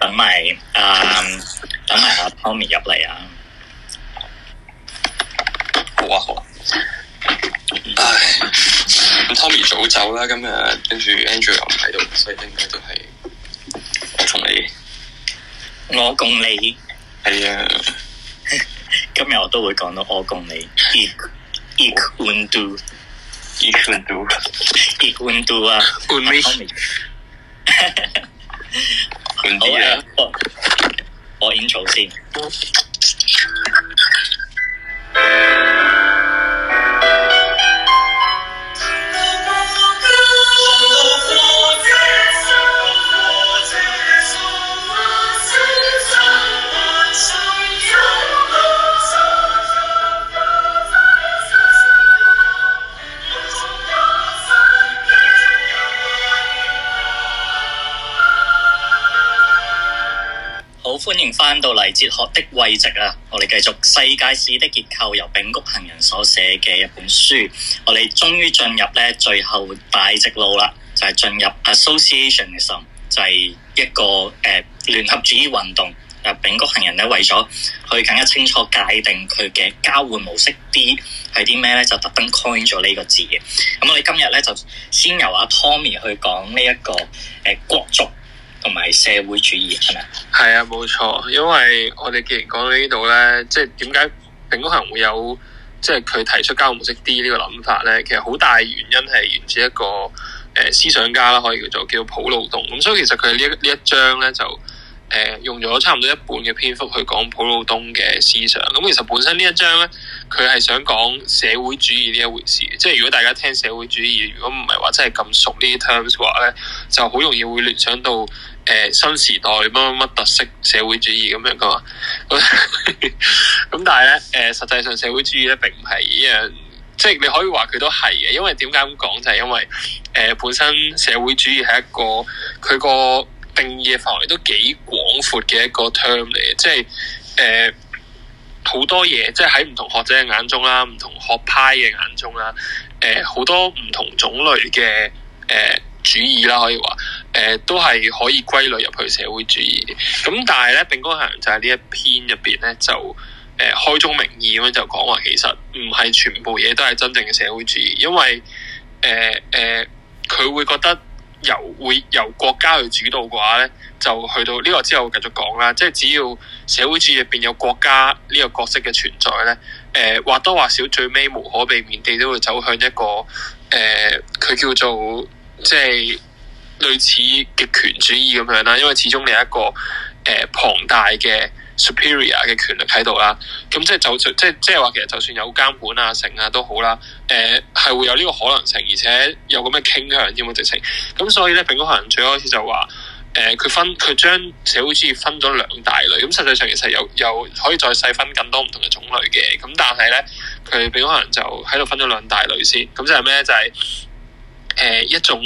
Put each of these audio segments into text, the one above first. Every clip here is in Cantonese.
等埋、呃，等埋阿 Tommy 入嚟啊！我啊，我、嗯、唉，咁 Tommy 早走啦，今日跟住 Angel 又唔喺度，所以應該都係同你，我共你，係啊！ 今日我都會講到我共你，ich ich und du, ich und du, ich und du 啊 und me 啊啊、我演草先。歡迎翻到嚟《哲學的位置》啊！我哋繼續《世界史的結構》，由柄谷行人所寫嘅一本書。我哋終於進入咧最後大直路啦，就係、是、進入 Associationism，就係、是、一個誒、呃、聯合主義運動。誒，柄谷行人咧為咗去更加清楚界定佢嘅交換模式 D 係啲咩咧，就特登 coin 咗呢個字嘅。咁我哋今日咧就先由阿 Tommy 去講呢、這、一個誒、呃、國族。同埋社會主義係咪？係啊，冇錯。因為我哋既然講到呢度咧，即係點解蘋果可能會有即係佢提出交互模式 D、這個、呢個諗法咧？其實好大原因係源自一個誒、呃、思想家啦，可以叫做叫做普魯東。咁所以其實佢呢一呢一章咧，就誒、呃、用咗差唔多一半嘅篇幅去講普魯東嘅思想。咁其實本身呢一章咧，佢係想講社會主義呢一回事。即係如果大家聽社會主義，如果唔係話真係咁熟呢啲 terms 嘅話咧，就好容易會聯想到。誒、呃，新時代乜乜乜特色社會主義咁樣噶嘛？咁、嗯、但係咧，誒、呃，實際上社會主義咧，並唔係一樣，即係你可以話佢都係嘅，因為點解咁講就係、是、因為，誒、呃，本身社會主義係一個佢個定義嘅範圍都幾廣闊嘅一個 term 嚟，嘅、呃。即係誒好多嘢，即係喺唔同學者嘅眼中啦，唔同學派嘅眼中啦，誒、呃，好多唔同種類嘅誒。呃主義啦，可以話誒、呃，都係可以歸類入去社會主義嘅。咁但係咧，並工強就喺呢一篇入邊咧，就誒、呃、開宗明義咁樣就講話，其實唔係全部嘢都係真正嘅社會主義，因為誒誒，佢、呃呃、會覺得由會由國家去主導嘅話咧，就去到呢個之後繼續講啦。即係只要社會主義入邊有國家呢個角色嘅存在咧，誒、呃、或多或少最尾無可避免地都會走向一個誒，佢、呃、叫做。即係類似極權主義咁樣啦，因為始終你一個誒龐、呃、大嘅 superior 嘅權力喺度啦，咁、嗯、即係就即係即係話其實就算有監管啊、成啊都好啦，誒、呃、係會有呢個可能性，而且有咁嘅傾向添啊直情。咁、嗯、所以咧，炳哥可能最開始就話誒佢分佢將社會主義分咗兩大類，咁、嗯、實際上其實有有，有可以再細分更多唔同嘅種類嘅，咁、嗯、但係咧佢炳哥可能就喺度分咗兩大類先，咁、嗯、就係、是、咩就係、是。誒、呃、一種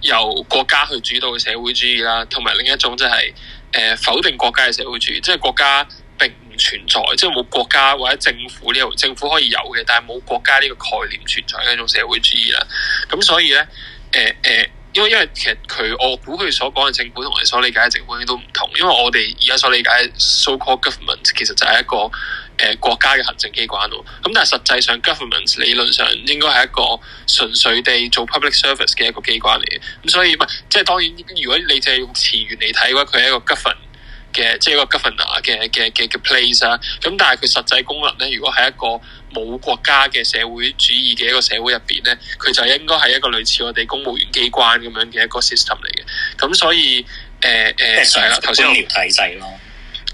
由國家去主導嘅社會主義啦，同埋另一種就係誒否定國家嘅社會主義，即係、就是呃國，就是、國家並唔存在，即係冇國家或者政府，呢個政府可以有嘅，但係冇國家呢個概念存在嘅一種社會主義啦。咁所以咧，誒、呃、誒。呃因為因為其實佢我估佢所講嘅政府同我哋所理解嘅政府都唔同，因為我哋而家所理解 so-called government 其實就係一個誒、呃、國家嘅行政機關喎。咁但係實際上 government 理論上應該係一個純粹地做 public service 嘅一個機關嚟嘅。咁、嗯、所以唔係即係當然，如果你淨係用詞源嚟睇嘅話，佢係一個 government。嘅即係一個 governor 嘅嘅嘅嘅 place 啦、啊。咁但係佢實際功能咧，如果係一個冇國家嘅社會主義嘅一個社會入邊咧，佢就應該係一個類似我哋公務員機關咁樣嘅一個 system 嚟嘅。咁、嗯、所以誒誒，係、呃、啦，頭先我體制咯，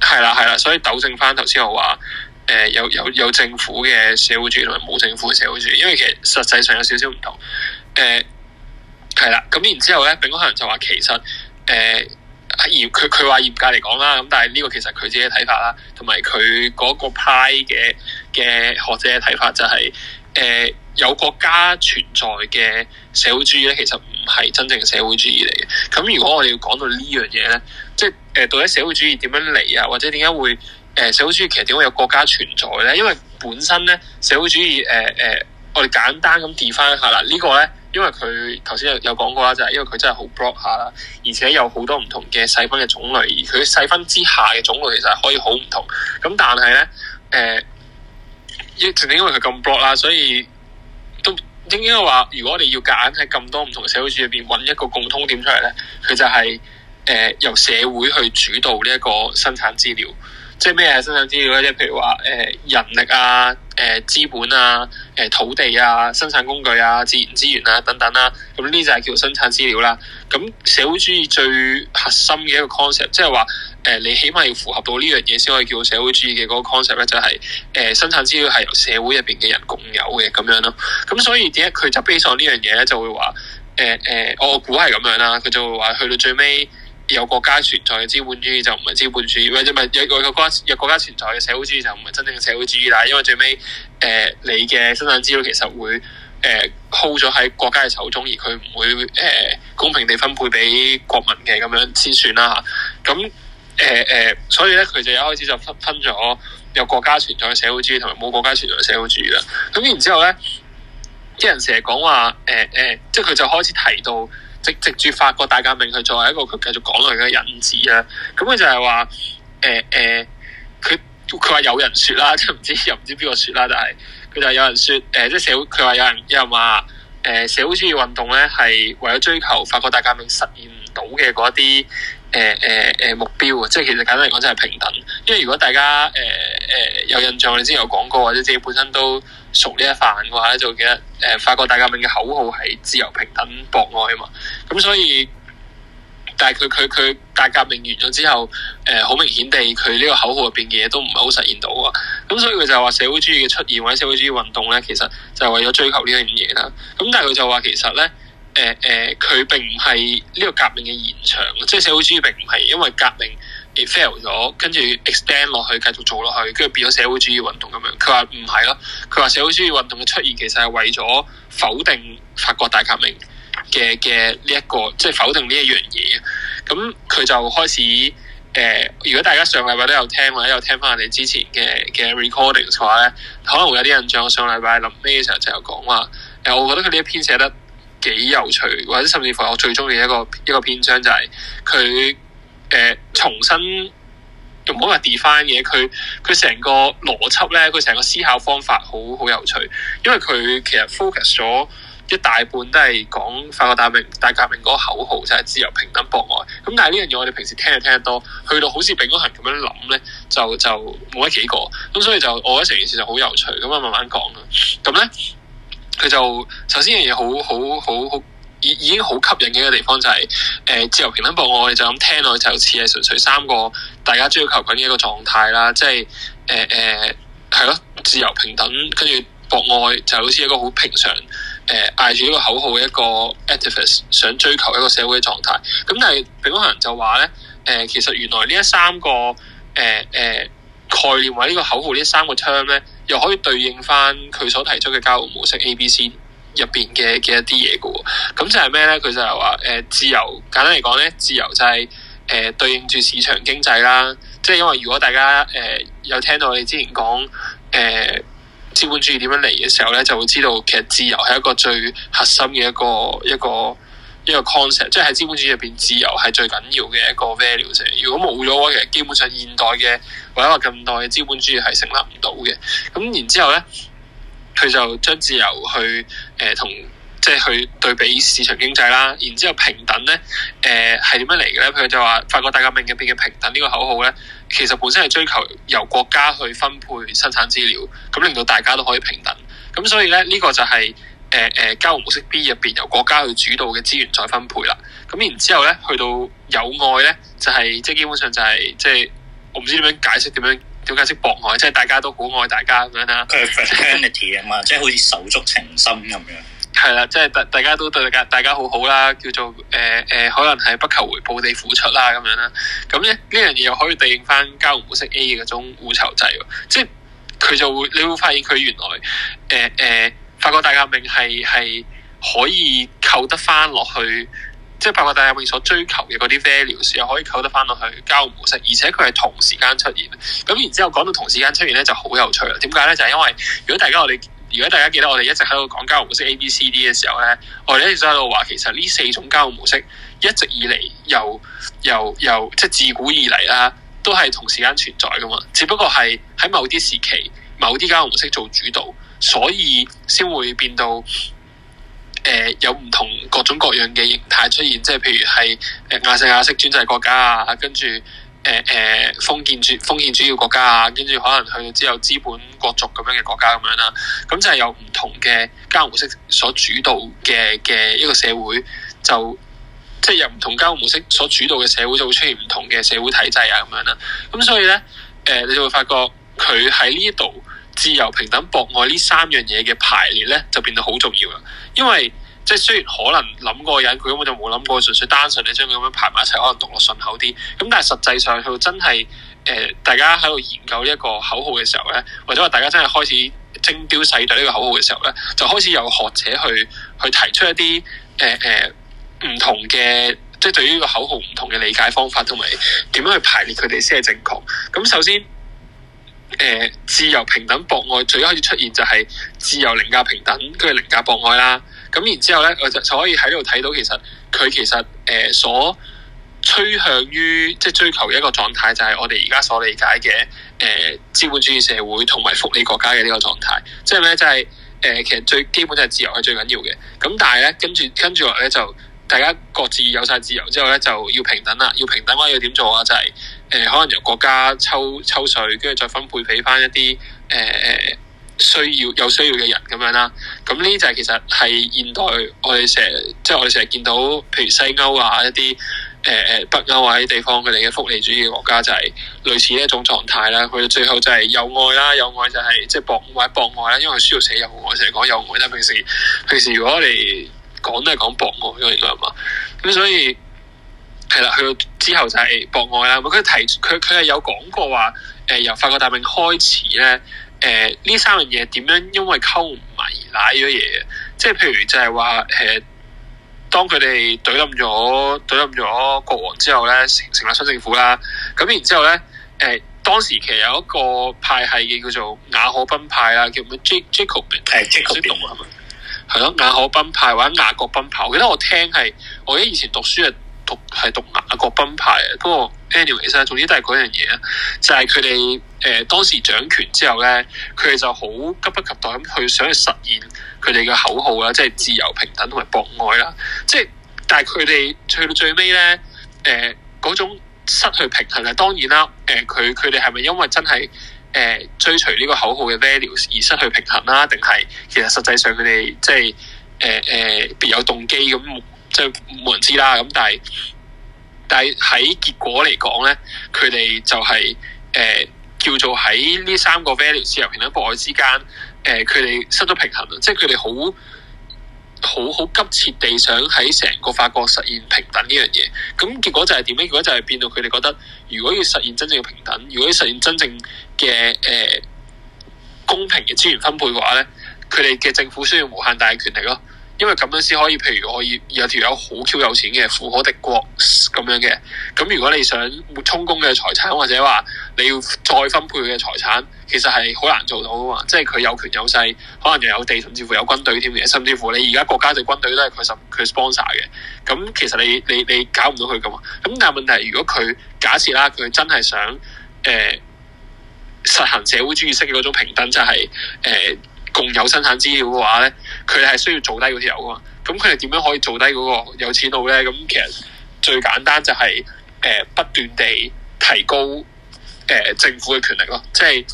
係啦係啦，所以糾正翻頭先我話誒、呃、有有有政府嘅社會主義同冇政府嘅社會主義，因為其實實際上有少少唔同誒係啦。咁、呃、然之後咧，炳可能就話其實誒。呃業佢佢話業界嚟講啦，咁但係呢個其實佢自己嘅睇法啦，同埋佢嗰個派嘅嘅學者嘅睇法就係、是，誒、呃、有國家存在嘅社會主義咧，其實唔係真正嘅社會主義嚟嘅。咁如果我哋要講到呢樣嘢咧，即係誒、呃、到底社會主義點樣嚟啊？或者點解會誒、呃、社會主義其實點解有國家存在咧？因為本身咧社會主義誒誒、呃呃，我哋簡單咁提翻一下啦，這個、呢個咧。因為佢頭先有有講過啦，就係因為佢真係好 block 下啦，而且有好多唔同嘅細分嘅種類，而佢細分之下嘅種類其實係可以好唔同。咁但係咧，誒、呃，正正因為佢咁 block 啦，所以都應該話，如果我哋要夾硬喺咁多唔同嘅社會主義入邊揾一個共通點出嚟，咧，佢就係、是、誒、呃、由社會去主導呢一個生產資料，即係咩係生產資料咧？即係譬如話誒、呃、人力啊。誒，資、呃、本啊，誒、呃，土地啊，生產工具啊，自然資源啊，等等啦、啊，咁呢就係叫生產資料啦。咁社會主義最核心嘅一個 concept，即係話，誒、呃，你起碼要符合到呢樣嘢先可以叫做社會主義嘅嗰個 concept 咧、就是，就係，誒，生產資料係由社會入邊嘅人共有嘅咁樣咯、啊。咁所以點解佢執起上呢樣嘢咧，就會話，誒、呃，誒、呃，我估係咁樣啦。佢就會話去到最尾。有國家存在嘅資本主義就唔係資本主義，或者唔係有有個國有國家存在嘅社會主義就唔係真正嘅社會主義啦。因為最尾誒、呃、你嘅生產資料其實會誒 hold 咗喺國家嘅手中，而佢唔會誒、呃、公平地分配俾國民嘅咁樣先算啦嚇。咁誒誒，所以咧佢就一開始就分分咗有國家存在嘅社會主義同埋冇國家存在嘅社會主義啦。咁然後之後咧，啲人成日講話誒誒，即係佢就開始提到，藉住法國大革命佢作為一個佢繼續講落去嘅引子啊，咁佢就係話誒誒，佢佢話有人說啦，即係唔知又唔知邊個說啦，但係佢就係有人説誒，即、呃、係、就是、社會佢話有人有人話誒社會主義運動咧係為咗追求法國大革命實現唔到嘅嗰啲。誒誒誒，目標即係其實簡單嚟講，真係平等。因為如果大家誒誒、呃呃、有印象，你之前有講過，或者自己本身都熟呢一範嘅話咧，就記得誒、呃、法國大革命嘅口號係自由、平等、博愛啊嘛。咁所以，但係佢佢佢大革命完咗之後，誒、呃、好明顯地，佢呢個口號入邊嘅嘢都唔係好實現到啊。咁所以佢就話社會主義嘅出現或者社會主義運動咧，其實就係為咗追求呢樣嘢啦。咁但係佢就話其實咧，誒誒，佢、呃、並唔係呢個革命嘅延長，即係社會主義並唔係，因為革命 fail 咗，跟住 extend 落去繼續做落去，跟住變咗社會主義運動咁樣，佢話唔係咯，佢話社會主義運動嘅出現其實係為咗否定法國大革命嘅嘅呢一個，即係否定呢一樣嘢。咁佢就開始誒、呃、如果大家上禮拜都有聽或者有聽翻我哋之前嘅嘅 recordings 嘅話咧，可能會有啲印象。上禮拜臨尾嘅時候就有講話，誒、呃、我覺得佢呢一篇寫得，幾有趣，或者甚至乎我最中意一個一個篇章、就是，就係佢誒重新，又唔好話 defy 佢佢成個邏輯咧，佢成個思考方法好好有趣，因為佢其實 focus 咗一大半都係講法國大革命大革命嗰個口號，就係、是、自由、平等博、博愛。咁但係呢樣嘢我哋平時聽就聽得多，去到好似炳哥行咁樣諗咧，就就冇得幾個。咁所以就我覺得成件事就好有趣，咁啊慢慢講啦。咁咧。佢就首先有嘢好好好好，已已經好吸引嘅一個地方就係、是，誒、呃、自由平等博愛就咁聽落去，就好似係純粹三個大家追求緊嘅一個狀態啦，即係誒誒係咯自由平等跟住博愛就好似一個好平常誒嗌住呢個口號嘅一個 activist 想追求一個社會嘅狀態，咁但係平可能就話咧，誒、呃、其實原來呢一三個誒誒、呃呃、概念或者呢個口號呢三個 term 咧。又可以對應翻佢所提出嘅交換模式 A、B、C 入邊嘅嘅一啲嘢嘅喎，咁就係咩呢？佢就係話、呃、自由，簡單嚟講呢自由就係、是、誒、呃、對應住市場經濟啦。即係因為如果大家誒、呃、有聽到你之前講誒、呃、資本主義點樣嚟嘅時候呢就會知道其實自由係一個最核心嘅一個一個。一個一個 concept，即係喺資本主義入邊，自由係最緊要嘅一個 value 成。如果冇咗嘅，基本上現代嘅或者話近代嘅資本主義係成立唔到嘅。咁然之後呢，佢就將自由去誒同、呃、即係去對比市場經濟啦。然之後平等呢，誒係點樣嚟嘅呢？佢就話：法國大革命入邊嘅平等呢個口號呢，其實本身係追求由國家去分配生產資料，咁令到大家都可以平等。咁所以呢，呢、呢個就係、是。誒誒，交換、呃、模式 B 入邊由國家去主導嘅資源再分配啦，咁然之後咧去到友愛咧，就係、是、即係基本上就係、是、即係我唔知點樣解釋點樣點解釋博愛，即係大家都好愛大家咁樣啦。啊嘛，即係好似手足情深咁樣。係啦，即係大大家都對大家大家好好啦，叫做誒誒、呃呃，可能係不求回報地付出啦咁樣啦。咁咧呢樣嘢又可以對應翻交換模式 A 嘅嗰種互酬制，即係佢就會你會發現佢原來誒誒。呃呃呃呃法國大革命係係可以扣得翻落去，即係法國大革命所追求嘅嗰啲 values，又可以扣得翻落去交互模式，而且佢係同時間出現。咁然之後講到同時間出現咧，就好有趣啦。點解咧？就係因為如果大家我哋，如果大家記得我哋一直喺度講交互模式 A、B、C、D 嘅時候咧，我哋一直喺度話，其實呢四種交互模式一直以嚟，又又又，即係自古以嚟啦，都係同時間存在噶嘛。只不過係喺某啲時期，某啲交互模式做主導。所以先會變到誒、呃、有唔同各種各樣嘅形態出現，即係譬如係誒亞細亞式專制國家啊，跟住誒誒封建主封建主義國家啊，跟住可能去到之後資本國族咁樣嘅國家咁樣啦，咁就係有唔同嘅交互模式所主導嘅嘅一個社會，就即係有唔同交互模式所主導嘅社會就會出現唔同嘅社會體制啊咁樣啦。咁所以咧誒、呃、你就會發覺佢喺呢一度。自由、平等、博愛呢三樣嘢嘅排列呢，就變到好重要噶。因為即係雖然可能諗過嘅人，佢根本就冇諗過，純粹單純咧將佢咁樣排埋一齊，可能讀落順口啲。咁但係實際上佢真係、呃、大家喺度研究一個口號嘅時候呢，或者話大家真係開始精雕細琢呢個口號嘅時候呢，就開始有學者去去提出一啲誒誒唔同嘅，即係對於呢個口號唔同嘅理解方法同埋點樣去排列佢哋先係正確。咁首先。誒、呃、自由平等博愛，最一開始出現就係自由凌駕平等，跟住凌駕博愛啦。咁、啊、然之後咧，我就就可以喺度睇到其實佢其實誒、呃、所趨向於即係追求嘅一個狀態，就係我哋而家所理解嘅誒、呃、資本主義社會同埋福利國家嘅呢個狀態。即係咧，就係誒其實最基本就係自由係最緊要嘅。咁但係咧，跟住跟住落咧就大家各自有晒自由之後咧，就要平等啦。要平等嘅話要點做啊？就係、是。誒，可能由國家抽抽水，跟住再分配俾翻一啲誒需要有需要嘅人咁樣啦。咁呢啲就係其實係現代我哋成日，即係我哋成日見到，譬如西歐啊一啲，誒誒北歐啊啲地方，佢哋嘅福利主義國家就係類似呢一種狀態啦。佢哋最後就係友愛啦，友愛就係、是、即係博愛，博愛啦，因為佢需要寫友愛，成日講友愛啦。平時平時如果我哋講都係講博愛，因為原來係嘛，咁所以。係啦，去到之後就係博愛啦。佢提佢佢係有講過話，誒、呃、由法國大命開始咧，誒、呃、呢三樣嘢點樣，因為溝唔埋而拉咗嘢嘅。即係譬如就係話，誒、呃、當佢哋懟冧咗懟冧咗國王之後咧，成立新政府啦。咁然之後咧，誒、呃、當時其實有一個派系嘅叫做雅可賓派啦，叫咩 Jacques，Jacquot 誒 Jacquot 係嘛？係咯、啊，雅、啊、可賓派或者雅各賓派。我記得我聽係我記得以前讀書啊。讀係讀馬國品牌嘅，不過 anyways，總之都係嗰樣嘢啊，就係佢哋誒當時掌權之後咧，佢哋就好急不及待咁去想去實現佢哋嘅口號啦，即係自由平等同埋博愛啦，即係但係佢哋去到最尾咧，誒、呃、嗰種失去平衡啊，當然啦，誒佢佢哋係咪因為真係誒、呃、追隨呢個口號嘅 values 而失去平衡啦，定係其實實際上佢哋即係誒誒別有動機咁？就冇人知啦，咁但係但係喺結果嚟講咧，佢哋就係、是、誒、呃、叫做喺呢三個 value 自由平等博愛之間，誒佢哋失咗平衡，即係佢哋好好好急切地想喺成個法國實現平等呢樣嘢，咁結果就係點咧？如果就係變到佢哋覺得，如果要實現真正嘅平等，如果要實現真正嘅誒、呃、公平嘅資源分配嘅話咧，佢哋嘅政府需要無限大嘅權力咯。因為咁樣先可以，譬如我可以有條友好 Q 有錢嘅富可敵國咁樣嘅，咁如果你想充公嘅財產或者話你要再分配嘅財產，其實係好難做到噶嘛。即係佢有權有勢，可能又有地，甚至乎有軍隊添嘅，甚至乎你而家國家嘅軍隊都係佢佢佢 sponsor 嘅。咁其實你你你搞唔到佢噶嘛。咁但係問題，如果佢假設啦，佢真係想誒實行社會主義式嘅嗰種平等，即係誒共有生產資料嘅話咧。佢係需要做低嗰條友啊嘛，咁佢哋點樣可以做低嗰個有錢佬咧？咁其實最簡單就係誒不斷地提高誒政府嘅權力咯，即係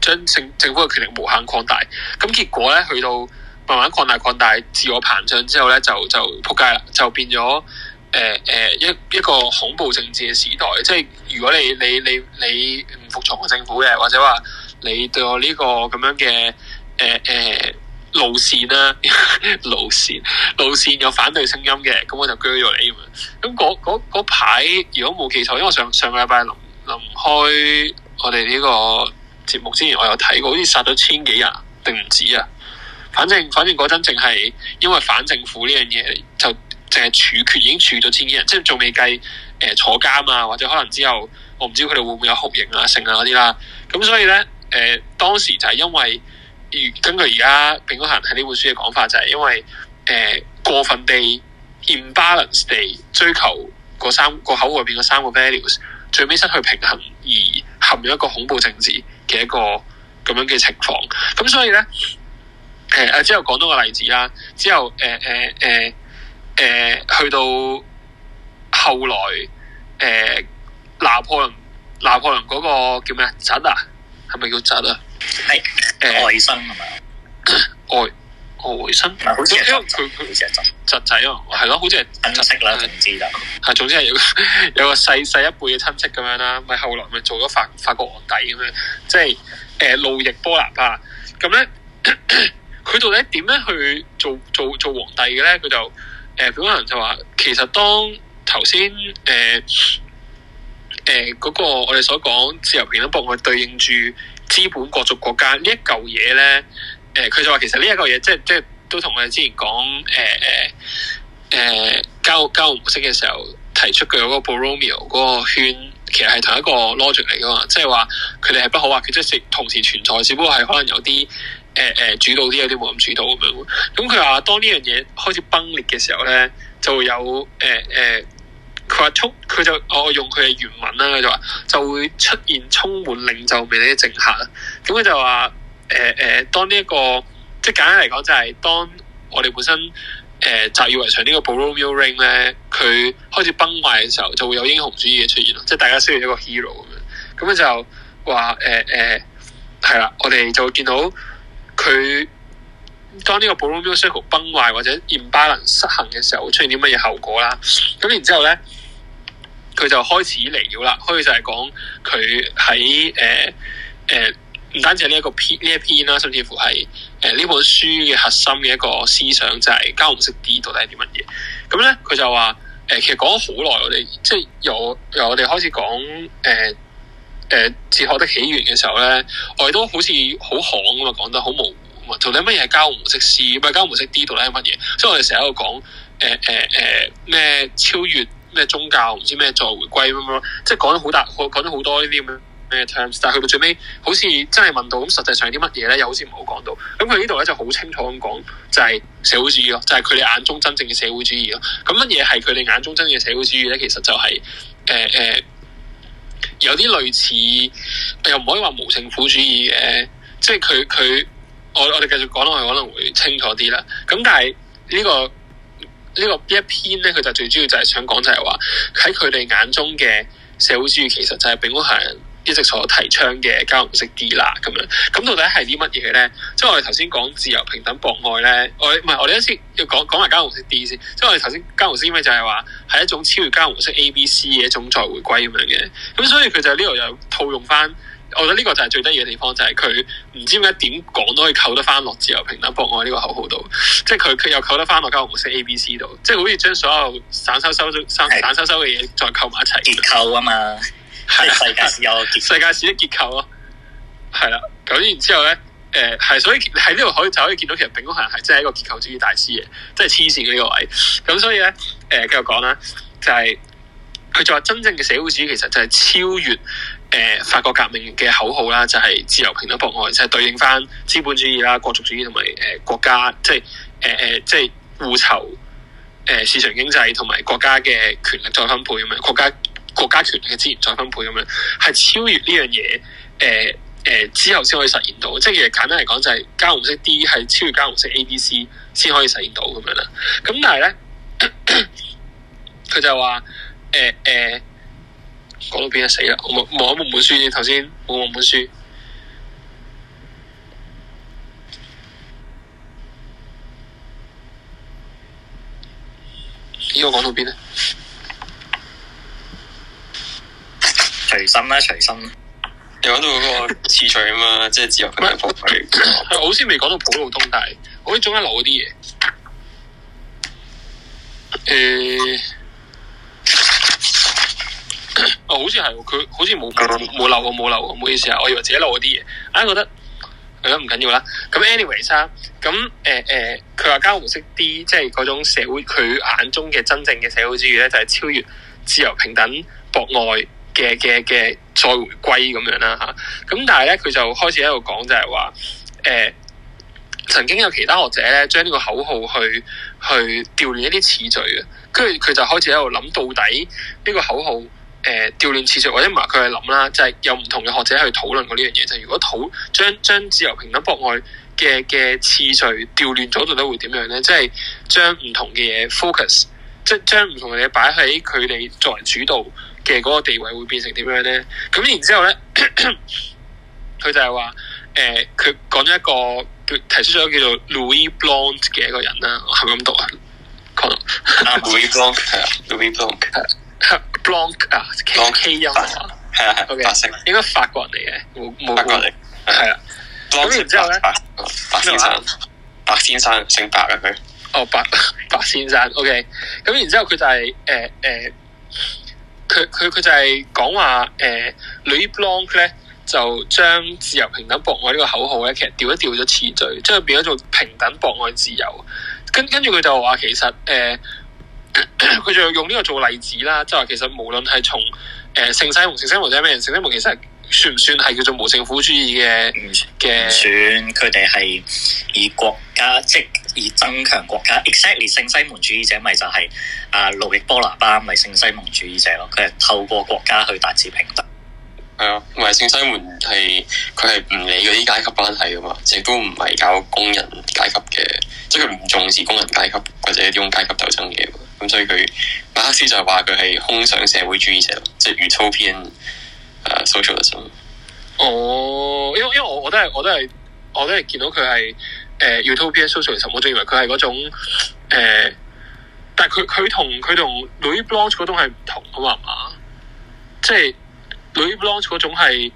將政政府嘅權力無限擴大。咁結果咧，去到慢慢擴大擴大，自我膨脹之後咧，就就仆街啦，就變咗誒誒一一個恐怖政治嘅時代。即係如果你你你你唔服從政府嘅，或者話你對我呢個咁樣嘅誒誒，呃呃路線啦、啊，路線路線有反對聲音嘅，咁我就鋸咗你咁。咁嗰排，如果冇記錯，因為我上上禮拜臨臨開我哋呢個節目之前，我有睇過，好似殺咗千幾人定唔止啊。反正反正嗰陣淨係因為反政府呢樣嘢，就淨係處決已經處咗千幾人，即係仲未計誒坐監啊，或者可能之後我唔知佢哋會唔會有酷刑啊、刑啊嗰啲啦。咁所以咧，誒、呃、當時就係因為。根據而家平哥行喺呢本書嘅講法就係因為誒、呃、過分地 imbalance 地追求嗰三個口裏面，嗰三個 values 最尾，失去平衡而陷入一個恐怖政治嘅一個咁樣嘅情況，咁、嗯、所以咧誒啊，之後講到個例子啦，之後誒誒誒誒去到後來誒、呃、拿破崙拿破崙嗰、那個叫咩啊？啊？係咪叫侄啊？係外甥係咪啊？外、呃、外甥、嗯，好似係侄侄仔啊，係咯、啊，好似係親戚啦、啊，戚啊、總之啦。吓、啊，總之係有個細細一輩嘅親戚咁樣啦。咪後來咪做咗法法國皇帝咁、啊、樣，即係誒路易波拿巴。咁、啊、咧，佢到底點樣去做做做，做皇帝嘅咧？佢就誒，可、呃、能、呃、就話，其實當頭先誒。呃呃嗯誒嗰、呃那個我哋所講自由平等博愛對應住資本國族國家一呢一嚿嘢咧，誒、呃、佢就話其實呢一嚿嘢即係即係都同我哋之前講誒誒誒交換交換模式嘅時候提出嘅嗰個 Borromean 嗰個圈，其實係同一個 logic 嚟噶嘛，即係話佢哋係不好話佢即係同時存在，只不過係可能有啲誒誒主導啲，有啲冇咁主導咁樣。咁佢話當呢樣嘢開始崩裂嘅時候咧，就會有誒誒。呃呃呃佢話充佢就我用佢嘅原文啦，佢就話就會出現充滿領袖味啲政客啦。咁佢就話誒誒，當呢、這、一個即係簡單嚟講，就係當我哋本身誒習以為常個呢個 balloon ring 咧，佢開始崩壞嘅時候，就會有英雄主義嘅出現咯。即係大家需要一個 hero 咁樣。咁佢就話誒誒，係、呃、啦，我哋就會見到佢當呢個 balloon circle 崩壞或者 imbalance 失衡嘅時候，會出現啲乜嘢後果啦。咁然之後咧。佢就開始嚟咗啦，開始就係講佢喺誒誒唔單止呢一個篇呢一篇啦，甚至乎係誒呢本書嘅核心嘅一個思想，就係交互色 D 到底係啲乜嘢。咁咧佢就話誒、呃，其實講咗好耐，我哋即係由由我哋開始講誒誒、呃呃、哲學的起源嘅時候咧，我哋都好似好戇咁嘛，講得好模糊啊嘛，到底乜嘢係交互色 C，乜交互色 D，到底係乜嘢？所以我哋成日喺度講誒誒誒咩超越。咩宗教唔知咩做回歸咁樣，即係講咗好大，講咗好多呢啲咁嘅咩 terms，但係去到最尾，好似真係問到咁，實際上係啲乜嘢咧？又好似唔好講到。咁佢呢度咧就好清楚咁講，就係社會主義咯，就係佢哋眼中真正嘅社會主義咯。咁乜嘢係佢哋眼中真正嘅社會主義咧？其實就係誒誒，有啲類似，又唔可以話無政府主義嘅，呃，即係佢佢，我我哋繼續講落去可能會清楚啲啦。咁但係呢個。呢個邊一篇咧，佢就最主要就係想講就係話喺佢哋眼中嘅社會主義，其實就係並唔係一直所提倡嘅交融式啲啦。咁樣咁到底係啲乜嘢咧？即係我哋頭先講自由平等博愛咧，我唔係我哋一先要講講埋交融式啲先。即係我哋頭先交融式咩就係話係一種超越交融式 A B C 嘅一種再回歸咁樣嘅。咁所以佢就呢度又套用翻。我覺得呢個就係最得意嘅地方，就係佢唔知點解點講都可以扣得翻落自由平等博愛呢個口號度，即係佢佢又扣得翻落教學模式 A B C 度，即係好似將所有散收收散散收收嘅嘢再扣埋一齊。結構啊嘛，係 是世界史 世界史的結構咯，係啦。咁然之後咧，誒、呃、係，所以喺呢度可以就可以見到，其實丙弓行係真係一個結構主義大師嘅，即係黐線呢個位。咁所以咧，誒、呃，繼續講啦，就係佢就話真正嘅社會主義其實就係超越。誒、呃、法國革命嘅口號啦，就係、是、自由平等博愛，就係、是、對應返資本主義啦、國族主義同埋誒國家，即係誒誒，即係互酬誒市場經濟同埋國家嘅權力再分配咁樣，國家國家權力嘅資源再分配咁樣，係超越呢樣嘢誒誒之後先可以實現到，即係其實簡單嚟講就係交紅色 D 係超越交紅色 A、B、C 先可以實現到咁樣啦。咁但係咧，佢就話誒誒。呃呃呃講到邊啊？死啦！我望下本書先，頭先望下本書。我看看我講到呢個講到邊咧？齊心啦，齊心！你講到嗰個次序啊嘛， 即係自由嘅堡壘。係 我先未講到普羅東，但係我喺中間漏咗啲嘢。誒、欸。哦，好似係，佢好似冇冇漏，我冇漏，唔好意思啊，我以為自己漏咗啲嘢，啊覺得，啊唔緊要啦，咁 anyways 啊，咁誒誒，佢話交互式啲，即係嗰種社會佢眼中嘅真正嘅社會主義咧，就係、是、超越自由平等博愛嘅嘅嘅再回歸咁樣啦吓，咁、啊、但係咧佢就開始喺度講就係話，誒、呃，曾經有其他學者咧，將呢個口號去去調練一啲詞序，嘅，跟住佢就開始喺度諗到底呢個口號。誒，調亂、呃、次序或者唔係佢係諗啦，就係、是、有唔同嘅學者去討論過呢樣嘢，就是、如果討將將自由平等博愛嘅嘅次序調亂咗，到底會點樣咧？即係將唔同嘅嘢 focus，即係將唔同嘅嘢擺喺佢哋作為主導嘅嗰個地位，會變成點樣咧？咁然之後咧，佢就係話，誒、呃，佢講咗一個提出咗叫，叫做 Louis Blanc 嘅一個人啦，係咪咁讀啊？可能，Louis Blanc，Louis Blanc Blanc 啊，K K 音無啊，係啊係，OK。應該法國人嚟嘅，冇冇。法國嚟，係啦。咁然之後咧，白先生，白先生姓白啊佢。哦，oh, 白白先生，OK、就是。咁、okay。然之後佢就係誒誒，佢佢佢就係講話誒，女、呃呃、Blanc 咧就將自由平等博愛呢個口號咧，其實調一調咗詞序，即係變咗做平等博愛自由。跟跟住佢就話其實誒。呃佢 就用呢個做例子啦，即係話其實無論係從誒聖西門、聖西門者咩人，聖西門其實算唔算係叫做冇政府主義嘅嘅不的算，佢哋係以國家即係以增強國家。Exactly，聖西門主義者咪就係、是、啊路易波拿巴咪聖西門主義者咯，佢係透過國家去達至平等。係啊，唔係聖西門係佢係唔理嗰啲階級關係噶嘛，亦都唔係搞工人階級嘅，即係佢唔重視工人階級或者啲咁階級鬥爭嘅。咁、嗯、所以佢馬克思就係話佢係空想社會主義者，即、就、係、是、utopian、uh, socialism。哦，因為因為我我都係我都係我都係見到佢係誒、uh, utopian socialism，我仲以為佢係嗰種誒，uh, 但係佢佢同佢同 Louis、就是、Blanc 嗰種係唔同啊嘛，即係 Louis Blanc 嗰種係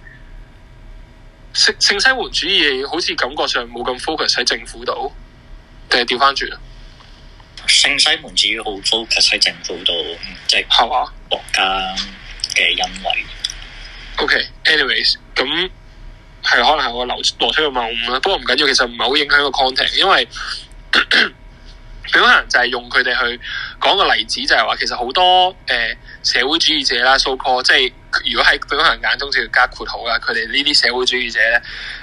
性性西門主義，好似感覺上冇咁 focus 喺政府度，定係掉返轉啊？聖西門主義好 focus 喺政府度，即係國家嘅欣慰。OK，anyways，、okay, 咁係可能係我流邏出嘅謬誤啦，不過唔緊要，其實唔係好影響個 contact 因為佢可能 就係用佢哋去講個例子，就係、是、話其實好多誒、呃、社會主義者啦 so-called 即係如果喺佢可能眼中就要加括號啦，佢哋呢啲社會主義者咧。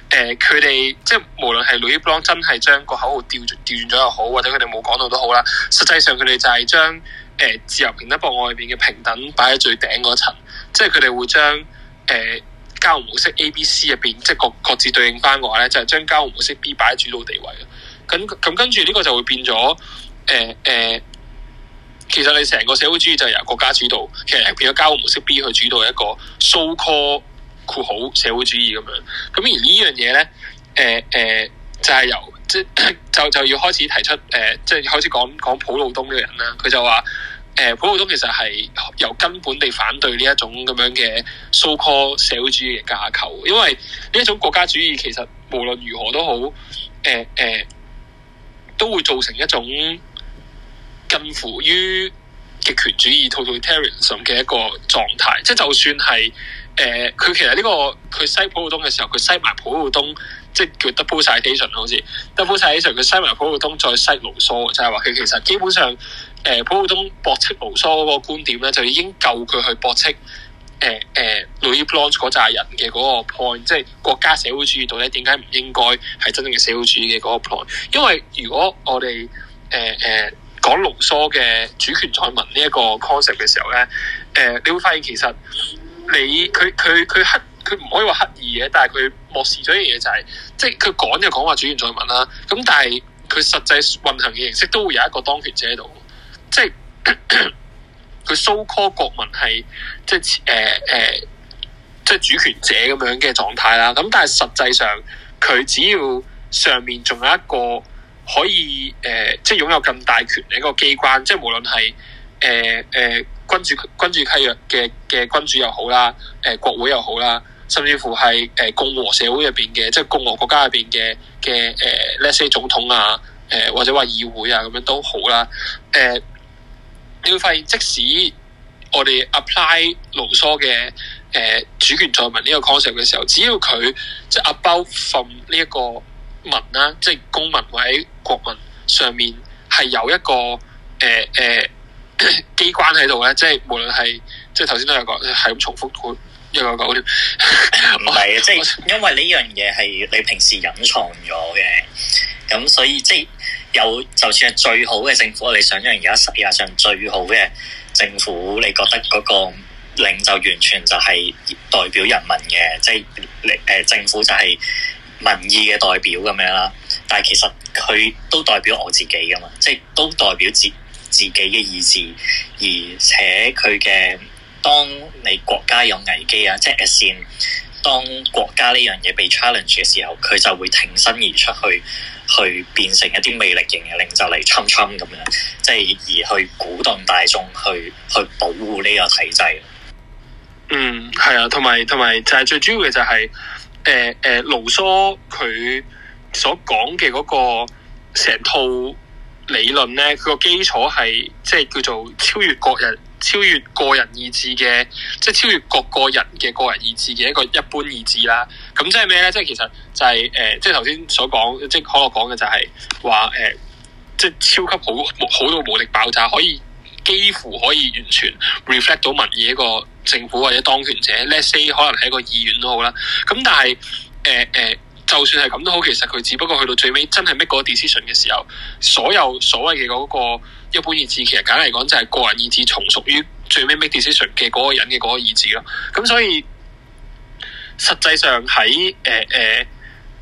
誒，佢哋、呃、即係無論係 Louis Blanc 真係將個口號調調轉咗又好，或者佢哋冇講到都好啦。實際上佢哋就係將誒自由平等博愛入邊嘅平等擺喺最頂嗰層，即係佢哋會將誒、呃、交互模式 A、B、C 入邊，即係各各自對應翻嘅話咧，就係、是、將交互模式 B 擺喺主導地位嘅。咁咁跟住呢個就會變咗誒誒，其實你成個社會主義就由國家主導，其實變咗交互模式 B 去主導一個蘇科。括好社會主義咁樣，咁而呢樣嘢咧，誒、呃、誒、呃、就係、是、由即就就要開始提出誒即係開始講講普魯東呢個人啦。佢就話誒、呃、普魯東其實係由根本地反對呢一種咁樣嘅 so-called 社會主義嘅架構，因為呢一種國家主義其實無論如何都好誒誒、呃呃、都會造成一種近乎於極權主義 totalitarian 嘅一個狀態，即係就算係。誒，佢、呃、其實呢、這個佢西普魯東嘅時候，佢西埋普魯東，即係叫 double citation 好似 double citation，佢西埋普魯東，東再西盧梭，就係話佢其實基本上，誒、呃、普魯東駁斥盧梭嗰個觀點咧，就已經夠佢去駁斥誒誒 Louis Blanc 嗰扎人嘅嗰個 point，即係國家社會主義度咧，點解唔應該係真正嘅社會主義嘅嗰個 point？因為如果我哋誒誒講盧梭嘅主權在民呢一個 concept 嘅時候咧，誒、呃、你會發現其實。你佢佢佢黑佢唔可以話刻意嘅，但係佢漠視咗一樣嘢就係、是，即係佢講就講話主權在民啦。咁但係佢實際運行嘅形式都會有一個當權者喺度，即係佢 so call 國民係即係誒誒，即係、呃、主權者咁樣嘅狀態啦。咁但係實際上佢只要上面仲有一個可以誒、呃，即係擁有咁大權力一個機關，即係無論係誒誒。呃呃君主君主契約嘅嘅君主又好啦，誒、呃、國會又好啦，甚至乎係誒共和社會入邊嘅，即係共和國家入邊嘅嘅誒 let's say 總統啊，誒、呃、或者話議會啊咁樣都好啦。誒、呃，你會發現即使我哋 apply 盧梭嘅誒、呃、主權在民呢個 concept 嘅時候，只要佢即係 above from 呢一個民啦、啊，即係公民或者國民上面係有一個誒誒。呃呃機 關喺度咧，即係無論係，即係頭先都有講，係咁重複一個一個，一九九條，唔係我，即係因為呢樣嘢係你平時隱藏咗嘅，咁所以即係有，就算係最好嘅政府，你想像而家世界上最好嘅政府，你覺得嗰個領袖完全就係代表人民嘅，即係誒政府就係民意嘅代表咁樣啦，但係其實佢都代表我自己噶嘛，即係都代表自。自己嘅意志，而且佢嘅，當你國家有危機啊，即係善，當國家呢樣嘢被 challenge 嘅時候，佢就會挺身而出去，去變成一啲魅力型嘅領袖嚟侵侵咁樣，即係而去鼓動大眾去去保護呢個體制。嗯，係啊，同埋同埋就係最主要嘅就係、是，誒誒盧梭佢所講嘅嗰個成套。理論咧，佢個基礎係即係叫做超越個人、超越個人意志嘅，即係超越各個人嘅個人意志嘅一個一般意志啦。咁即係咩咧？即係其實就係、是、誒、呃，即係頭先所講，即係可能講嘅就係話誒，即係超級好，好到無力爆炸，可以幾乎可以完全 reflect 到民意一個政府或者當權者。 Let's say 可能係一個議員都好啦。咁、嗯、但係誒誒。呃呃呃就算係咁都好，其實佢只不過去到最尾真係 make 個 decision 嘅時候，所有所謂嘅嗰個一般意志，其實簡單嚟講就係個人意志從屬於最尾 make decision 嘅嗰、嗰個人嘅嗰個意志咯。咁所以實際上喺誒誒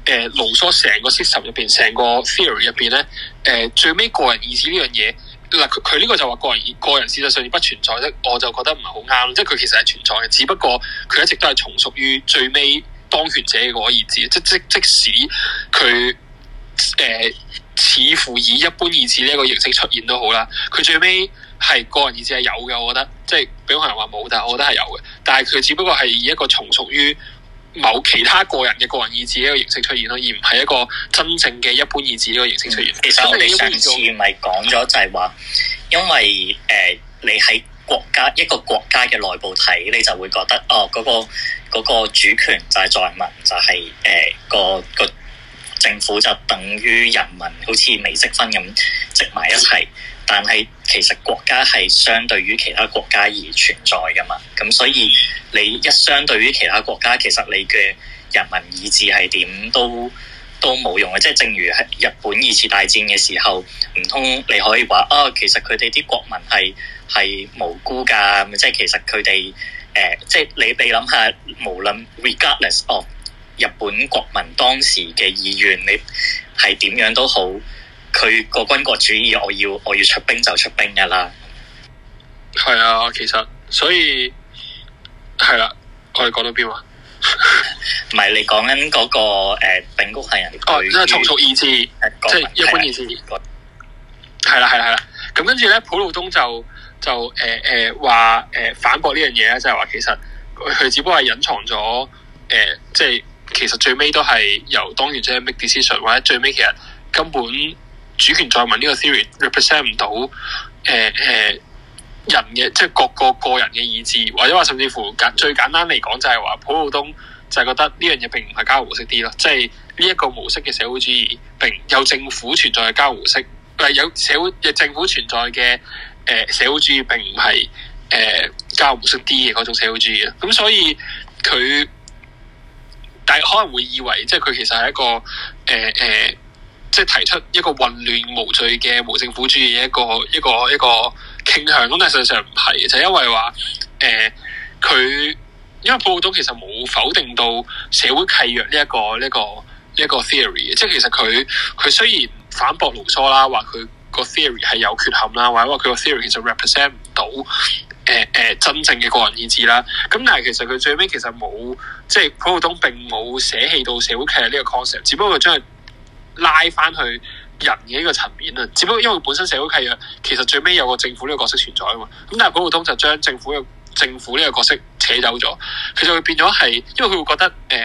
誒盧梭成個 system 入邊，成個 theory 入邊咧，誒、呃、最尾個人意志呢樣嘢，嗱佢佢呢個就話個人個人事實上不存在的，我就覺得唔係好啱，即係佢其實係存在嘅，只不過佢一直都係從屬於最尾。當權者嘅我意志，即即即使佢誒、呃、似乎以一般意志呢一個形式出現都好啦，佢最尾係個人意志係有嘅，我覺得，即係有可能話冇，但係我覺得係有嘅。但係佢只不過係以一個從屬於某其他個人嘅個人意志一個形式出現咯，而唔係一個真正嘅一般意志呢個形式出現。出現嗯、其實我哋上次咪講咗就係話，因為誒、呃、你喺。國家一個國家嘅內部睇，你就會覺得哦，嗰、那個那個主權就係在民，就係、是、誒、呃、那個、那個政府就等於人民，好似未積分咁積埋一齊。但係其實國家係相對於其他國家而存在㗎嘛，咁所以你一相對於其他國家，其實你嘅人民意志係點都都冇用嘅。即、就、係、是、正如係日本二次大戰嘅時候，唔通你可以話啊、哦，其實佢哋啲國民係，係無辜噶，即係其實佢哋誒，即係你你諗下，無論 regardless of 日本國民當時嘅意願，你係點樣都好，佢個軍國主義，我要我要出兵就出兵噶啦。係啊，其實所以係啦、啊，我哋講到邊啊？唔 係，你講緊嗰個誒，丙、呃、谷係人哦，即係從屬意志，即係民一般意思。係啦，係啦、啊，係啦、啊，咁、啊啊啊、跟住咧，普魯東，東就。 就誒誒話誒反駁呢樣嘢咧，就係、是、話其實佢只不過係隱藏咗誒，即、呃、係、就是、其實最尾都係由黨員即係 make decision，或者最尾其實根本主權在民呢個 theory represent 唔到誒誒、呃呃、人嘅，即係各個個人嘅意志，或者話甚至乎簡最簡單嚟講就係話普魯東就係覺得呢樣嘢並唔係交互式啲咯，即係呢一個模式嘅社會主義並有政府存在嘅交互式，唔係有社會嘅政府存在嘅。誒社會主義並唔係誒教無識啲嘅嗰種社會主義啊，咁所以佢但係可能會以為，即係佢其實係一個誒誒、呃呃，即係提出一個混亂無序嘅無政府主義一個一個一個傾向咁，但係實際上唔係，就是、因為話誒佢因為報道其實冇否定到社會契約呢、這、一個呢、這個呢、這個 theory，即係其實佢佢雖然反駁盧梭啦，話佢，個 theory 係有缺陷啦，或者話佢個 theory 其實 represent 唔到誒誒、呃呃、真正嘅個人意志啦。咁但係其實佢最尾其實冇，即係普魯東並冇捨棄到社會契約呢個 concept，只不過將佢拉翻去人嘅呢個層面啦。只不過因為本身社會契約其實最尾有個政府呢個角色存在啊嘛。咁但係普魯東就將政府嘅政府呢個角色扯走咗，其實佢變咗係，因為佢會覺得誒、呃、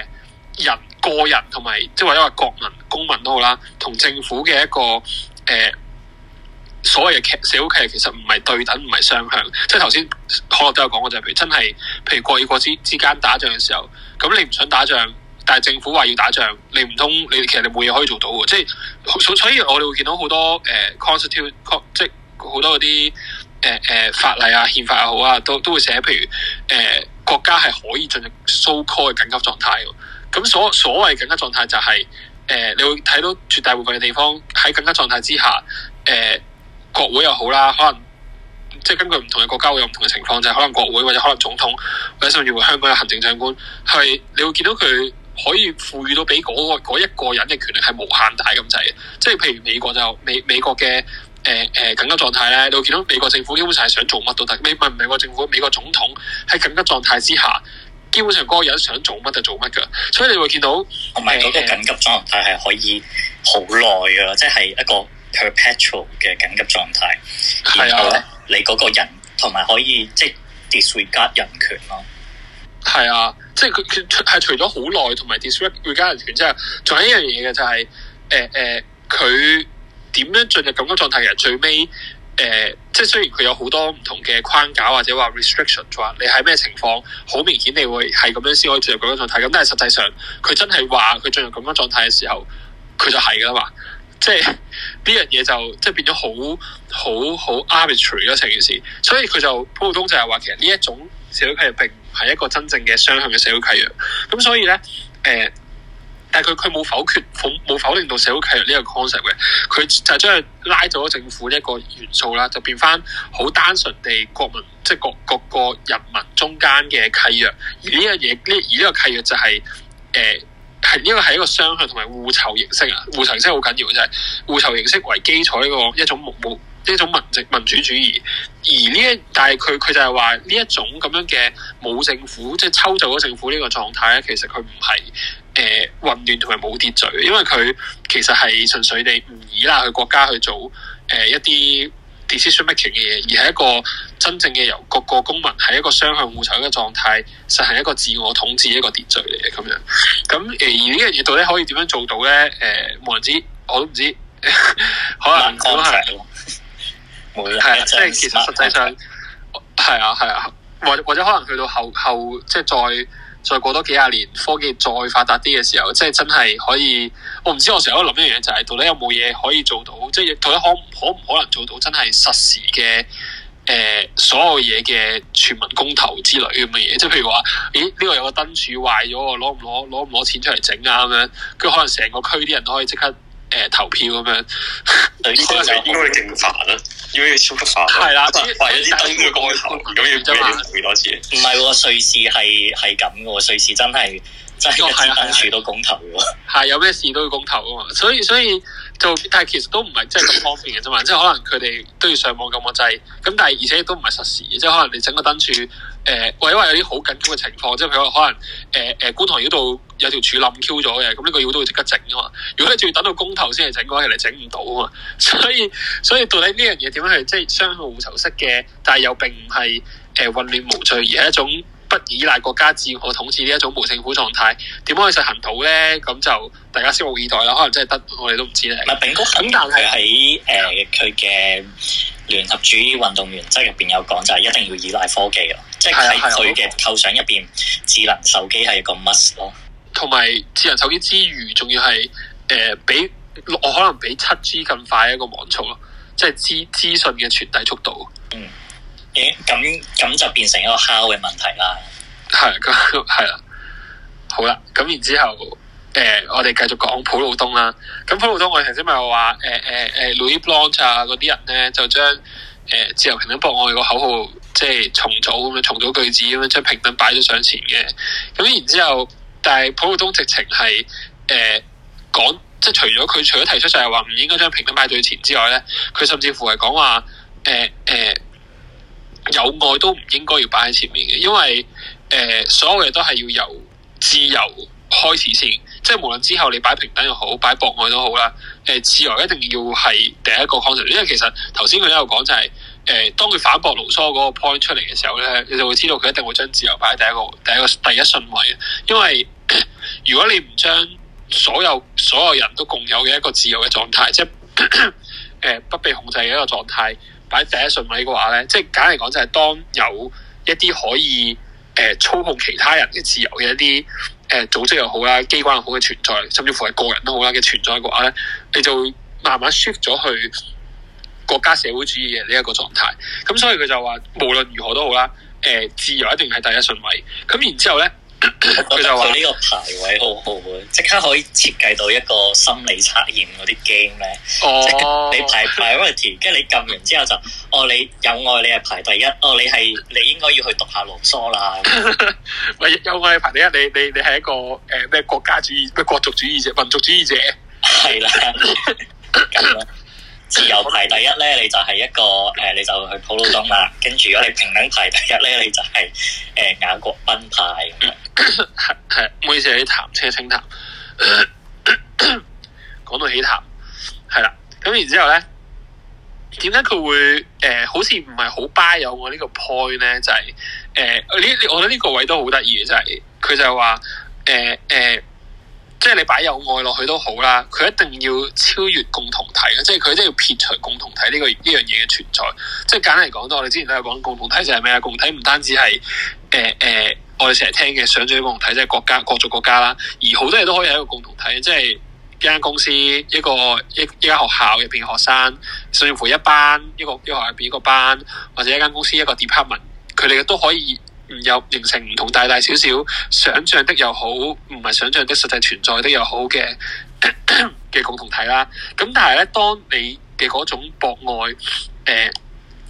人個人同埋即係話因為國民、公民都好啦，同政府嘅一個誒。呃所謂嘅劇社會契約其實唔係對等，唔係雙向。即係頭先可樂都有講過，就係譬如真係，譬如國與國之之間打仗嘅時候，咁你唔想打仗，但係政府話要打仗，你唔通你其實你冇嘢可以做到嘅。即係所所以，我哋會見到好多誒、呃、constitution 即係好多嗰啲誒誒法例啊、憲法又、啊、好啊，都都會寫譬如誒、呃、國家係可以進入 so-called 嘅緊急狀態嘅。咁所所謂緊急狀態就係、是、誒、呃，你會睇到絕大部分嘅地方喺緊急狀態之下誒。呃國會又好啦，可能即係根據唔同嘅國家會有唔同嘅情況，就係可能國會或者可能總統或者甚至乎香港嘅行政長官，係你會見到佢可以賦予到俾嗰個一個人嘅權力係無限大咁滯嘅，即係譬如美國就美美國嘅誒誒緊急狀態咧，你會見到美國政府基本上係想做乜都得，美唔美國政府，美國總統喺緊急狀態之下基本上嗰個人想做乜就做乜噶，所以你會見到同埋嗰個緊急狀態係可以好耐噶，即係一個。perpetual 嘅緊急狀態，然後的，咧，你嗰個人同埋的可以即係 disregard 人權咯。係啊的，即係佢佢係除咗好耐同埋 disregard 人權之後，仲有一樣嘢嘅就係、是，誒、呃、誒，佢、呃、點樣進入緊急狀態？其實最尾，誒、呃，即係雖然佢有好多唔同嘅框架或者話 restriction，話你喺咩情況，好明顯你會係咁樣先可以進入緊急狀態。咁但係實際上，佢真係話佢進入緊急狀態嘅時候，佢就係噶啦嘛。即係呢樣嘢，就即係變咗好好好 arbitrary 咯成件事，所以佢就普通就係話，其實呢一種社會契約並唔係一個真正嘅雙向嘅社會契約，咁所以咧，誒、呃，但係佢佢冇否決、冇否定到社會契約呢個 concept 嘅，佢就將佢拉咗政府呢一個元素啦，就變翻好單純地國民即係各各個人民中間嘅契約，而呢樣嘢呢而呢個契約就係、是、誒。呃係呢個係一個雙向同埋互酬形式啊，互酬形式好緊要嘅就係互酬形式為基礎一個一種民民一種民直民主主義，而呢一但係佢佢就係話呢一種咁樣嘅冇政府即係抽走咗政府呢個狀態咧，其實佢唔係誒混亂同埋冇秩序，因為佢其實係純粹地唔依賴佢國家去做誒、呃、一啲。decision making 嘅嘢，而係一個真正嘅由各個公民喺一個雙向互酬嘅狀態，實行一個自我統治一個秩序嚟嘅咁樣。咁、嗯、誒、嗯呃、而呢一樣嘢到底可以點樣做到咧？誒、呃，冇人知，我都唔知， 可能走走我都係冇人。係即係其實實際上係 啊係啊，啊，或者或者可能去到後後，後即係再。再過多幾廿年，科技再發達啲嘅時候，即係真係可以，我唔知我成日都諗一樣嘢，就係到底有冇嘢可以做到，即係到底可唔可唔可能做到真係實時嘅誒、呃、所有嘢嘅全民公投之類咁嘅嘢，即係譬如話，咦呢度有個燈柱壞咗，我攞唔攞攞唔攞錢出嚟整啊咁樣，佢可能成個區啲人都可以即刻。誒，投票咁樣，呢個就應該會勁煩啦，因為要超級煩，係啦，或者啲燈都要公投，咁要 repeat 多次。唔係喎，瑞士係係咁嘅喎，瑞士真係真係個燈柱都公投喎，係有咩事都要公投啊嘛，所以所以做，但係其實都唔係真係咁方便嘅啫嘛，即係可能佢哋都要上網撳個掣，咁但係而且都唔係實時嘅，即係可能你整個燈柱。誒，或者話有啲好緊急嘅情況，即係譬如話可能，誒、呃、誒、呃，觀塘嗰度有條柱冧 Q 咗嘅，咁、這、呢個要都會即刻整噶嘛。如果你仲要等到公投先嚟整嘅話，其實整唔到啊嘛。所以所以到底呢樣嘢點樣係即係相互仇殺嘅，但係又並唔係誒混亂無序，而係一種不依賴國家自我統治呢一種無政府狀態，點樣去實行到咧？咁就大家拭目以待啦。可能真係得我哋都唔知咧。咁但係喺誒佢嘅。是聯合主義運動原則入邊有講，就係一定要依賴科技咯，啊、即係喺佢嘅構想入邊，啊、智能手機係一個 must 咯。同埋，智能手機之餘仲要係誒、呃，比我可能比七 G 更快一個網速咯，即係資資訊嘅傳遞速度。嗯，誒、欸，咁咁就變成一個 how 嘅問題啦。係、啊，係啊，啊，好啦、啊，咁然之後。誒、呃，我哋繼續講普魯東啦。咁普魯東我我，我哋頭先咪話，誒誒誒，Louis Blanc 啊嗰啲人咧，就將誒、呃、自由平等博愛個口號，即係重組咁樣，重組句子咁樣，將平等擺咗上前嘅。咁然之後，但係普魯東直情係，誒、呃、講，即係除咗佢除咗提出就係話唔應該將平等擺在前之外咧，佢甚至乎係講話，誒、呃、誒、呃，有愛都唔應該要擺喺前面嘅，因為誒、呃、所有嘢都係要由自由開始先。即係無論之後你擺平等又好，擺博愛都好啦，誒自由一定要係第一個 concept，因為其實頭先佢一路講就係、是、誒當佢反駁盧梭嗰個 point 出嚟嘅時候咧，你就會知道佢一定會將自由擺喺第一個第一個第一順位，因為 如果你唔將所有所有人都共有嘅一個自由嘅狀態，即係誒 不被控制嘅一個狀態擺喺第一順位嘅話咧，即係簡嚟講就係當有一啲可以，誒，操控其他人嘅自由嘅一啲誒組織又好啦，機關又好嘅存在，甚至乎係個人都好啦嘅存在嘅話咧，你就慢慢 shift 咗去國家社會主義嘅呢一個狀態。咁所以佢就話無論如何都好啦，誒，自由一定係第一順位。咁然之後咧。我覺得呢個排位好好啊，即刻可以設計到一個心理測驗嗰啲 game 咧。哦，oh. 你排排 priority，跟住你撳完之後就，哦你有愛你係排第一，哦你係你應該要去讀下盧梭啦。 喂，有愛排第一，你你你係一個誒咩、呃、國家主義咩國族主義者、民族主義者？係啦是的。 自由排第一咧，你就係一個誒、呃，你就去普魯東啦。跟住，如果你平等排第一咧，你就係誒雅各賓派。係、呃、係，唔 好意思，你談車清，清，清 談，講到起談係啦。咁然之後咧，點解佢會誒、呃、好似唔係好 buy 我呢個 point，咧、就係？就係誒呢，我覺得呢個位都好得意嘅，就係、係、佢就話誒誒。呃呃即係你擺有愛落去都好啦，佢一定要超越共同體嘅，即係佢真係要撇除共同體呢個呢樣嘢嘅存在。即係簡單嚟講，咗我哋之前都有講共同體就係咩啊？共同體唔單止係誒誒，我哋成日聽嘅想象共同體，即係國家、國族、國家啦。而好多嘢都可以係一個共同體，即係一間公司、一個一一間學校入邊嘅學生，甚至乎一班一個一學校入邊一個班，或者一間公司一個 department，佢哋都可以。唔有形成唔同大大小小想象的又好，唔係想象的實際存在的又好嘅嘅 共同體啦。咁但係咧，當你嘅嗰種博愛誒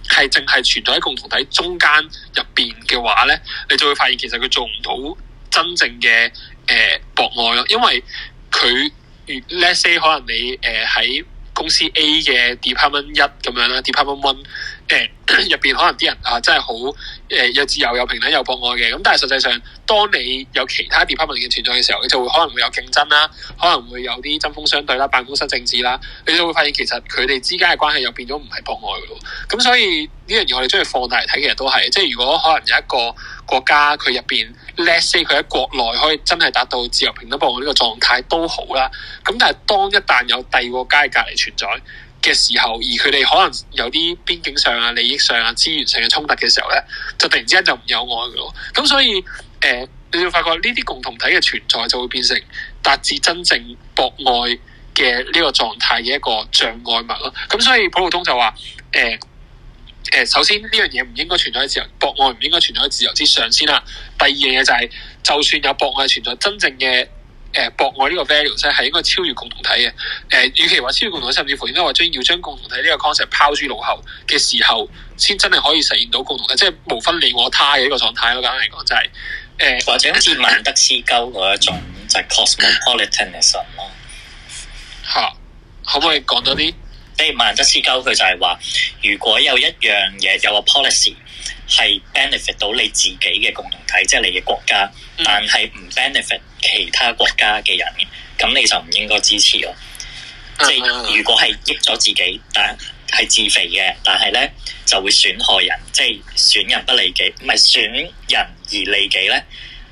係淨係存在喺共同體中間入邊嘅話咧，你就會發現其實佢做唔到真正嘅誒、呃、博愛咯。因為佢，let's say 可能你誒喺公司 A 嘅 department 一咁樣啦，department one。誒，入邊、呃、可能啲人啊，真係好誒，又、呃、自由、又平等、又博愛嘅。咁但係實際上，當你有其他 department 嘅存在嘅時候，你就會可能會有競爭啦，可能會有啲針鋒相對啦，辦公室政治啦，你就會發現其實佢哋之間嘅關係又變咗唔係博愛嘅咯。咁所以呢樣嘢我哋將佢放大嚟睇，其實係都係，即係如果可能有一個國家佢入邊 let's say，佢喺國內可以真係達到自由、平等、博愛呢個狀態都好啦。咁但係當一旦有第二個階級嚟存在嘅時候，而佢哋可能有啲邊境上啊、利益上啊、資源上嘅衝突嘅時候咧，就突然之間就唔有愛嘅咯。咁所以，誒、呃、你會發覺呢啲共同體嘅存在就會變成達至真正博愛嘅呢個狀態嘅一個障礙物咯。咁所以普魯東就話，誒、呃、誒、呃，首先呢樣嘢唔應該存在喺自由博愛，唔應該存在喺自由之上先啦。第二樣嘢就係、是，就算有博愛存在，真正嘅。誒博愛呢個 value 咧係應該超越共同體嘅。誒、呃，與其話超越共同體甚至乎，應該話將要將共同體呢個 concept 拋諸腦後嘅時候，先真係可以實現到共同體，即係無分你我他嘅呢、這個狀態咯。我簡單嚟講就係、是、誒，呃、或者好似孟德斯鳩嗰一種就係 cosmopolitanism 咯。嚇、啊，可唔可以講多啲？誒，孟德斯鳩佢就係話，如果有一樣嘢有個 policy。係 benefit 到你自己嘅共同體，即係你嘅國家，但係唔 benefit 其他國家嘅人嘅，咁你就唔應該支持咯。即係如果係益咗自己，但係自肥嘅，但係咧就會損害人，即係損人不利己，唔係損人而利己咧，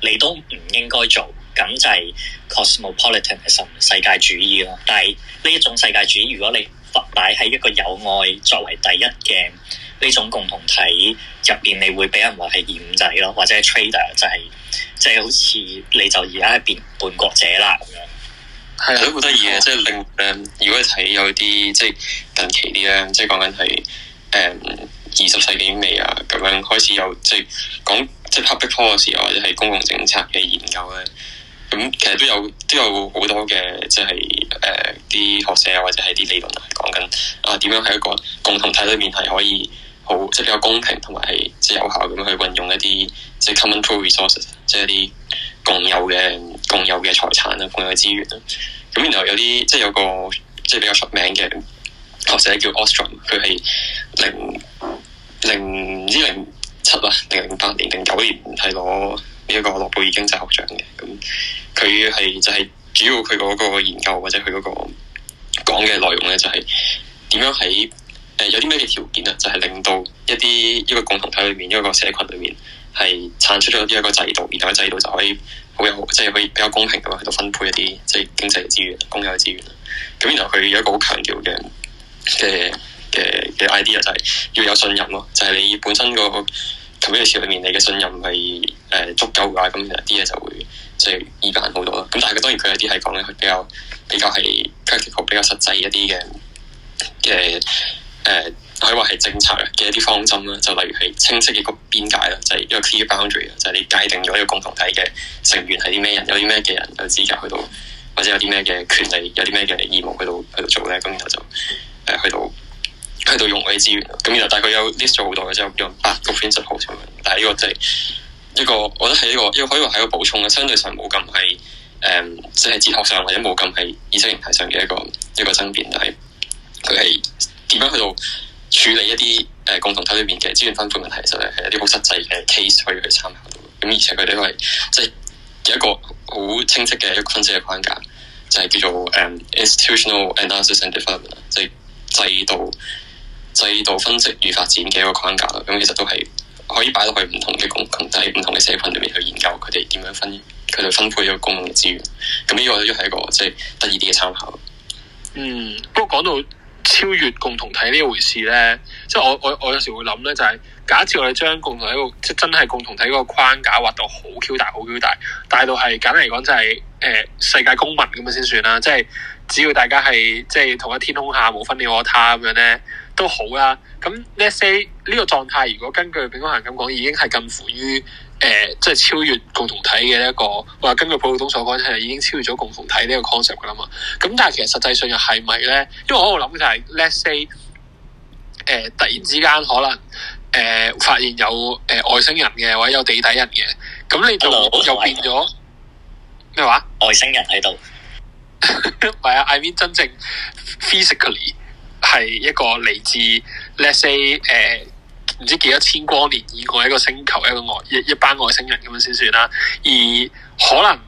你都唔應該做。咁就係 cosmopolitan 嘅世界主義咯。但係呢一種世界主義，如果你擺喺一個有愛作為第一嘅。呢種共同體入邊，你會俾人話係二五仔咯，或者係 trader 就係即係好似你就而家變叛國者啦咁樣。係都好得意嘅，嗯、即係令誒。如果你睇有啲即係近期啲咧，即係講緊係誒二十世紀末啊咁樣開始有即係講即係 public policy，或者係公共政策嘅研究咧。咁其實都有都有好多嘅即係誒啲學者啊，或者係啲理論係講緊啊點樣喺一個共同體裏面係可以。即係比較公平，同埋係即係有效咁去運用一啲即係 common pool resources，即係一啲共有嘅、共有嘅財產啦、共有嘅資源啦。咁然後有啲即係有個即係比較出名嘅學者叫 Ostrom，佢係零零唔知零七啊，定零八年定九年係攞呢一個諾貝爾經濟學獎嘅。咁佢係就係、是、主要佢嗰個研究或者佢嗰個講嘅內容咧，就係點樣喺。誒、呃，有啲咩嘅條件啊？就係令到一啲一個共同體裏面，一個社群裏面係產出咗呢一個制度，然後個制度就可以好有，即、就、係、是、可以比較公平咁樣去到分配一啲即係經濟嘅資源、公有嘅資源。咁然後佢有一個好強調嘅嘅嘅嘅 idea 就係要有信任咯。就係、是、你本身個投標嘅詞裏面，你嘅信任係誒、呃、足夠㗎。咁其實啲嘢就會即係易辦好多咯。咁但係佢當然佢有啲係講咧，佢比較比較係 practical 比較實際一啲嘅嘅。誒，可以話係政策嘅一啲方針啦，就例如係清晰嘅一個邊界啦，就係、是、一個 clear boundary，就係你界定咗一個共同體嘅成員係啲咩人，有啲咩嘅人有資格去到，或者有啲咩嘅權利，有啲咩嘅義務去到去到做咧。咁然後就誒、呃、去到去到用我啲資源咁。然後大概佢有 list 咗好多嘅之後，有八個 principle 就咁樣。但係呢個即係一個，我覺得係一個，因、這、為、個、可以話係一個補充啦。相對上冇咁係誒，即、呃、係、就是、哲學上或者冇咁係意識形態上嘅一個一、這個爭辯，但係佢係。點樣去到處理一啲誒、呃、共同體裏邊嘅資源分配問題，其實係係一啲好實際嘅 case 可以去參考。咁、嗯、而且佢哋都係即係一個好清晰嘅一個分析嘅框架，就係、是、叫做誒、um, institutional analysis and development，即係制度制度分析與發展嘅一個框架。咁、嗯、其實都係可以擺落去唔同嘅共同體、唔同嘅社群裏面去研究佢哋點樣分佢哋分配咗共同嘅資源。咁呢個都係一個即係得意啲嘅參考。嗯，不過講到超越共同體呢回事咧，即係我我我有時會諗咧，就係、是、假設我哋將共同體個即係真係共同體嗰個框架畫到好 Q 大好 Q 大，大到係簡單嚟講就係、是、誒、呃、世界公民咁樣先算啦。即係只要大家係即係同一天空下冇分你我他咁樣咧，都好啦。咁 let's say 呢個狀態，如果根據炳光行咁講，已經係近乎於。誒、呃，即係超越共同體嘅一個，話、呃、根據普普通所講，係已經超越咗共同體呢個 concept 噶啦嘛。咁但係其實實際上又係咪咧？因為我諗就係、是、，let's say，誒、呃，突然之間可能誒、呃、發現有誒、呃、外星人嘅，或者有地底人嘅，咁你就 Hello，又變咗咩話？外星人喺度？唔係 啊，I mean 真正 physically 係一個嚟自 let's say 誒、呃。唔知幾多千光年以外一個星球一個外一一班外星人咁樣先算啦，而可能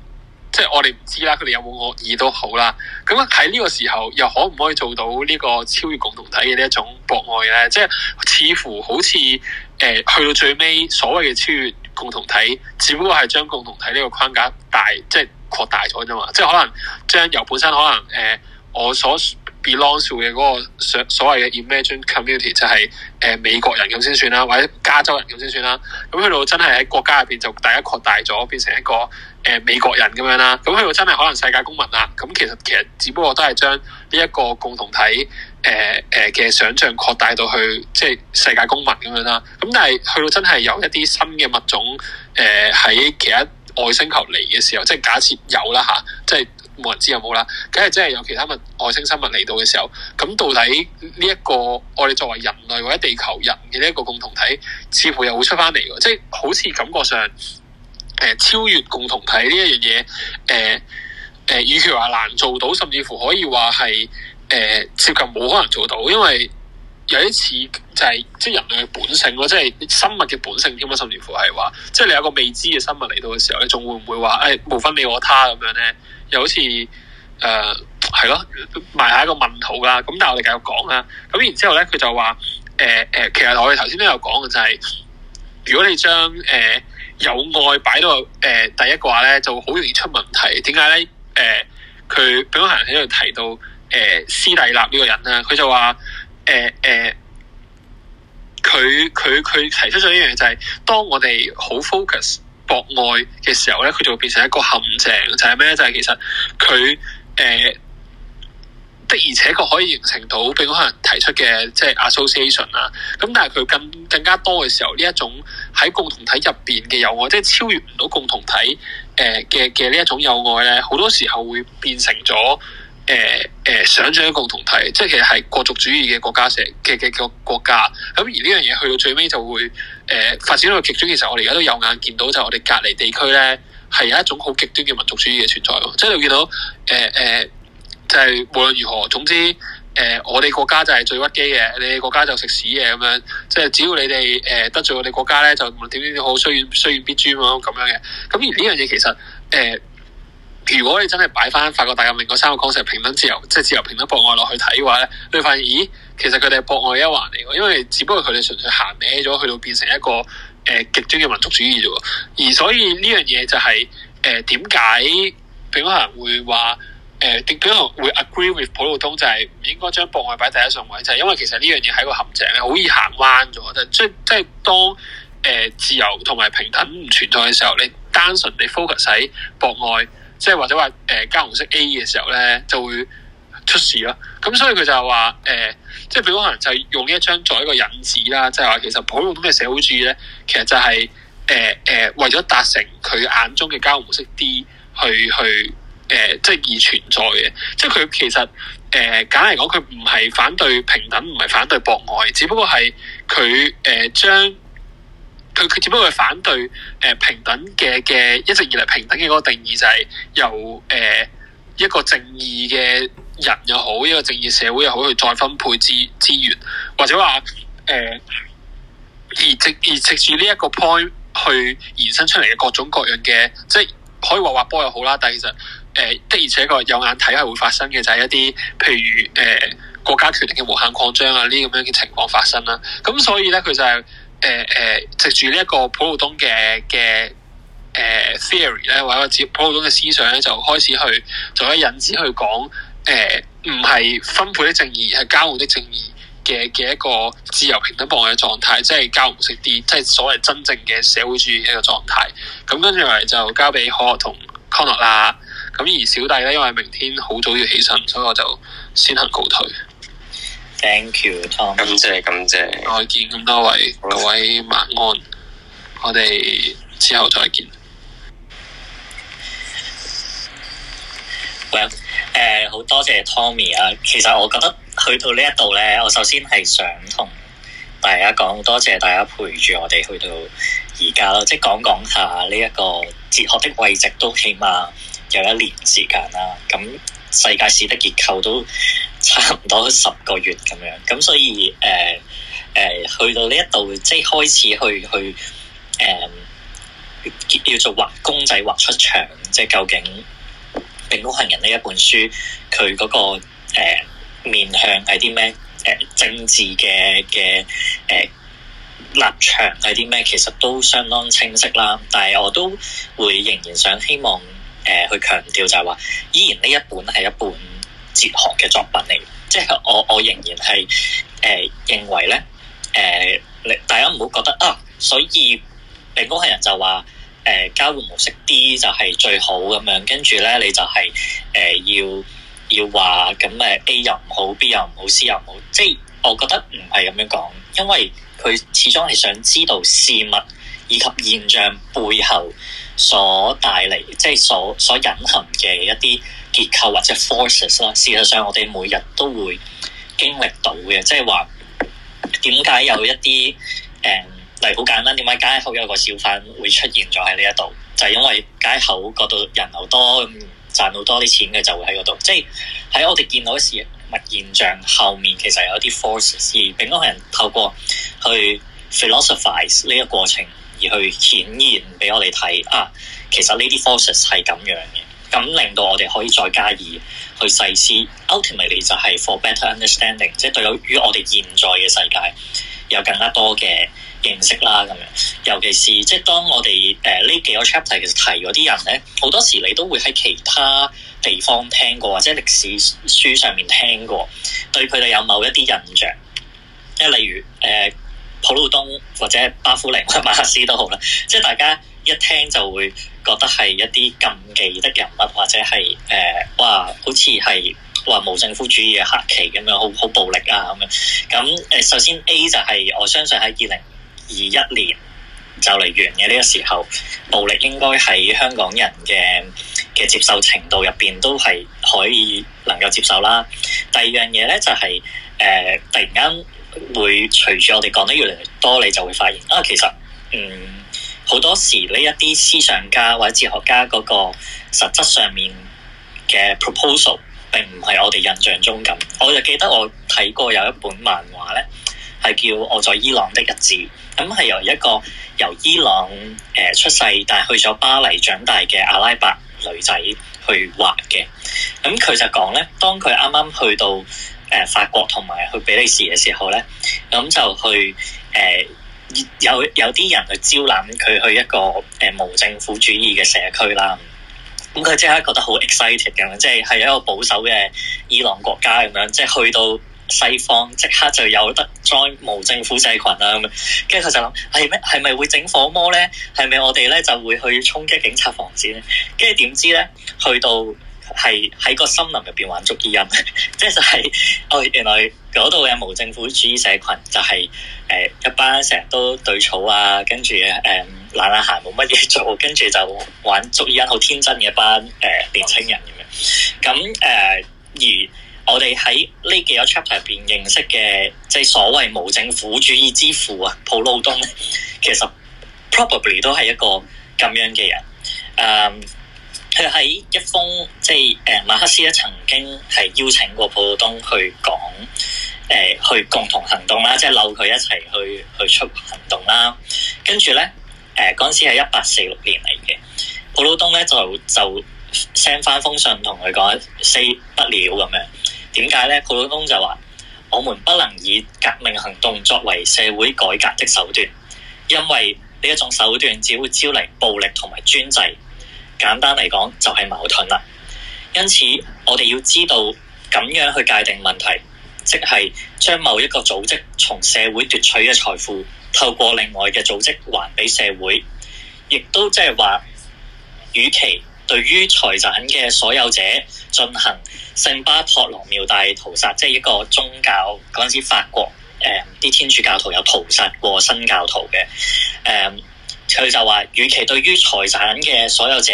即係我哋唔知啦，佢哋有冇惡意都好啦。咁喺呢個時候又可唔可以做到呢個超越共同體嘅呢一種博愛呢？即係似乎好似誒、呃，去到最尾所謂嘅超越共同體，只不過係將共同體呢個框架大即係擴大咗啫嘛。即係可能將由本身可能誒、呃，我所。belong to 嘅嗰個所所謂嘅 imagine community 就係、是、誒、呃、美國人咁先算啦，或者加州人咁先算啦。咁、嗯、去到真係喺國家入邊就大家擴大咗，變成一個誒、呃、美國人咁樣啦。咁、嗯、去到真係可能世界公民啦。咁、啊、其實其實只不過都係將呢一個共同體誒誒嘅想像擴大到去即係世界公民咁樣啦。咁、嗯、但係去到真係有一啲新嘅物種誒喺、呃、其他外星球嚟嘅時候，即係假設有啦嚇、啊，即係。冇人知有冇啦，梗係真係有其他物外星生物嚟到嘅時候，咁到底呢、這、一個我哋作為人類或者地球人嘅呢一個共同體，似乎又會出翻嚟嘅，即係好似感覺上、呃、超越共同體呢一樣嘢，誒、呃、誒，與其話難做到，甚至乎可以話係誒接近冇可能做到，因為有一次就係、是、即係人類嘅本性咯，即係生物嘅本性添，甚至乎係話，即係你有一個未知嘅生物嚟到嘅時候，你仲會唔會話誒、哎、無分你我他咁樣呢？就好似誒，係、呃、咯埋下一個問號啦。咁但係我哋繼續講啦。咁然之後咧，佢就話誒誒，其實我哋頭先都有講嘅，就是，就係如果你將誒、呃、有愛擺到誒、呃、第一嘅話咧，就好容易出問題。點解咧？誒、呃，佢表行喺度提到誒、呃、斯蒂納呢個人啊，佢就話誒誒，佢佢佢提出咗呢樣嘢就係、是，當我哋好 focus。國外嘅時候咧，佢就會變成一個陷阱，就係咩咧？就係、是、其實佢誒、呃、的而且確可以形成到，比如可能提出嘅即係 association 啦。咁但係佢更更加多嘅時候，呢一種喺共同體入邊嘅友愛，即係超越唔到共同體誒嘅嘅呢一種友愛咧，好多時候會變成咗。誒誒、呃呃，想象共同體，即係其實係國族主義嘅國家社嘅嘅個國家。咁而呢樣嘢去到最尾就會誒、呃、發展到極端。其實我哋而家都有眼見到就，就係我哋隔離地區咧，係有一種好極端嘅民族主義嘅存在咯。即係你會見到誒誒、呃呃，就係、是、無論如何，總之誒、呃、我哋國家就係最屈機嘅，你哋國家就食屎嘅咁樣。即係只要你哋誒、呃、得罪我哋國家咧，就無論點點點好，雖遠雖遠必誅咁樣嘅。咁而呢樣嘢其實誒。呃呃如果你真係擺翻法國大革命嗰三個礦石平等自由，即、就、係、是、自由平等博愛落去睇嘅話咧，你發現咦，其實佢哋係博愛一環嚟嘅，因為只不過佢哋純粹行歪咗，去到變成一個誒、呃、極端嘅民族主義啫喎。而所以呢樣嘢就係誒點解並唔有人會話誒可能會 agree with 普魯東就係唔應該將博愛擺第一上位，就係、是、因為其實呢樣嘢係一個陷阱咧，好易行彎咗。即即係當誒、呃、自由同埋平等唔存在嘅時候，你單純你 focus 喺博愛。即係或者話誒、呃，交紅色 A 嘅時候咧，就會出事咯。咁所以佢就係話，誒、呃，即係譬如可能就用呢一張作一個引子啦，即係話其實普普通通嘅社會主義咧，其實就係誒誒，為咗達成佢眼中嘅交紅色 D 去去誒、呃，即係而存在嘅。即係佢其實誒、呃，簡嚟講，佢唔係反對平等，唔係反對博愛，只不過係佢誒將，呃將佢佢只不過係反對誒平等嘅嘅一直以嚟平等嘅嗰個定義，就係由誒、呃、一個正義嘅人又好，一個正義社會又好，去再分配資資源，或者話誒、呃、而藉而藉住呢一個 point 去延伸出嚟嘅各種各樣嘅，即係可以話滑坡又好啦，但係其實誒的而且確有眼睇係會發生嘅，就係一啲譬如誒、呃、國家權力嘅無限擴張啊呢啲咁樣嘅情況發生啦。咁所以咧，佢就係、是。誒誒，藉住呢一個普魯東嘅嘅誒 theory 咧，呃、the ory, 或者普魯東嘅思想咧，就開始去做一引子去講誒唔係分配的正義，係交換的正義嘅嘅一個自由平等博愛嘅狀態，即係交換式啲，即係所謂真正嘅社會主義一個狀態，咁跟住嚟就交俾可樂同康樂啦。咁而小弟咧，因為明天好早要起身，所以我就先行告退。Thank you，Tommy。感謝感謝。再見咁多位，各位晚安。 我哋之後再見。喂、well, 呃，誒，好多謝 Tommy 啊。其實我覺得去到呢一度咧，我首先係想同大家講，多謝大家陪住我哋去到而家咯。即係講講下呢一個哲學的位置，都起碼有一年時間啦。咁。世界史的結構都差唔多十個月咁樣，咁所以誒誒、呃呃、去到呢一度即係開始去去誒叫、呃、做畫公仔畫出場，即係究竟《柄谷行人》呢一本書佢、嗰個誒、呃、面向係啲咩，誒政治嘅嘅誒立場係啲咩？其實都相當清晰啦，但係我都會仍然想希望。誒、呃、去強調就係話，依然呢一本係一本哲學嘅作品嚟，即係我我仍然係誒、呃、認為咧，誒、呃、你大家唔好覺得啊，所以柄谷行人就話誒、呃、交換模式 D 就係最好咁樣，跟住咧你就係、是、誒、呃、要要話咁誒 A 又唔好，B 又唔好，C 又唔好，即係我覺得唔係咁樣講，因為佢始終係想知道事物以及現象背後。所帶嚟即係所所隱含嘅一啲結構或者 forces 啦，事實上我哋每日都會經歷到嘅，即係話點解有一啲誒、嗯，例如好簡單，點解街口有個小販會出現咗喺呢一度？就係、是、因為街口嗰度人流多，賺到多啲錢嘅就會喺嗰度。即係喺我哋見到事物現象後面，其實有一啲 forces 而並唔人透過去 philosophise 呢個過程。而去顯現俾我哋睇啊，其實呢啲 forces 係咁樣嘅，咁令到我哋可以再加以去細思，ultimately 就係 for better understanding，即係對於我哋現在嘅世界有更加多嘅認識啦。咁樣，尤其是即係當我哋誒呢幾個 chapter 其實提嗰啲人咧，好多時你都會喺其他地方聽過，或者歷史書上面聽過，對佢哋有某一啲印象，即係例如誒、呃普魯東或者巴枯寧或者馬克思都好啦，即係大家一聽就會覺得係一啲禁忌的人物，或者係誒、呃，哇，好似係話無政府主義嘅黑旗咁樣，好好暴力啊咁樣。咁誒、呃，首先 A 就係我相信喺二零二一年就嚟完嘅呢個時候，暴力應該喺香港人嘅嘅接受程度入邊都係可以能夠接受啦。第二樣嘢咧就係、是、誒、呃，突然間。會隨住我哋講得越嚟越多，你就會發現啊，其實嗯好多時呢一啲思想家或者哲學家嗰個實質上面嘅 proposal 並唔係我哋印象中咁。我就記得我睇過有一本漫畫咧，係叫《我在伊朗的日子》，咁係由一個由伊朗誒、呃、出世但係去咗巴黎長大嘅阿拉伯女仔去畫嘅。咁佢就講咧，當佢啱啱去到。誒法國同埋去比利時嘅時候咧，咁就去誒、呃、有有啲人去招攬佢去一個誒、呃、無政府主義嘅社區啦。咁佢即刻覺得好 excited 咁樣，即係係一個保守嘅伊朗國家咁樣，即係去到西方即刻就有得 join 無政府社群啊咁樣。跟住佢就諗係咩？係咪會整火魔咧？係咪我哋咧就會去衝擊警察防線咧？跟住點知咧？去到。係喺個森林入邊玩捉伊人，即 係就係、就是、哦，原來嗰度嘅無政府主義社群就係、是、誒、呃、一班成日都對草啊，跟住誒懶懶閒冇乜嘢做，跟住就玩捉伊人，好天真嘅一班誒、呃、年青人咁樣。咁誒、呃、而我哋喺呢幾個 chapter 入邊認識嘅，即、就、係、是、所謂無政府主義之父啊普魯東，其實 probably 都係一個咁樣嘅人。嗯、呃。佢喺一封即係誒、呃，馬克思咧曾經係邀請過普魯東去講，誒、呃、去共同行動啦，即係嬲佢一齊去去出行動啦。跟住咧，誒嗰陣時係一八四六年嚟嘅，普魯東咧就就 send 翻封信同佢講 say 不了咁樣。點解咧？普魯東就話，我們不能以革命行動作為社會改革的手段，因為呢一種手段只會招嚟暴力同埋專制。簡單嚟講，就係、是、矛盾啦。因此，我哋要知道咁樣去界定問題，即係將某一個組織從社會奪取嘅財富，透過另外嘅組織還俾社會，亦都即係話，與其對於財產嘅所有者進行聖巴托羅繆大屠殺，即係一個宗教，嗰陣時法國啲、嗯、天主教徒有屠殺過新教徒嘅誒。嗯佢就話，與其對於財產嘅所有者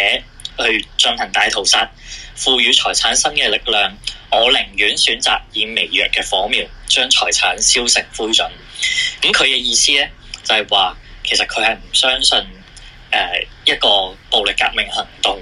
去進行大屠殺，賦予財產新嘅力量，我寧願選擇以微弱嘅火苗將財產燒成灰燼。咁佢嘅意思咧，就係、是、話其實佢係唔相信誒、呃、一個暴力革命行動，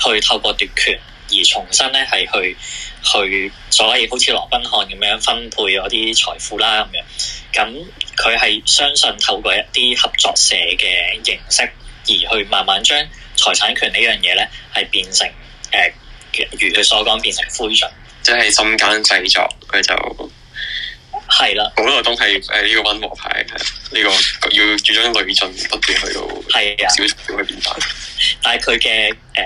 去透過奪權而重新咧係去。去，所以好似羅賓漢咁樣分配嗰啲財富啦咁樣，咁佢係相信透過一啲合作社嘅形式，而去慢慢將財產權呢樣嘢咧，係變成誒、呃，如佢所講變成灰燼，即係心間製作佢就係啦，古萊東係誒呢個溫和派，呢、這個要要主張累進不斷去到係啊，少少去變大，但係佢嘅誒。呃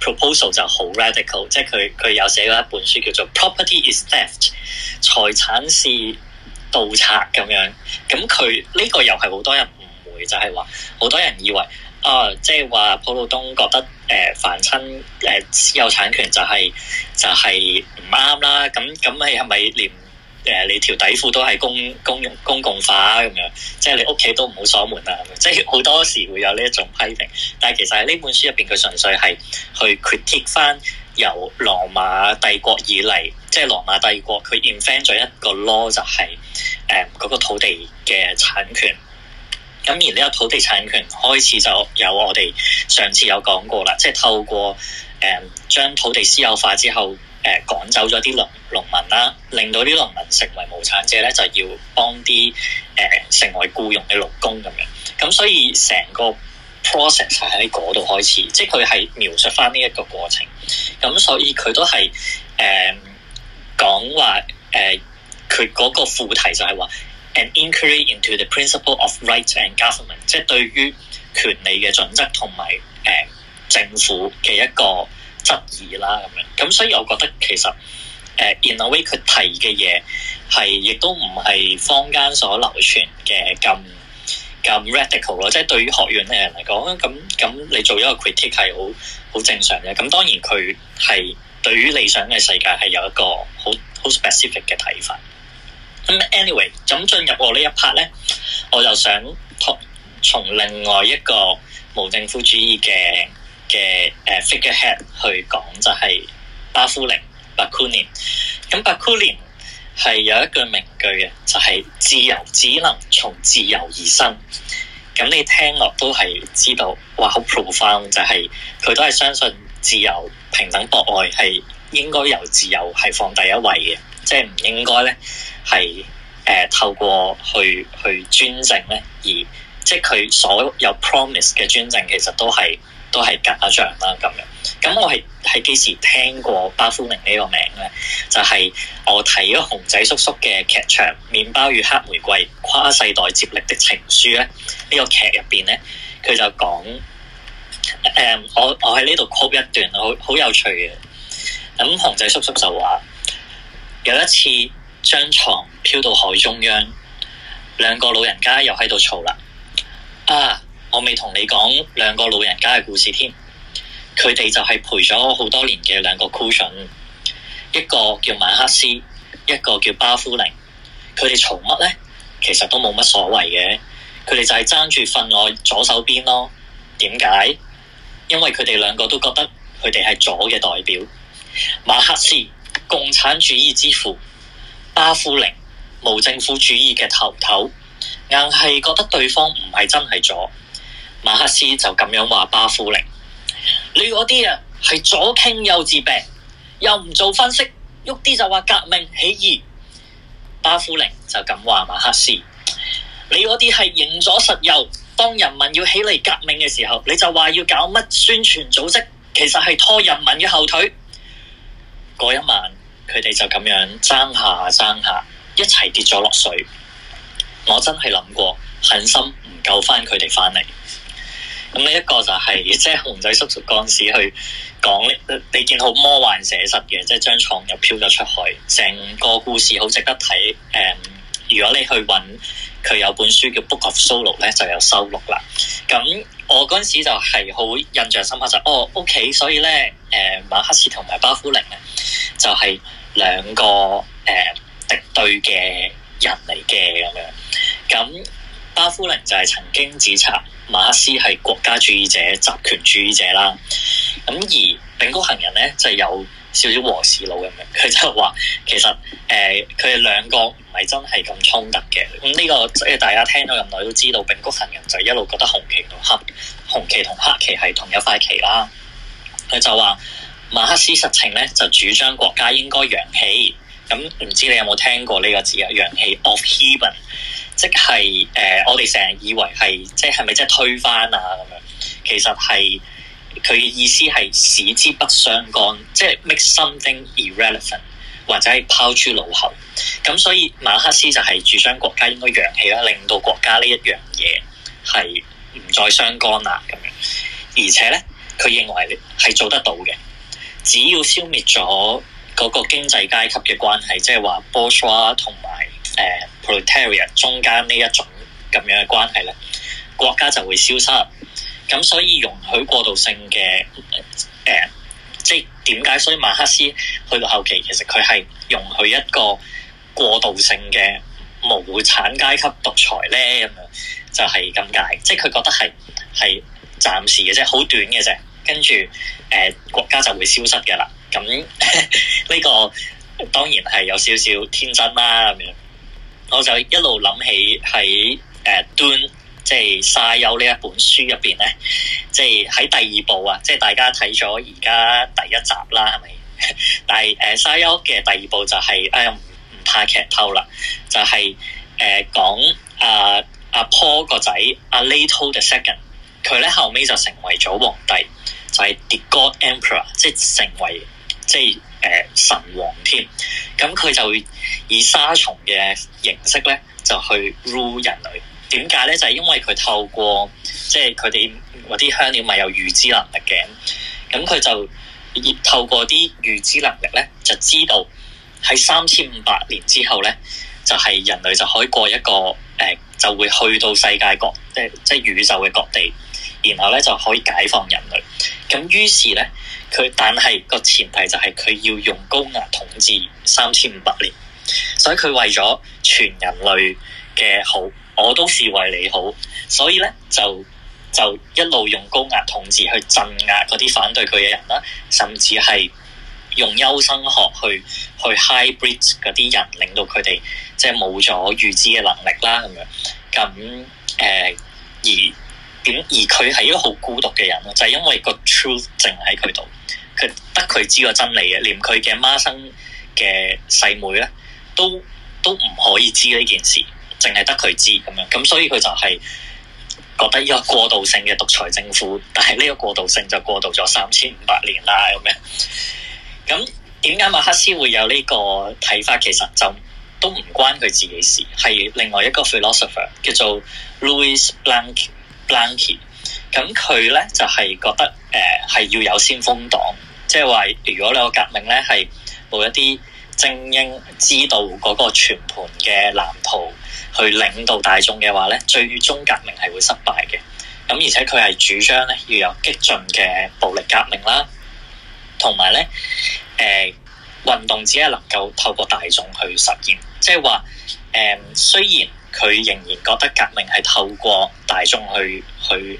proposal 就好 radical，即係佢佢又寫過一本書叫做《Property Is Theft》，財產是盜賊咁樣咁佢呢個又係好多人誤會就係話好多人以為啊、哦，即係話普魯東覺得誒、呃、凡親誒私、呃、有產權就係、是、就係唔啱啦。咁咁係係咪連。誒，你條底褲都係公公公共化咁樣，即係你屋企都唔好鎖門啦，即係好多時會有呢一種批評。但係其實喺呢本書入邊，佢純粹係去 critic 翻由羅馬帝國以嚟，即係羅馬帝國佢 infect 咗一個 law 就係誒嗰個土地嘅產權。咁而呢個土地產權開始就有我哋上次有講過啦，即係透過誒將土地私有化之後。誒、呃、趕走咗啲農農民啦、啊，令到啲農民成為無產者咧，就要幫啲誒成為僱傭嘅勞工咁樣。咁所以成個 process 係喺嗰度開始，即係佢係描述返呢一個過程。咁所以佢都係誒講話誒，佢、呃、嗰個副題就係話 An Inquiry into the Principle of Rights and Government，即係對於權利嘅準則同埋誒政府嘅一個質疑啦咁樣，咁所以我覺得其實誒、uh, in a way 佢提嘅嘢係亦都唔係坊間所流傳嘅咁咁 radical 咯，即係對於學院嘅人嚟講，咁咁你做一個 critic 係好好正常嘅。咁當然佢係對於理想嘅世界係有一個好好 specific 嘅睇法。咁、um, anyway，就咁進入我呢一 part 咧，我就想同從另外一個無政府主義嘅。嘅誒 figurehead 去講就係巴夫寧、巴庫寧，咁巴庫寧係有一句名句嘅，就係、是、自由只能從自由而生。咁你聽落都係知道，哇好 profound！就係佢都係相信自由平等博愛係應該由自由係放第一位嘅，即係唔應該咧係誒透過去去專政咧，而即係佢所有 promise 嘅專政其實都係。都係假象啦，咁樣。咁我係係幾時聽過巴枯寧呢個名咧？就係、是、我睇咗熊仔叔叔嘅劇場《麵包與黑玫瑰》跨世代接力的情書咧。呢、這個劇入邊咧，佢就講，誒、嗯，我我喺呢度 quote 一段，好好有趣嘅。咁、嗯、熊仔叔叔就話，有一次張床飄到海中央，兩個老人家又喺度嘈啦。啊！我未同你講兩個老人家嘅故事添，佢哋就係陪咗我好多年嘅兩個 cushion，一個叫馬克思，一個叫巴夫寧。佢哋嘈乜呢？其實都冇乜所謂嘅，佢哋就係爭住瞓我左手邊咯。點解？因為佢哋兩個都覺得佢哋係左嘅代表，馬克思共產主義之父，巴夫寧無政府主義嘅頭頭，硬係覺得對方唔係真係左。馬克思就咁樣話巴夫寧，你嗰啲啊係左傾幼稚病，又唔做分析，喐啲就話革命起義。巴夫寧就咁話馬克思，你嗰啲係認咗實右，當人民要起嚟革命嘅時候，你就話要搞乜宣傳組織，其實係拖人民嘅後腿。嗰一晚，佢哋就咁樣爭下爭下，一齊跌咗落水。我真係諗過，狠心唔救返佢哋返嚟。咁咧一個就係即係熊仔叔叔嗰陣時去講，你見好魔幻寫實嘅，即係張床又飄咗出去，成個故事好值得睇。誒、嗯，如果你去揾佢有本書叫《Book of Solo》咧，就有收錄啦。咁我嗰陣時就係好印象深刻，就是、哦，OK，所以咧誒、呃，馬克思同埋巴夫寧咧，就係兩個誒、呃、敵對嘅人嚟嘅咁樣咁。巴夫玲就係曾經指責馬克思係國家主義者、集權主義者啦。咁而柄谷行人咧就係、有少少和事佬咁樣，佢就話其實誒佢哋兩個唔係真係咁衝突嘅。咁、這、呢個即係大家聽到咁耐都知道，柄谷行人就一路覺得紅旗同黑紅旗同黑旗係同一塊旗啦。佢就話馬克思實情咧就主張國家應該揚棄。咁唔知你有冇聽過呢個字啊？揚棄 of heaven。即係誒、呃，我哋成日以為係，即係咪即係推翻啊咁樣？其實係佢嘅意思係使之不相干，即係 make something irrelevant，或者係拋諸腦後。咁所以馬克思就係主張國家應該揚棄啦，令到國家呢一樣嘢係唔再相干啦咁樣。而且咧，佢認為係做得到嘅，只要消滅咗嗰個經濟階級嘅關係，即係話 bourgeois 同埋。誒 p l e t a r i a 中間呢一種咁樣嘅關係咧，國家就會消失。咁所以容許過渡性嘅誒、呃，即係點解？所以馬克思去到後期，其實佢係容許一個過渡性嘅無產階級獨裁咧，咁樣就係咁解。即係佢覺得係係暫時嘅啫，好短嘅啫。跟住誒，國家就會消失嘅啦。咁呢 個當然係有少少天真啦，咁樣。我就一路諗起喺 Dune，即係沙丘呢一本書入邊咧，即係喺第二部啊，即係大家睇咗而家第一集啦，係咪？但係誒沙丘嘅第二部就係誒唔太劇透啦，就係誒講阿阿 Paul 個仔阿 Little the Second，佢咧後尾就成為咗皇帝，就係 The God Emperor，即係成為即係。即係誒、呃，神王添，咁佢就以沙蟲嘅形式咧，就去 rule 人類。點解咧？就係、是、因為佢透過，即係佢哋嗰啲香料咪有預知能力嘅，咁佢就透過啲預知能力咧，就知道喺三千五百年之後咧，就係、是、人類就可以過一個誒、呃，就會去到世界各即係即係宇宙嘅各地，然後咧就可以解放人類。咁於是咧。佢但係個前提就係佢要用高壓統治三千五百年，所以佢為咗全人類嘅好，我都是為你好，所以咧就就一路用高壓統治去鎮壓嗰啲反對佢嘅人啦，甚至係用優生學去去 hybrid 嗰啲人，令到佢哋即係冇咗預知嘅能力啦咁樣咁誒而點而佢係一個好孤獨嘅人咯，就係因為個 truth 淨喺佢度。佢得佢知個真理嘅，連佢嘅孖生嘅細妹咧，都都唔可以知呢件事，淨係得佢知咁樣。咁所以佢就係覺得呢個過渡性嘅獨裁政府，但係呢個過渡性就過渡咗三千五百年啦咁樣。咁點解馬克思會有呢個睇法？其實就都唔關佢自己事，係另外一個 philosopher 叫做 Louis Blanky Blanky。咁佢咧就係、是、覺得誒係、呃、要有先鋒黨。即係話，如果你個革命咧係冇一啲精英知道嗰個全盤嘅藍圖去領導大眾嘅話咧，最終革命係會失敗嘅。咁而且佢係主張咧要有激進嘅暴力革命啦，同埋咧，誒、呃、運動只係能夠透過大眾去實現。即係話，誒、呃、雖然佢仍然覺得革命係透過大眾去去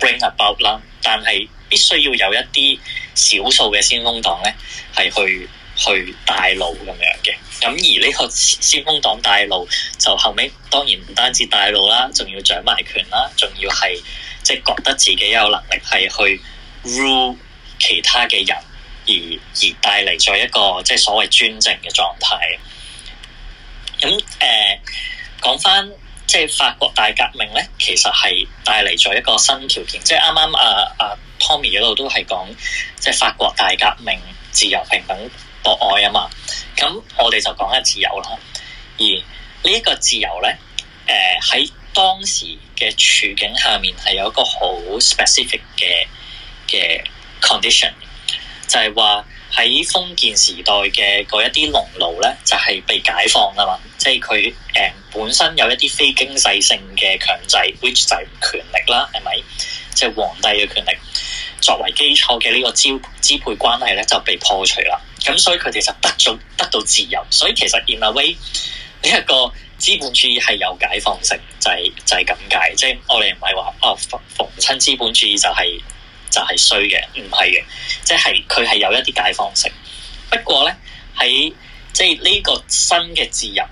bring about 啦，但係。必須要有一啲少數嘅先鋒黨呢，係去去帶路咁樣嘅。咁而呢個先鋒黨帶路，就後尾當然唔單止帶路啦，仲要掌埋權啦，仲要係即係覺得自己有能力係去 rule 其他嘅人，而而帶嚟咗一個即係、就是、所謂專政嘅狀態。咁誒、講、呃、翻。即係法國大革命咧，其實係帶嚟咗一個新條件。即係啱啱啊啊 Tommy 嗰度都係講，即係法國大革命，自由、平等、博愛啊嘛。咁我哋就講下自由啦。而呢一個自由咧，誒、呃、喺當時嘅處境下面，係有一個好 specific 嘅嘅 condition，就係話。喺封建時代嘅嗰一啲農奴咧，就係、是、被解放啊嘛！即係佢誒本身有一啲非經濟性嘅強制，which 就係權力啦，係咪？即係皇帝嘅權力作為基礎嘅呢個支支配關係咧，就被破除啦。咁所以佢哋就得咗得到自由。所以其實 in a way 呢一個資本主義係有解放性，就係、是、就係咁解。即係我哋唔係話啊，逢、哦、親資本主義就係、是。就係衰嘅，唔係嘅，即係佢係有一啲解放性。不過咧，喺即係呢個新嘅自由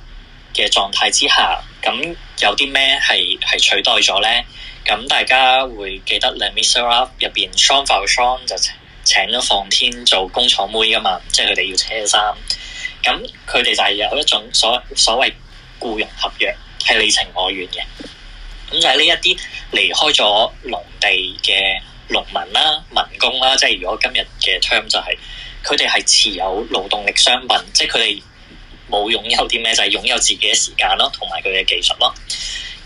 嘅狀態之下，咁有啲咩係係取代咗咧？咁大家會記得《Les Misérables》入 邊，Jean Valjean 就請咗放天做工廠妹噶嘛，即係佢哋要車衫。咁佢哋就係有一種所所謂僱傭合約，係你情我願嘅。咁就係呢一啲離開咗農地嘅。農民啦、啊、民工啦、啊，即係如果今日嘅 term 就係佢哋係持有勞動力商品，即係佢哋冇擁有啲咩，就係、是、擁有自己嘅時間咯，同埋佢嘅技術咯。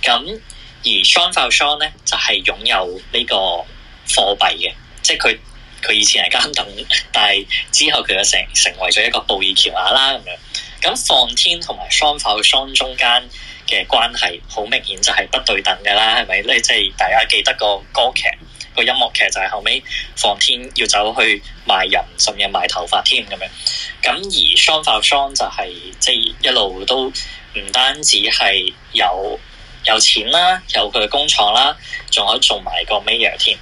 咁而 sunflower s o 咧就係、是、擁有呢個貨幣嘅，即係佢佢以前係監等，但係之後佢就成成為咗一個布爾喬亞啦咁樣。咁放天同埋 sunflower s 中間嘅關係好明顯就係不對等噶啦，係咪咧？即係大家記得個歌劇。個音樂劇就係後尾放天要走去賣人，甚至賣頭髮添咁樣。咁而雙發霜就係即係一路都唔單止係有有錢啦，有佢嘅工廠啦，仲可以做埋個 major 添。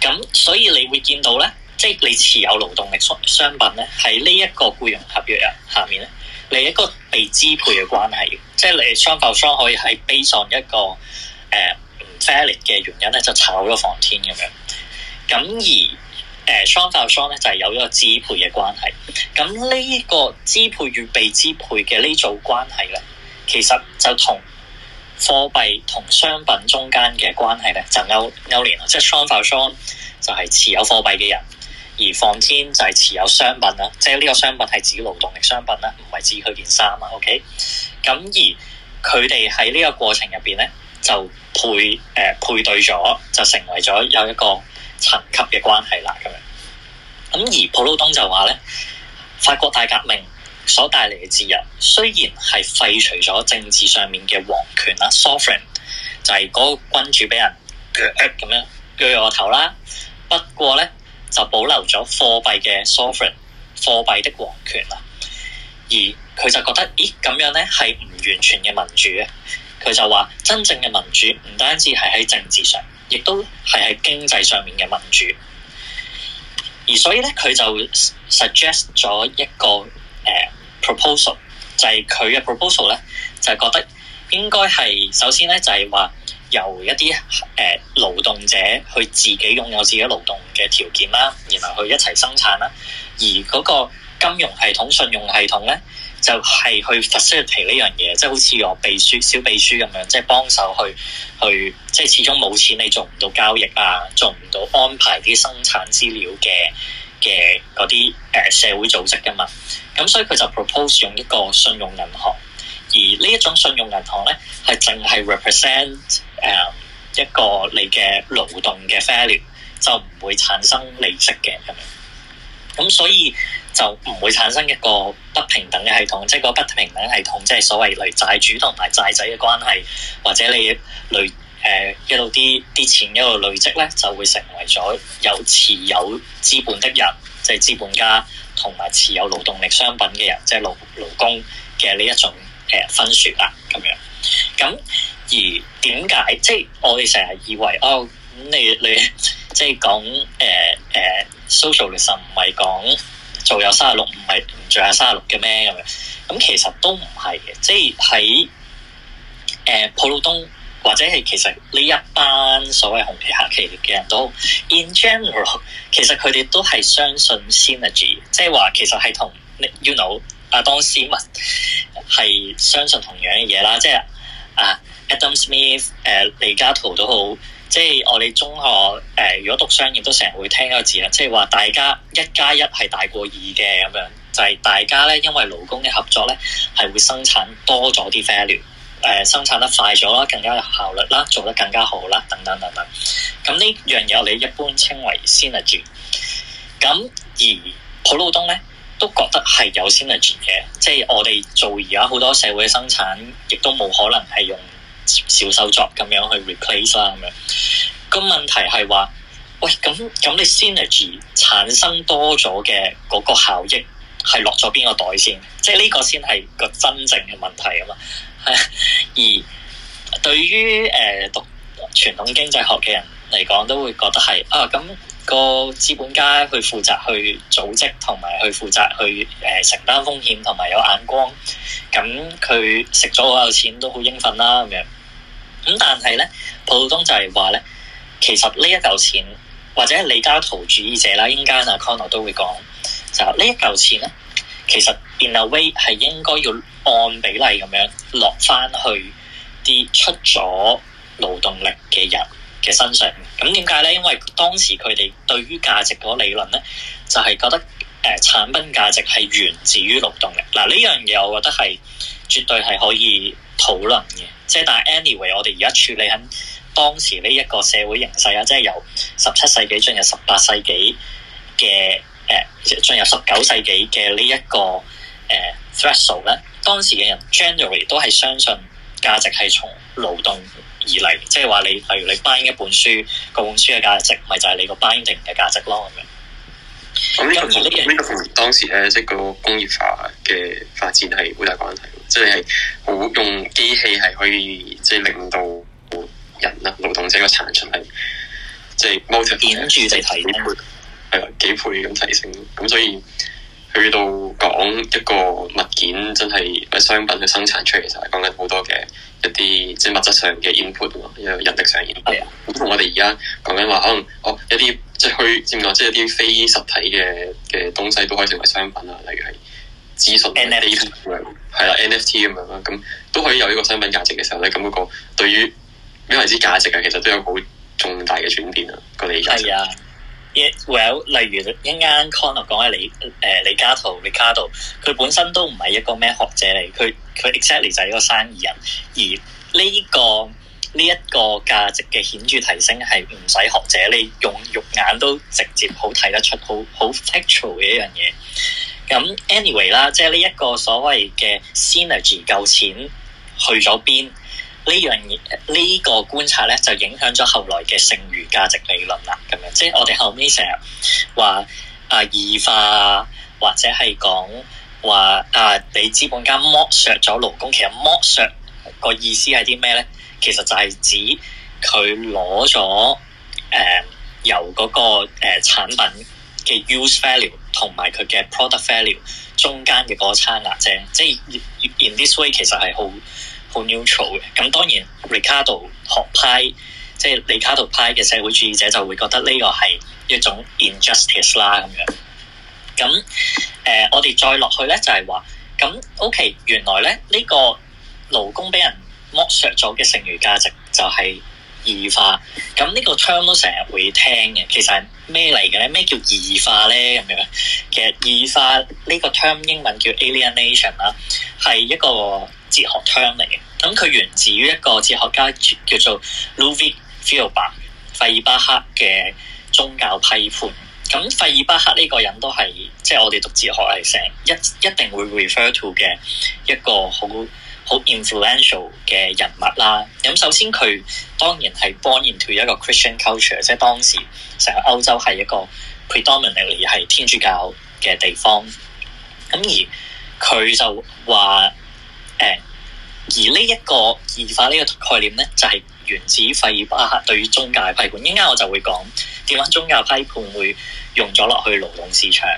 咁所以你會見到咧，即係你持有勞動力商品咧，係呢一個僱傭合約啊，下面咧，你一個被支配嘅關係，即係你雙發霜可以係背上一個誒。呃 fail 嘅原因咧，就炒咗房天咁樣。咁而誒，雙方雙咧就係有咗個支配嘅關係。咁呢個支配與被支配嘅呢組關係咧，其實就同貨幣同商品中間嘅關係咧，就勾勾連咯。即係雙方雙就係持有貨幣嘅人，而房天就係持有商品啦。即係呢個商品係指勞動力商品啦，唔係指佢件衫啊。OK。咁而佢哋喺呢個過程入邊咧，就配誒、呃、配對咗就成為咗有一個層級嘅關係啦，咁樣。咁而普魯東就話咧，法國大革命所帶嚟嘅自由，雖然係廢除咗政治上面嘅皇權啦，sovereign 就係嗰個君主俾人咁、呃呃呃呃呃呃、樣鋸我頭啦，不過咧就保留咗貨幣嘅 sovereign，貨幣的皇、呃、權啦。而佢就覺得，咦咁樣咧係唔完全嘅民主啊。佢就話真正嘅民主唔單止係喺政治上，亦都係喺經濟上面嘅民主。而所以咧，佢就 suggest 咗一個誒、uh, proposal，就係佢嘅 proposal 咧，就係、覺得應該係首先咧就係、係、話由一啲誒、uh, 勞動者去自己擁有自己勞動嘅條件啦，然後去一齊生產啦，而嗰個金融系統、信用系統咧。.就係去 facilitate 呢樣嘢，即係好似我秘書小秘書咁樣，即係幫手去去，即係始終冇錢，你做唔到交易啊，做唔到安排啲生產資料嘅嘅嗰啲誒社會組織噶嘛，咁所以佢就 propose 用一個信用銀行，而呢一種信用銀行咧，係淨係 represent 誒、um, 一個你嘅勞動嘅 value，就唔會產生利息嘅咁樣。咁、 嗯、所以就唔會產生一個不平等嘅系統，即、就、係、是、個不平等系統，即係所謂累債主同埋債仔嘅關係，或者你累誒、呃、一路啲啲錢一路累積咧，就會成為咗有持有資本的人，即、就、係、是、資本家同埋持有勞動力商品嘅人，即係勞勞工嘅呢一種誒分説啦，咁樣。咁而點解即係我哋成日以為哦？咁你你即係講誒誒，socialism，其實唔係講做有卅六，唔係唔做有卅六嘅咩咁樣。咁其實都唔係嘅，即係喺誒普魯東或者係其實呢一班所謂紅旗皮企業嘅人都 in general，其實佢哋都係相信 synergy，即係話其實係同 you know，阿當斯文係相信同樣嘅嘢啦。即係啊、uh,，Adam Smith，誒、uh,，李嘉圖都好。即係我哋中學誒、呃，如果讀商業都成日會聽一個字咧，即係話大家一加一係大過二嘅咁樣，就係、是、大家咧，因為勞工嘅合作咧，係會生產多咗啲 value 誒、呃，生產得快咗啦，更加有效率啦，做得更加好啦，等等等等。咁呢樣嘢我哋一般稱為 synergy 咁，而普魯東咧，都覺得係有 synergy 嘅，即係我哋做而家好多社會生產，亦都冇可能係用。小手作咁樣去 replace 啦咁樣，個問題係話，喂咁咁你 synergy 產生多咗嘅嗰個效益係落咗邊個袋先？即係呢個先係個真正嘅問題啊嘛。係而對於誒、呃、讀傳統經濟學嘅人嚟講，都會覺得係啊咁。個資本家去負責去組織同埋去負責去誒承擔風險同埋有眼光，咁佢食咗嗰嚿錢都好應份啦咁樣。咁但係咧，普通就係話咧，其實呢一嚿錢或者李嘉圖主義者啦，英家啊 Conor 都會講，就呢一嚿錢咧，其實 in a way 係應該要按比例咁樣落翻去啲出咗勞動力嘅人嘅身上，咁點解咧？因為當時佢哋對於價值嗰個理論咧，就係、是、覺得誒、呃、產品價值係源自於勞動嘅。嗱、呃、呢樣嘢，我覺得係絕對係可以討論嘅。即係但係 anyway，我哋而家處理緊當時呢一個社會形勢啊，即係由十七世紀進入十八世紀嘅誒、呃，進入十九世紀嘅呢一個誒 threshold 咧，呃、Th reshold，當時嘅人 generally 都係相信價值係從勞動。而嚟，即係話你，譬如你 bind 一本書，嗰本書嘅價值，值，咪就係你個 binding 嘅價值咯。咁，呢個同呢個同當時咧，即係個工業化嘅發展係好大關係。即係好用機器，係可以即係、就是、令到人啦、勞動者嘅產出係即係 multiple 係幾倍，咁、嗯、提升。咁所以去到講一個物件真係商品去生產出嚟，其實講緊好多嘅。一啲即係物質上嘅 input 啊，人力上 input，咁同 Yeah. 我哋而家講緊話，可能哦一啲即係去，點講，即係一啲非實體嘅嘅東西都可以成為商品啊，例如係資訊 NFT 咁 Data, 樣，係啦 NFT 咁樣啦，咁都可以有呢個商品價值嘅時候咧，咁嗰個對於咩之價值啊，其實都有好重大嘅轉變啊，個理解。Yeah. 亦、yeah，well，例如一間 column 講起李，誒、呃、李嘉圖 Ricardo 佢本身都唔係一個咩學者嚟，佢佢 exactly 就係一個生意人，而呢、這個呢一、這個價值嘅顯著提升係唔使學者，你用肉眼都直接好睇得出，好好 factual 嘅一樣嘢。咁、嗯、anyway 啦，即係呢一個所謂嘅 synergy 夠錢去咗邊？呢樣呢個觀察咧，就影響咗後來嘅剩餘價值理論啦。咁樣即係我哋後尾成日話啊，異化或者係講話啊，你資本家剝削咗勞工。其實剝削個意思係啲咩咧？其實就係指佢攞咗誒由嗰、嗰個誒、呃、產品嘅 use value 同埋佢嘅 product value 中間嘅嗰差額啫。即係 in this way，其實係好。好 neutral 嘅，咁當然，Ricardo 學派即係 Ricardo 派嘅、就是、社會主義者就會覺得呢個係一種 injustice 啦咁樣。咁誒、呃，我哋再落去咧就係、是、話，咁 OK，原來咧呢、這個勞工俾人剝削咗嘅剩餘價值就係異化。咁呢個 term 都成日會聽嘅，其實係咩嚟嘅咧？咩叫異化咧？咁樣其實異化呢個 term 英文叫 alienation 啦，係一個。哲學槍嚟嘅，咁、嗯、佢源自於一個哲學家叫做 Ludwig Feuerbach 費爾巴克嘅宗教批判。咁費爾巴克呢個人都係即係我哋讀哲學係成日一定會 refer to 嘅一個好好 influential 嘅人物啦。咁、嗯、首先佢當然係 born into 一個 Christian culture，即係當時成個歐洲係一個 predominantly 係天主教嘅地方。咁、嗯、而佢就話。誒、嗯，而呢一個異化呢個概念咧，就係源自費爾巴克對於宗教嘅批判。一陣間我就會講點樣宗教批判會，會用咗落去勞動市場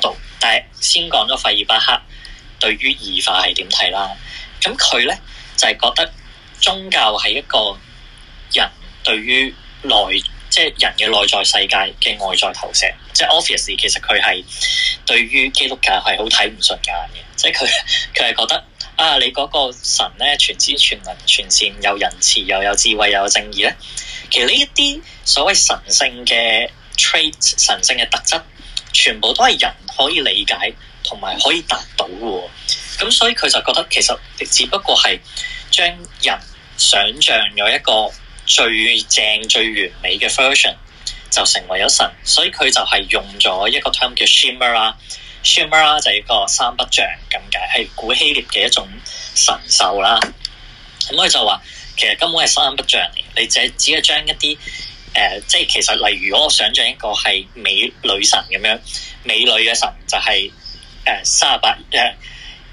度。但係先講咗費爾巴克對於異化係點睇啦。咁佢咧就係、是、覺得宗教係一個人對於內即係人嘅內在世界嘅外在投射。即、就、係、是、obviously，其實佢係對於基督教係好睇唔順眼嘅，即係佢佢係覺得。啊！你嗰個神咧，全知全能、全善又仁慈，又有智慧，又有正義咧。其實呢一啲所謂神性嘅 trait、神性嘅特質，全部都係人可以理解同埋可以達到嘅、哦。咁所以佢就覺得其實只不過係將人想像有一個最正最完美嘅 version，就成為咗神。所以佢就係用咗一個 term 叫 shimmer 啊。Chimera 啦，就係一個三不像咁解，係古希臘嘅一種神獸啦。咁佢就話，其實根本係三不像，你就只係將一啲誒、呃，即係其實例如，我想象一個係美女神咁樣，美女嘅神就係誒三十八、誒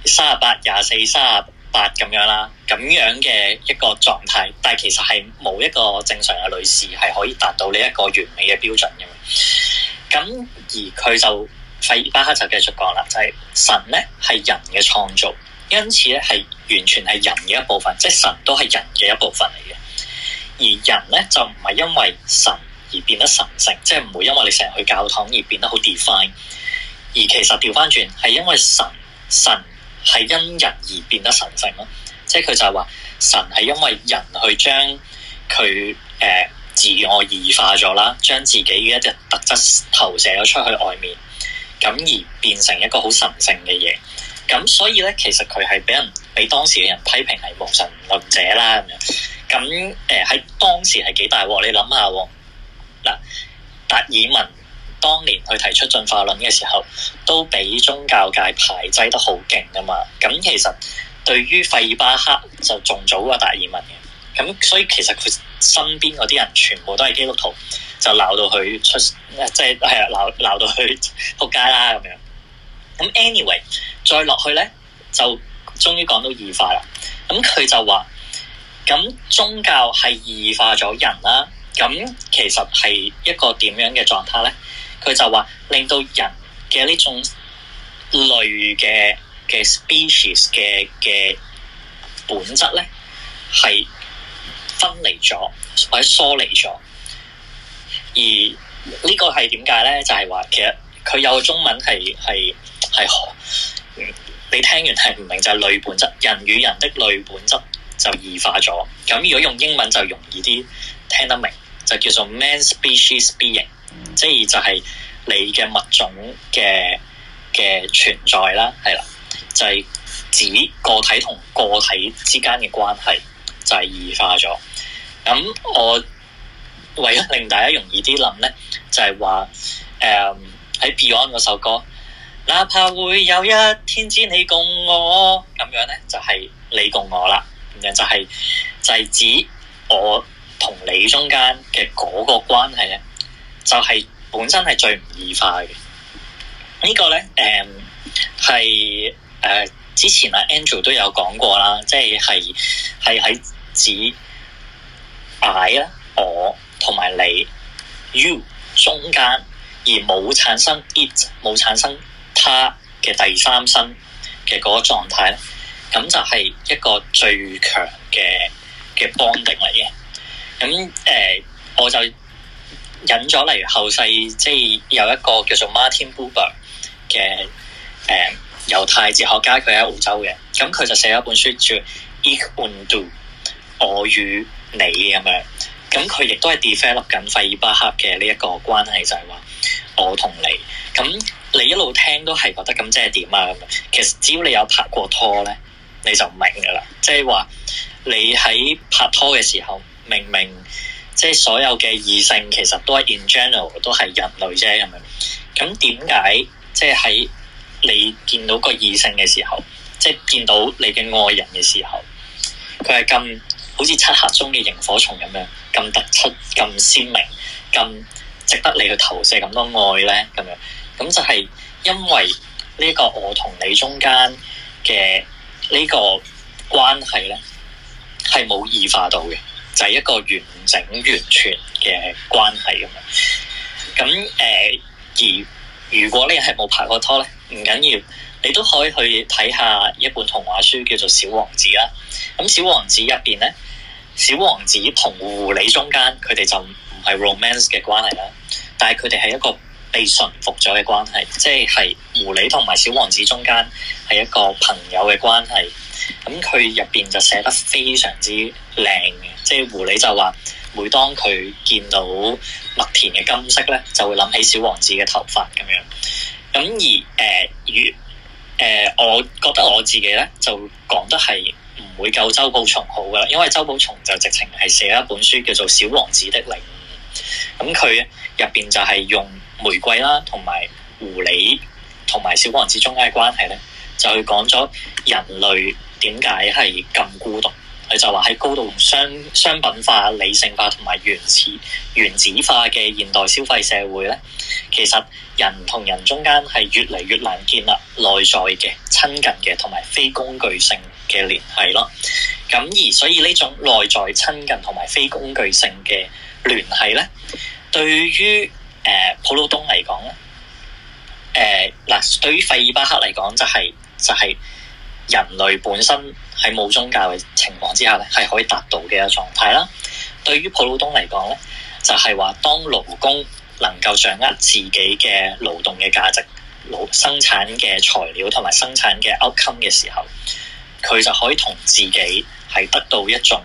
三十八、廿四、呃、三十八咁樣啦。咁樣嘅一個狀態，但係其實係冇一個正常嘅女士係可以達到呢一個完美嘅標準嘅。咁而佢就。費爾巴克就繼續講啦，就係神咧係人嘅創造，因此咧係完全係人嘅一部分，即係神都係人嘅一部分嚟嘅。而人咧就唔係因為神而變得神聖，即係唔會因為你成日去教堂而變得好 divine。而其實調翻轉係因為神，神係因人而變得神聖咯。即係佢就係話神係因為人去將佢誒自我異化咗啦，將自己嘅一啲特質投射咗出去外面。咁而變成一個好神聖嘅嘢，咁所以咧，其實佢係俾人俾當時嘅人批評係無神論者啦咁樣。咁誒喺當時係幾大鑊？你諗下，嗱、啊，達爾文當年去提出進化論嘅時候，都俾宗教界排擠得好勁噶嘛。咁其實對於費爾巴克就仲早過達爾文嘅，咁所以其實佢身邊嗰啲人全部都係基督徒。就鬧到佢出，即係，係啊，鬧，鬧到佢扑街啦咁樣。咁 anyway，再落去咧，就終於講到異化啦。咁、嗯、佢就話，咁宗教係異化咗人啦。咁其實係一個點樣嘅狀態咧？佢就話令到人嘅呢種類嘅嘅 species 嘅嘅本質咧，係分離咗或者疏離咗。而呢個係點解咧？就係話，其實佢有中文係係係，你聽完係唔明就係類本質，人與人的類本質就異化咗。咁如果用英文就容易啲聽得明，就叫做 man species being，即係就係你嘅物種嘅嘅存在啦。係啦，就係指個體同個體之間嘅關係就係異化咗。咁我。唯一令大家容易啲諗咧，就係話誒喺 Beyond 嗰首歌，哪怕會有一天之你共我咁樣咧，就係你共我啦，咁樣就係就係指我同你中間嘅嗰個關係咧，就係本身係最唔易化嘅。呢個咧誒係誒之前阿 Angel 都有講過啦，即係係係喺指 I 啦我。同埋你，you 中間而冇產生 it 冇產生他嘅第三身嘅嗰個狀態咧，咁就係一個最強嘅嘅 bonding 嚟嘅。咁誒、呃，我就引咗嚟如後世即係有一個叫做 Martin Buber 嘅誒猶、呃、太哲學家，佢喺澳洲嘅，咁佢就寫咗本書叫《Ich und Du，我與你》咁樣。咁佢、嗯、亦都係 develop 緊費爾巴哈嘅呢一個關係，就係話我同你。咁你一路聽都係覺得咁即係點啊？咁樣其實只要你有拍過拖咧，你就明噶啦。即係話你喺拍拖嘅時候，明明即係所有嘅異性其實都係 in general 都係人類啫，咁樣。咁點解即係喺你見到個異性嘅時候，即、就、係、是、見到你嘅愛人嘅時候，佢係咁，好似漆黑中嘅螢火蟲咁樣，咁突出、咁鮮明、咁值得你去投射咁多愛咧，咁樣，咁就係因為呢個我同你中間嘅呢個關係咧，係冇異化到嘅，就係、是、一個完整、完全嘅關係咁樣。咁誒、呃，而如果你係冇拍過拖咧，唔緊要。你都可以去睇下一本童話書叫做《小王子》啦。咁《小王子》入邊咧，小王子同狐狸中間，佢哋就唔係 romance 嘅關係啦。但係佢哋係一個被馴服咗嘅關係，即係狐狸同埋小王子中間係一個朋友嘅關係。咁佢入邊就寫得非常之靚嘅，即係狐狸就話每當佢見到麥田嘅金色咧，就會諗起小王子嘅頭髮，咁樣。咁而誒與、呃誒、呃，我覺得我自己咧就講得係唔會夠周寶松好㗎，因為周寶松就直情係寫咗一本書叫做《小王子的靈》，咁佢入邊就係用玫瑰啦，同埋狐狸，同埋小王子中間嘅關係咧，就去講咗人類點解係咁孤獨。佢就話喺高度商商品化、理性化同埋原始原子化嘅現代消費社會咧，其實人同人中間係越嚟越難建立內在嘅親近嘅同埋非工具性嘅聯繫咯。咁而所以呢種內在親近同埋非工具性嘅聯繫咧，對於誒、呃、普魯東嚟講咧，誒、呃、嗱對於費爾巴克嚟講就係、是、就係、是、人類本身。喺冇宗教嘅情況之下咧，係可以達到嘅一個狀態啦。對於普魯東嚟講咧，就係、是、話當勞工能夠掌握自己嘅勞動嘅價值、勞生產嘅材料同埋生產嘅 outcome 嘅時候，佢就可以同自己係得到一種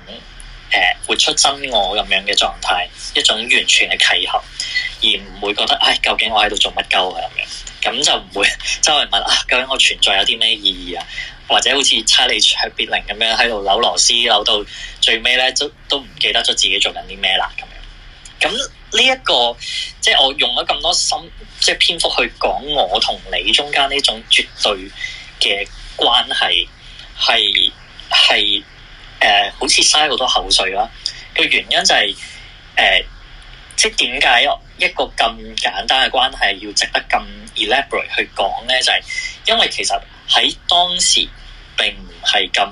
誒、呃、活出真我咁樣嘅狀態，一種完全嘅契合，而唔會覺得唉、哎，究竟我喺度做乜鳩啊咁樣。咁就唔會周圍問啊，究竟我存在有啲咩意義啊？或者好似差利卓別靈咁樣喺度扭螺絲扭到最尾咧，都都唔記得咗自己做緊啲咩啦咁樣。咁呢一個即係我用咗咁多心即係篇幅去講我同你中間呢種絕對嘅關係，係係誒，好似嘥好多口水啦。個原因就係、是、誒、呃，即係點解一個咁簡單嘅關係要值得咁 elaborate 去講咧？就係、是、因為其實。喺當時並唔係咁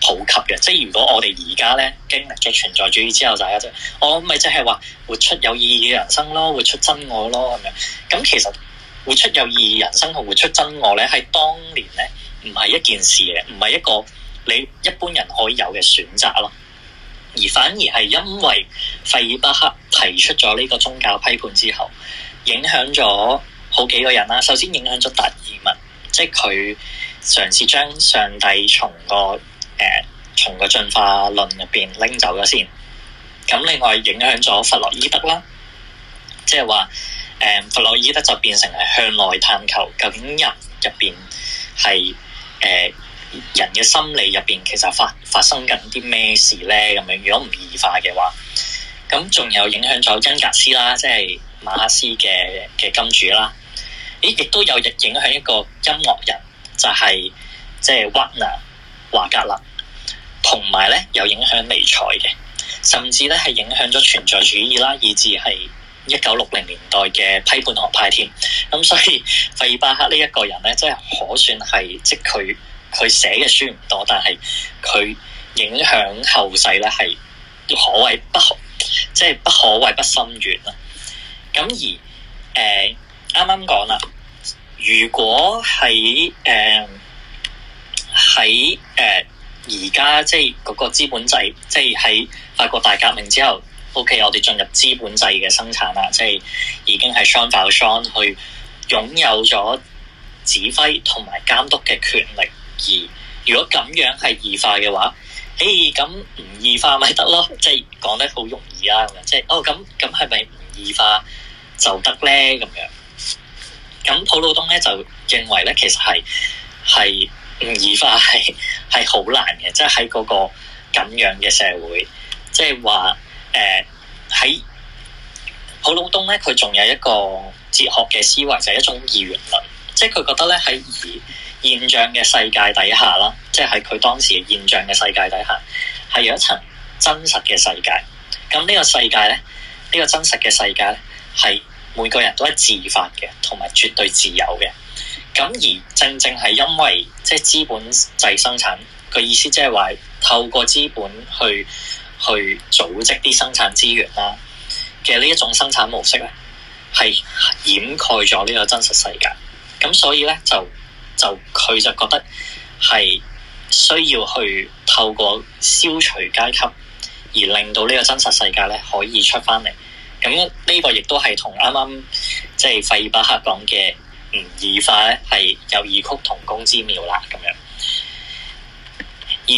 普及嘅，即係如果我哋而家咧經歷咗存在主義之後，大家就我咪即係話活出有意義嘅人生咯，活出真我咯咁樣。咁其實活出有意義人生同活出真我咧，喺當年咧唔係一件事嘅，唔係一個你一般人可以有嘅選擇咯。而反而係因為費爾巴克提出咗呢個宗教批判之後，影響咗好幾個人啦。首先影響咗達爾文。即係佢嘗試將上帝從個誒從、呃、個進化論入邊拎走咗先。咁另外影響咗弗洛伊德啦，即係話誒弗洛伊德就變成係向內探求，究竟人入邊係誒人嘅心理入邊其實發發生緊啲咩事咧？咁樣如果唔異化嘅話，咁仲有影響咗恩格斯啦，即係馬克思嘅嘅金主啦。亦都有影響一個音樂人，就係、是、即係 Wagner、華格納，同埋咧有影響尼采嘅，甚至咧係影響咗存在主義啦，以至係一九六零年代嘅批判學派添。咁所以費爾巴哈呢一個人咧，即係可算係即佢佢寫嘅書唔多，但係佢影響後世咧係可謂不可，即、就、係、是、不可謂不深遠啦。咁而誒啱啱講啦。呃剛剛如果喺誒喺誒而家即係嗰個資本制，即係喺法國大革命之後 OK 我哋進入資本制嘅生產啦，即係已經係雙爆雙去擁有咗指揮同埋監督嘅權力。而如果咁樣係異化嘅話，誒咁唔異化咪得咯？即係講得好容易啊，咁樣即係哦咁咁係咪唔異化就得咧？咁樣。咁普老東咧就認為咧，其實係係唔易化，係係好難嘅。即係喺嗰個咁樣嘅社會，即係話誒喺普老東咧，佢仲有一個哲學嘅思維，就係一種二元論。即係佢覺得咧喺現象嘅世界底下啦，即係喺佢當時嘅現象嘅世界底下，係有一層真實嘅世界。咁呢個世界咧，呢個真實嘅世界咧，係，每個人都係自發嘅，同埋絕對自由嘅。咁而正正係因為即係、即係、資本制生產嘅、個、意思，即係話透過資本去去組織啲生產資源啦嘅呢一種生產模式咧，係掩蓋咗呢個真實世界。咁所以咧就就佢就覺得係需要去透過消除階級，而令到呢個真實世界咧可以出翻嚟。咁呢個亦都係同啱啱即係費爾巴克講嘅異化咧，係有異曲同工之妙啦，咁樣。而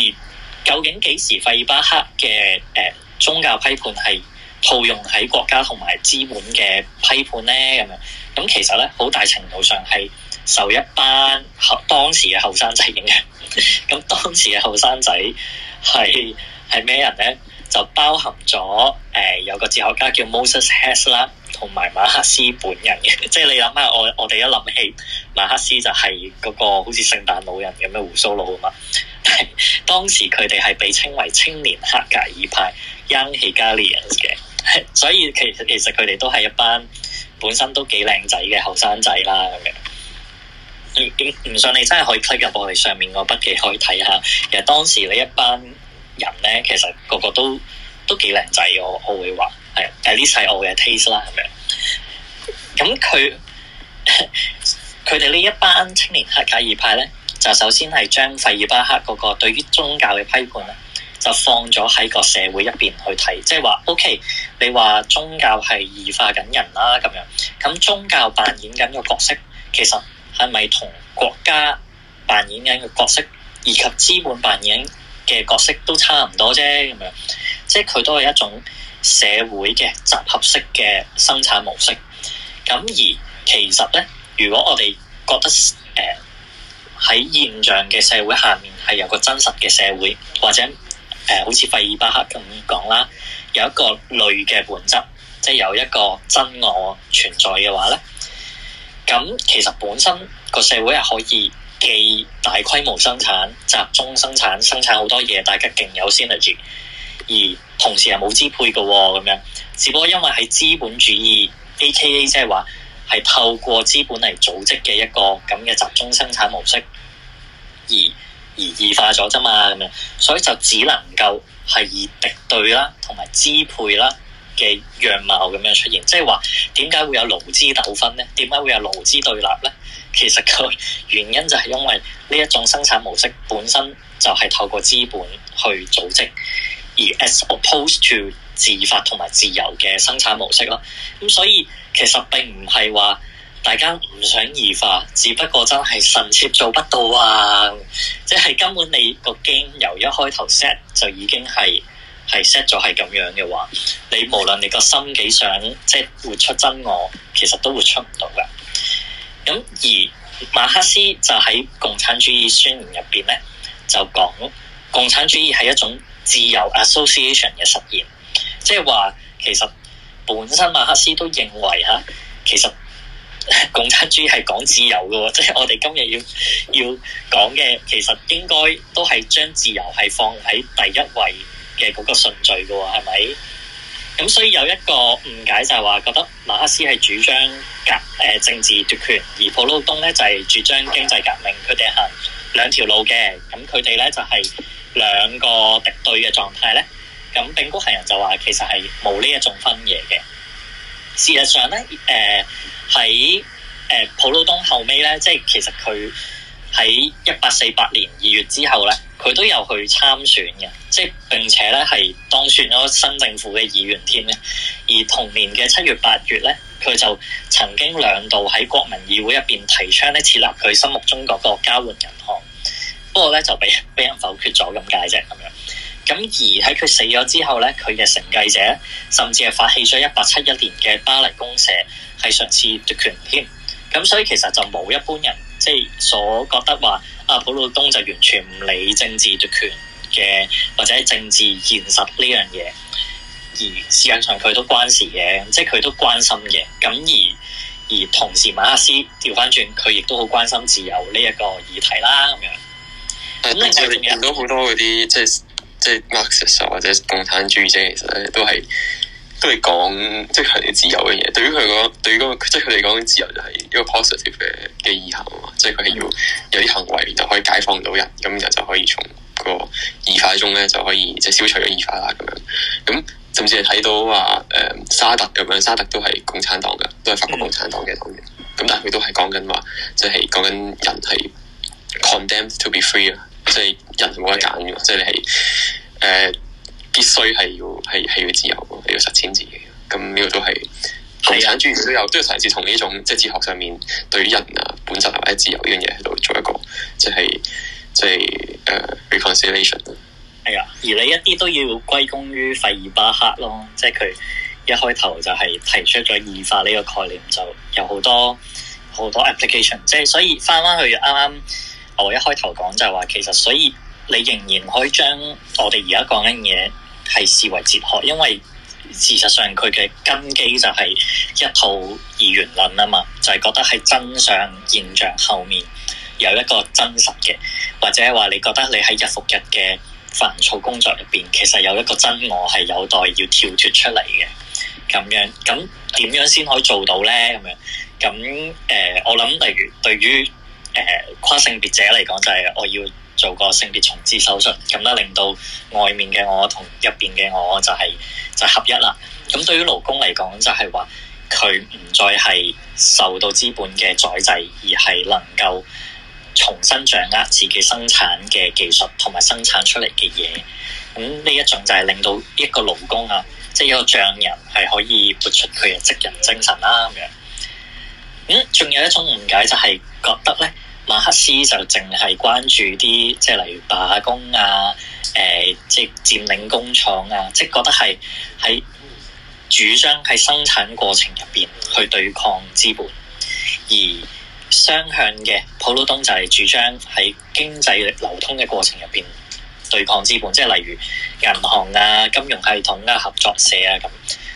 究竟幾時費爾巴克嘅誒、呃、宗教批判係套用喺國家同埋資本嘅批判咧？咁樣，咁其實咧，好大程度上係受一班當時嘅後生仔影響。咁當時嘅後生仔係係咩人咧？就包含咗誒、呃，有個哲學家叫 Moses Hess 啦，同埋馬克思本人嘅。即係你諗下，我我哋一諗起馬克思就係嗰個好似聖誕老人咁嘅鬍鬚佬啊嘛。但當時佢哋係被稱為青年黑格爾派 （Young h e 嘅，所以其實其實佢哋都係一班本身都幾靚仔嘅後生仔啦咁樣。唔信你真係可以推入我哋上面個筆記可以睇下。其實當時你一班。人咧，其實個個都都幾靚仔，我會我會話係誒呢世我嘅 taste 啦咁樣。咁佢佢哋呢一班青年黑格爾派咧，就首先係將費爾巴哈嗰個對於宗教嘅批判咧，就放咗喺個社會入邊去睇，即係話 OK，你話宗教係異化緊人啦、啊、咁樣，咁宗教扮演緊個角色，其實係咪同國家扮演緊個角色，以及資本扮演？嘅角色都差唔多啫，咁樣，即係佢都係一種社會嘅集合式嘅生產模式。咁而其實咧，如果我哋覺得誒喺、呃、現象嘅社會下面係有個真實嘅社會，或者誒、呃、好似費爾巴克咁講啦，有一個類嘅本質，即係有一個真我存在嘅話咧，咁其實本身個社會係可以。既大規模生產、集中生產、生產好多嘢，大家勁有 synergy，而同時又冇支配嘅咁樣，只不過因為係資本主義 （A.K.A. 即係話係透過資本嚟組織嘅一個咁嘅集中生產模式而）而而異化咗啫嘛咁樣，所以就只能夠係以敵對啦，同埋支配啦嘅樣貌咁樣出現。即係話點解會有勞資糾紛咧？點解會有勞資對立咧？其實個原因就係因為呢一種生產模式本身就係透過資本去組織，而 as opposed to 自發同埋自由嘅生產模式咯。咁、嗯、所以其實並唔係話大家唔想異化，只不過真係神妾做不到啊！即係根本你個 game 由一開頭 set 就已經係係 set 咗係咁樣嘅話，你無論你個心幾想即係活出真我，其實都會出唔到㗎。咁而馬克思就喺共產主義宣言入邊咧，就講共產主義係一種自由 association 嘅實現，即係話其實本身馬克思都認為吓，其實共產主義係講自由嘅，即係我哋今日要要講嘅，其實應該都係將自由係放喺第一位嘅嗰個順序嘅，係咪？咁所以有一個誤解就係話覺得馬克思係主張革誒、呃、政治奪權，而普魯東咧就係、是、主張經濟革命，佢哋行兩條路嘅。咁佢哋咧就係、是、兩個敵對嘅狀態咧。咁並谷行人就話其實，係冇呢一種分野嘅。事實上咧，誒、呃，喺誒、呃、普魯東後尾咧，即係其實佢。喺一八四八年二月之後咧，佢都有去參選嘅，即係並且咧係當選咗新政府嘅議員添咧。而同年嘅七月八月咧，佢就曾經兩度喺國民議會入邊提倡咧設立佢心目中嗰個交換銀行，不過咧就俾俾人否決咗咁解啫咁樣。咁而喺佢死咗之後咧，佢嘅承繼者甚至係發起咗一八七一年嘅巴黎公社，係上次奪權添。咁所以其實就冇一般人。即係所覺得話阿、啊、普魯東就完全唔理政治權嘅或者政治現實呢樣嘢，而事實上佢都關事嘅，即係佢都關心嘅。咁而而同時，馬克思調翻轉，佢亦都好關心自由呢一個議題啦。咁樣，誒是，我哋見到好多嗰啲即係即係馬克思或者共產主義者，其實都係。都係講即係自由嘅嘢，對於佢講，對於嗰個即係佢哋講自由就係一個 positive 嘅嘅意涵嘛，即係佢係要有啲行為，就可以解放到人，咁人就可以從個異化中咧就可以即係、就是、消除咗異化啦咁樣。咁甚至係睇到話誒、呃、沙特咁樣，沙特都係共產黨㗎，都係法國共產黨嘅黨員，咁但係佢都係講緊話，即係講緊人係 condemned to be free 啊，即係人冇得揀嘅，即係誒。必須係要係係要自由，要實踐自己。咁呢個都係，無產主義、啊、都有都有嘗試從呢種即係哲學上面對於人啊本質或者、啊、自由呢樣嘢喺度做一個，即係即係誒 reconciliation。係啊，而你一啲都要歸功於費爾巴克咯，即係佢一開頭就係提出咗異化呢個概念，就有好多好多 application。即係所以翻翻去啱啱我一開頭講就係話，其實所以你仍然可以將我哋而家講緊嘢，係視為哲學，因為事實上佢嘅根基就係一套二元論啊嘛，就係、是、覺得喺真相現象後面有一個真實嘅，或者話你覺得你喺日復日嘅煩躁工作入邊，其實有一個真我係有待要跳脫出嚟嘅。咁樣咁點樣先可以做到呢？咁樣咁誒、呃，我諗例如對於誒、呃、跨性別者嚟講，就係我要。做個性別重置手術，咁咧，令到外面嘅我同入邊嘅我就係就合一啦。咁對於勞工嚟講，就係話佢唔再係受到資本嘅宰制，而係能夠重新掌握自己生產嘅技術同埋生產出嚟嘅嘢。咁呢一種就係令到一個勞工啊，即係一個匠人係可以撥出佢嘅職人精神啦。咁樣，咁仲有一種誤解就係覺得咧。馬克思就淨係關注啲即係例如罷工啊，誒、呃，即係佔領工廠啊，即係覺得係喺主張喺生產過程入邊去對抗資本，而雙向嘅普魯東就係主張喺經濟流通嘅過程入邊對抗資本，即係例如銀行啊、金融系統啊、合作社啊咁。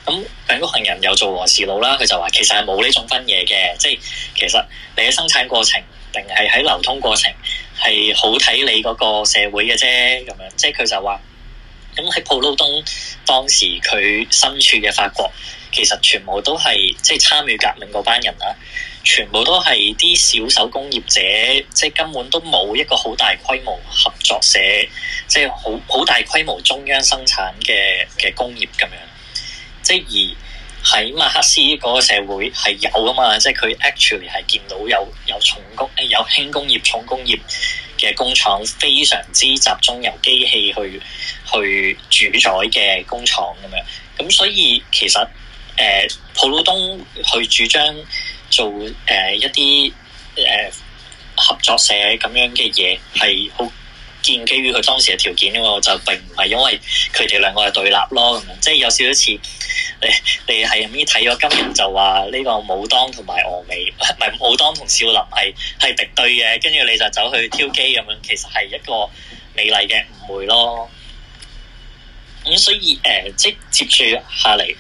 咁兩個人又做和事佬啦，佢就話其實係冇呢種分嘢嘅，即係其實你喺生產過程。定係喺流通過程係好睇你嗰個社會嘅啫，咁樣即係佢就話，咁喺普魯東當時佢身處嘅法國，其實全部都係即係參與革命嗰班人啦，全部都係啲小手工業者，即係根本都冇一個好大規模合作社，即係好好大規模中央生產嘅嘅工業咁樣，即係而。喺馬克思嗰個社會係有噶嘛，即係佢 actually 係見到有有重工誒有輕工業重工業嘅工廠非常之集中，由機器去去主宰嘅工廠咁樣，咁所以其實誒、呃、普魯東去主張做誒、呃、一啲誒、呃、合作社咁樣嘅嘢係好。建基於佢當時嘅條件嘅喎，就並唔係因為佢哋兩個係對立咯，咁樣即係有少少似你你係咁依睇咗今日就話呢個武當同埋峨眉，唔係武當同少林係係敵對嘅，跟住你就走去挑機咁樣，其實係一個美麗嘅誤會咯。咁所以誒、呃，即接住下嚟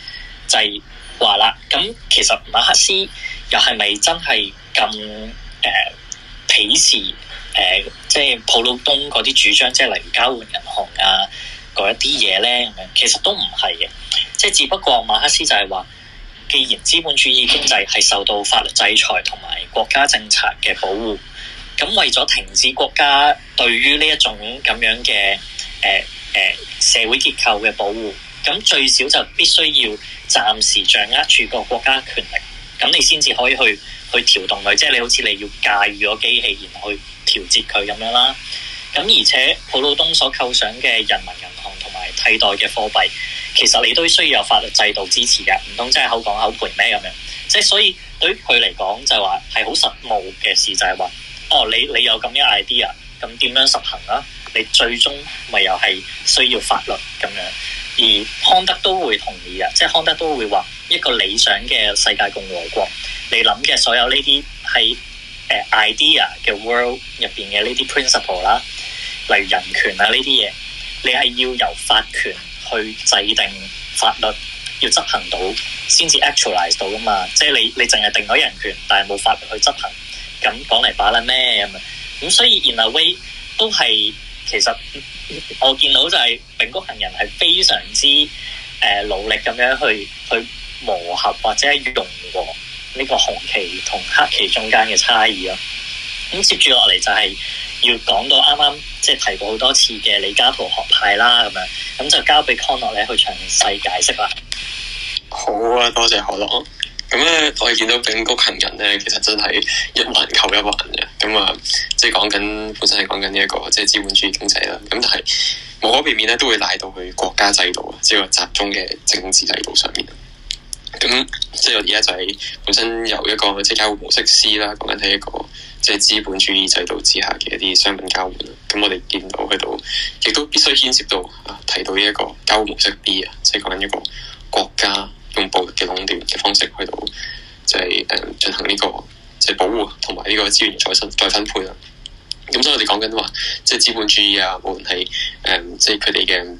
就係話啦。咁其實馬克思又係咪真係咁誒鄙視？呃誒，即係普魯東嗰啲主張，即係例如交換銀行啊，嗰一啲嘢咧，咁樣其實都唔係嘅，即係只不過馬克思就係話，既然資本主義經濟係受到法律制裁同埋國家政策嘅保護，咁為咗停止國家對於呢一種咁樣嘅誒誒社會結構嘅保護，咁最少就必須要暫時掌握住個國家權力，咁你先至可以去。去調動佢，即係你好似你要駕馭個機器，然後去調節佢咁樣啦。咁而且，普魯東所構想嘅人民銀行同埋替代嘅貨幣，其實你都需要有法律制度支持嘅，唔通真係口講口盤咩咁樣？即係所以對於佢嚟講，就係話係好實務嘅事，就係話哦，你你有咁樣 idea，咁點樣實行啊？你最終咪又係需要法律咁樣。而康德都會同意啊，即係康德都會話一個理想嘅世界共和國，你諗嘅所有呢啲係誒 idea 嘅 world 入邊嘅呢啲 principle 啦，例如人權啊呢啲嘢，你係要由法權去制定法律，要執行到先至 actualize 到噶嘛，即係你你淨係定咗人權，但係冇法律去執行，咁講嚟把啦咩咁啊？咁所以原來 way 都係。其實我見到就係永谷行人係非常之誒、呃、努力咁樣去去磨合或者融合呢個紅旗同黑旗中間嘅差異咯，哦。咁、嗯、接住落嚟就係要講到啱啱即係提過好多次嘅李嘉圖學派啦，咁樣咁就交俾康樂咧去詳細解釋啦。好啊，多謝康樂。咁咧，我哋見到柄谷行人咧，其實真係一環扣一環嘅。咁啊，即係講緊本身係講緊呢一個即係資本主義經濟啦。咁但係無可避免咧，都會賴到去國家制度啊，即係話集中嘅政治制度上面。咁即係我而家就係本身由一個即係交換模式 C 啦，講緊係一個即係資本主義制度之下嘅一啲商品交換。咁我哋見到喺度，亦都必須牽涉到啊，提到呢一個交換模式 B 啊，即係講緊一個國家。用暴力嘅壟斷嘅方式去到，即係誒進行呢、這個即係、就是、保護同埋呢個資源再分再分配啊。咁所以我哋講緊話，即、就、係、是、資本主義啊，無論係誒即係佢哋嘅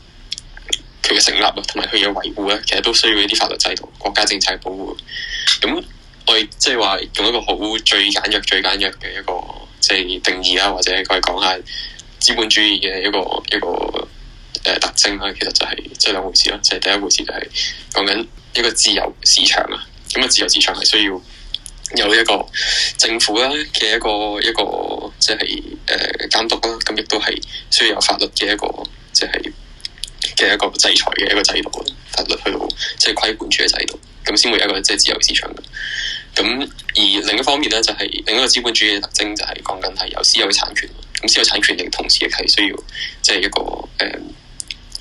佢嘅成立啊，同埋佢嘅維護咧，其實都需要一啲法律制度、國家政策保護。咁我哋即係話用一個好最簡約、最簡約嘅一個即係、就是、定義啦、啊，或者佢哋講下資本主義嘅一個一個誒特徵啦、啊。其實就係即係兩回事咯、啊。即、就、係、是、第一回事就係講緊。一個自由市場啊，咁啊自由市場係需要有一個政府啦嘅一個一個即係誒監督啦，咁亦都係需要有法律嘅一個即係嘅一個制裁嘅一個制度法律去到即係規管住嘅制度，咁先會有一個即係、就是、自由市場。咁而另一方面咧，就係、是、另一個資本主義嘅特徵、就是，就係講緊係有私有產權。咁私有產權，同時亦係需要即係、就是、一個誒、呃、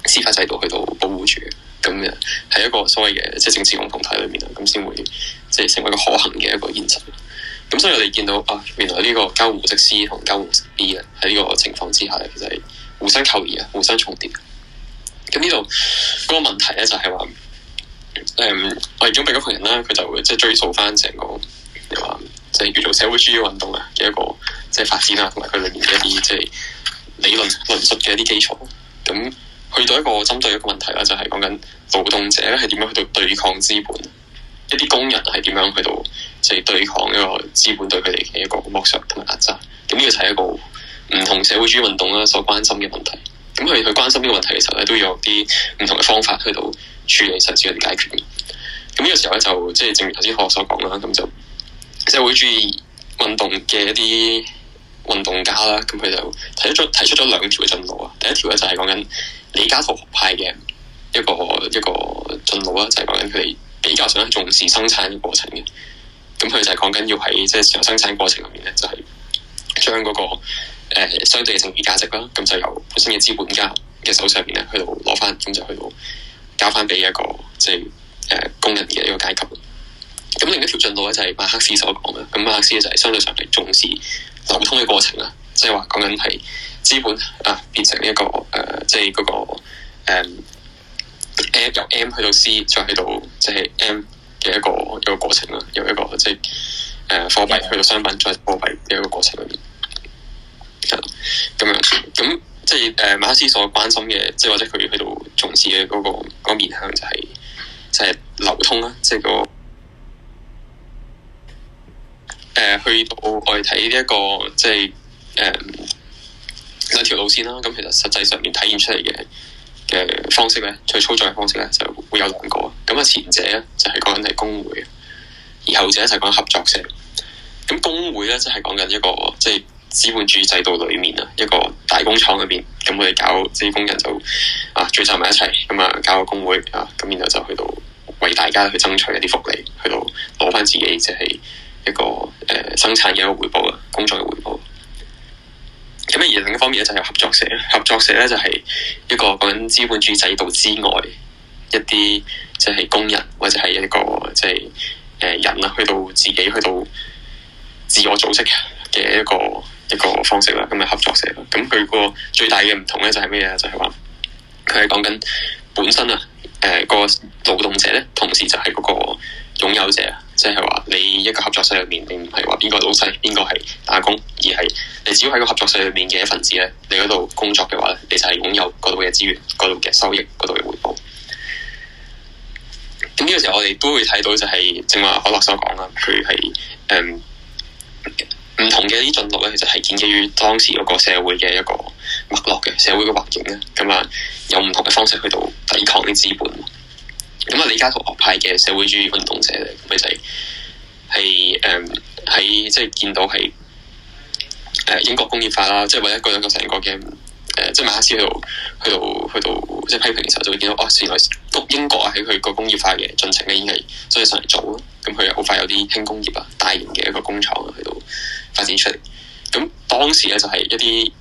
司法制度去到保護住。咁嘅係一個所謂嘅即係政治共同體裏面啊，咁先會即係成為一個可行嘅一個現實。咁所以我哋見到啊，原來呢個交換式 C 同交換式 B 啊，喺呢個情況之下，其實係互相扣異啊，互相重疊。咁呢度嗰個問題咧，就係話，誒、嗯，我哋準備咗群人啦，佢就會即係追溯翻成個又話即係叫做社會主義運動嘅一個即係發展啊，同埋佢裏面嘅一啲即係理論論述嘅一啲基礎咁。去到一個針對一個問題啦，就係、是、講緊勞動者咧係點樣去到對抗資本，一啲工人係點樣去到即係對抗呢個資本對佢哋嘅一個剝削同埋壓榨。咁呢個就係一個唔同社會主義運動啦，所關心嘅問題。咁佢去關心呢個問題嘅時候咧，都有啲唔同嘅方法去到處理甚至去解決嘅。咁、嗯、呢、這個時候咧就即係正如頭先學所講啦，咁就社會主義運動嘅一啲。運動家啦，咁佢就提出提出咗兩條嘅進路啊。第一條咧就係講緊李嘉圖派嘅一個一個進路啦，就係講緊佢哋比較想重視生產嘅過程嘅。咁佢就係講緊要喺即係生產過程裏面咧、那個，就係將嗰個相對嘅剩餘價值啦，咁就由本身嘅資本家嘅手上邊咧，去到攞翻，跟住去到交翻俾一個即係誒工人嘅一個階級。咁另一條進路咧就係馬克思所講嘅，咁馬克思就係相對上係重視流通嘅過程啊，即係話講緊係資本啊，變成一個誒、呃，即係嗰、那個誒、嗯，M 由 M 去到 C 再去到即係、就是、M 嘅一個一個過程啦，由一個即係誒，貨、呃、幣去到商品再貨幣嘅一個過程裏面，係、嗯、啦，咁樣咁、嗯、即係誒、呃，馬克思所關心嘅，即係或者佢去到重視嘅嗰個面向就係、是、就係、是、流通啊，即係、那個。誒、呃、去到我哋睇呢一個即係誒兩條路線啦，咁其實實際上面體現出嚟嘅嘅方式咧，佢操作嘅方式咧就會有兩個。咁啊，前者咧就係、是、講緊係工會，而後者一齊講合作社。咁工會咧即係講緊一個即係資本主義制度裏面啊一個大工廠裏邊，咁我哋搞啲工人就啊聚集埋一齊，咁、嗯、啊搞個工會啊，咁然後就去到為大家去爭取一啲福利，去到攞返自己即係。一個誒生產嘅一個回報啊，工作嘅回報。咁而另一方面咧就係合作社，合作社咧就係一個講緊資本主義制度之外，一啲即係工人或者係一個即係誒人啦，去到自己去到自我組織嘅一個一個方式啦，咁啊合作社。咁佢個最大嘅唔同咧就係咩啊？就係話佢係講緊本身啊，誒個勞動者咧，同時就係嗰個擁有者。即係話你一個合作社裏面，你唔係話邊個老細，邊個係打工，而係你只要喺個合作社裏面嘅一份子咧，你嗰度工作嘅話咧，你就係擁有嗰度嘅資源、嗰度嘅收益、嗰度嘅回報。咁呢個時候我哋都會睇到、就是，嗯、就係正話可樂所講啦，佢係誒唔同嘅啲進路咧，其實係建基於當時嗰個社會嘅一個脈絡嘅社會嘅環境咧，咁啊有唔同嘅方式去到抵抗啲資本。咁啊，李嘉圖學派嘅社會主義運動者嚟，佢就係係誒喺即係見到係誒英國工業化啦，就是，即係為一個兩個成個嘅誒，即係馬克思喺度去到去到，去到，去到即係批評嘅時候，就會見到哦，原來英國啊喺佢個工業化嘅進程咧，已經係所以上嚟做啦。咁佢好快有啲輕工業啊，大型嘅一個工廠啊，去到發展出嚟。咁當時咧就係一啲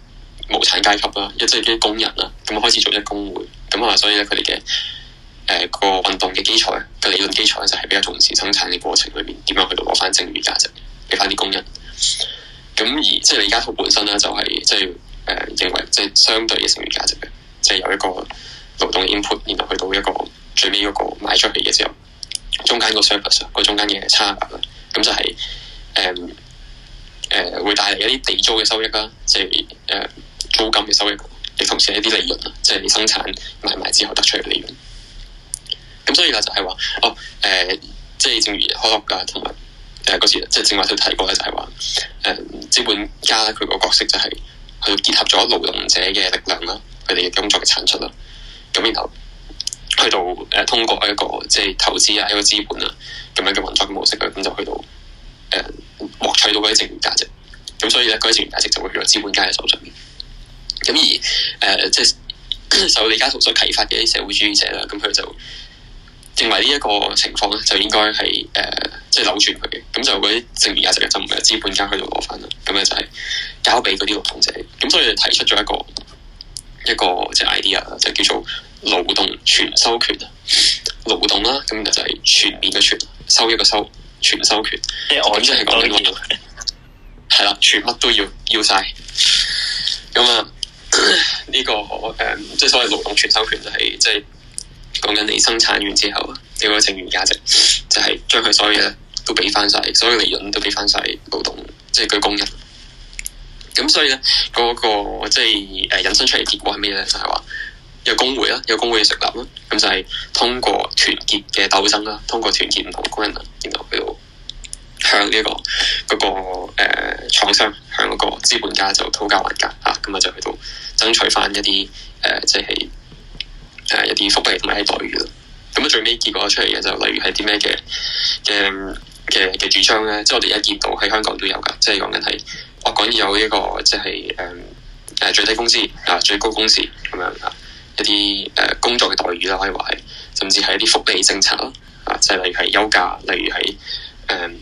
無產階級啦，就是，一即係啲工人啦，咁開始做一工會。咁啊，所以咧佢哋嘅。誒、呃那個運動嘅基礎咧，嘅、那個、理論基礎咧就係比較重視生產嘅過程裏邊點樣去到攞翻剩餘價值畀翻啲工人。咁而即係李嘉圖本身咧就係即係誒認為即係、就是、相對嘅剩餘價值嘅，即、就、係、是、有一個勞動 input，然後去到一個最尾嗰個賣出去嘅時候，中間 service, 個 service 啊，中間嘅差額啦，咁就係誒誒會帶嚟一啲地租嘅收益啦，即係誒租金嘅收益，亦、就是呃、同時一啲利潤啦，即、就、係、是、生產買賣之後得出嚟嘅利潤。咁、嗯、所以咧就係話，哦，誒、呃，即係正如開學㗎，同埋誒嗰時即係正話都提過咧，就係話，誒，資本家佢個角色就係去結合咗勞動者嘅力量啦，佢哋嘅工作嘅產出啦，咁然後去到誒、呃、通過一個即係投資啊，一個資本啊咁樣嘅運作嘅模式，咁就去到誒獲、呃、取到嗰啲剩餘價值，咁所以咧嗰啲剩餘價值就會去到資本家嘅手上面。咁而誒、呃、即係受李嘉圖所啟發嘅啲社會主義者啦，咁佢就。認為呢一個情況咧，就應該係誒，即係扭轉佢嘅。咁就嗰、是、啲剩餘價值嘅就唔係資本家去度攞翻啦。咁咧就係交俾嗰啲勞動者。咁所以提出咗一,一個一個即係 idea 啦，就叫做勞動全收權。勞動啦，咁就係全面嘅全收，一個收全收權。即係我即係講呢個係啦，全乜都要要晒。咁啊，呢、呃這個誒，即、呃、係、就是、所謂勞動全收權就係即係。就是就是講緊你生產完之後，你個剩餘價值就係將佢所有嘢都俾翻晒，所有利潤都俾翻晒勞動，即係佢工人。咁所以咧，嗰個即係誒引申出嚟結果係咩咧？就係話有工會啦，有工會，有工會嘅成立啦，咁就係通過團結嘅鬥爭啦，通過團結唔同工人，然後去到向呢個嗰個誒廠商，向嗰個資本家就討價還價啊，咁啊就去到爭取翻一啲誒即係。誒一啲福利同埋啲待遇啦，咁啊最尾結果出嚟嘅就例如係啲咩嘅嘅嘅嘅主張咧，即係我哋而家見到喺香港都有噶，即係講緊係，我講有一個即係誒誒最低工資啊、最高工時咁樣啊，一啲誒工作嘅待遇啦、啊、可以話係，甚至係一啲福利政策啦，啊即係例如係休假，例如係誒。嗯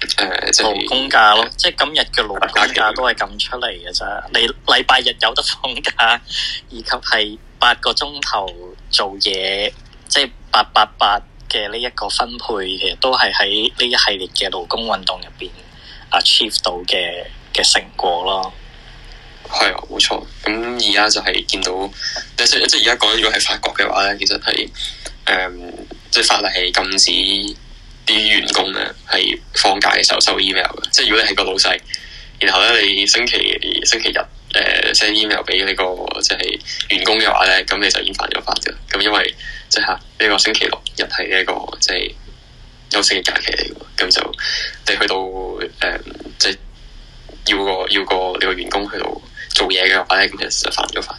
誒，呃、就是、勞工假咯，即係今日嘅勞工假都係咁出嚟嘅咋？禮禮拜日有得放假，以及係八個鐘頭做嘢，即係八八八嘅呢一個分配，其實都係喺呢一系列嘅勞工運動入邊 achieve 到嘅嘅成果咯。係啊，冇錯。咁而家就係見到，即係而家講，如果係法國嘅話咧，其實係誒，即係、嗯、就是、法例係禁止。啲員工咧係放假嘅時候收 email 嘅，即係如果你係個老細，然後咧你星期星期日誒 send、呃、email 俾你、這個即係、就是、員工嘅話咧，咁你就已經犯咗法嘅。咁因為即係呢個星期六日係一、這個即係、就是、休息嘅假期嚟嘅，咁就你去到誒即係要個要個你個員工去到做嘢嘅話咧，咁其實就犯咗法。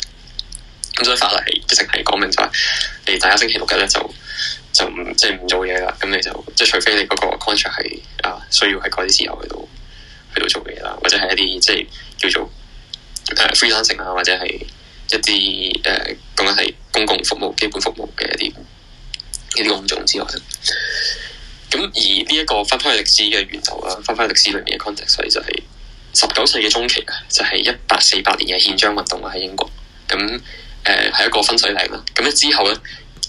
咁所以法例其實係講明就係、是、你大家星期六日咧就。就唔即係唔做嘢啦，咁你就即係除非你嗰個 contract 係啊，需要喺嗰啲時候去到去到做嘢啦，或者係一啲即係叫做 freelancing 啊，呃、free 或者係一啲誒講緊係公共服務、基本服務嘅一啲呢啲工作之外。咁而呢一個翻翻歷史嘅源頭啦，翻翻歷史裏面嘅 contract，所以就係十九世紀中期啊，就係一八四八年嘅憲章運動啊，喺英國。咁誒係一個分水嶺啦。咁之後咧。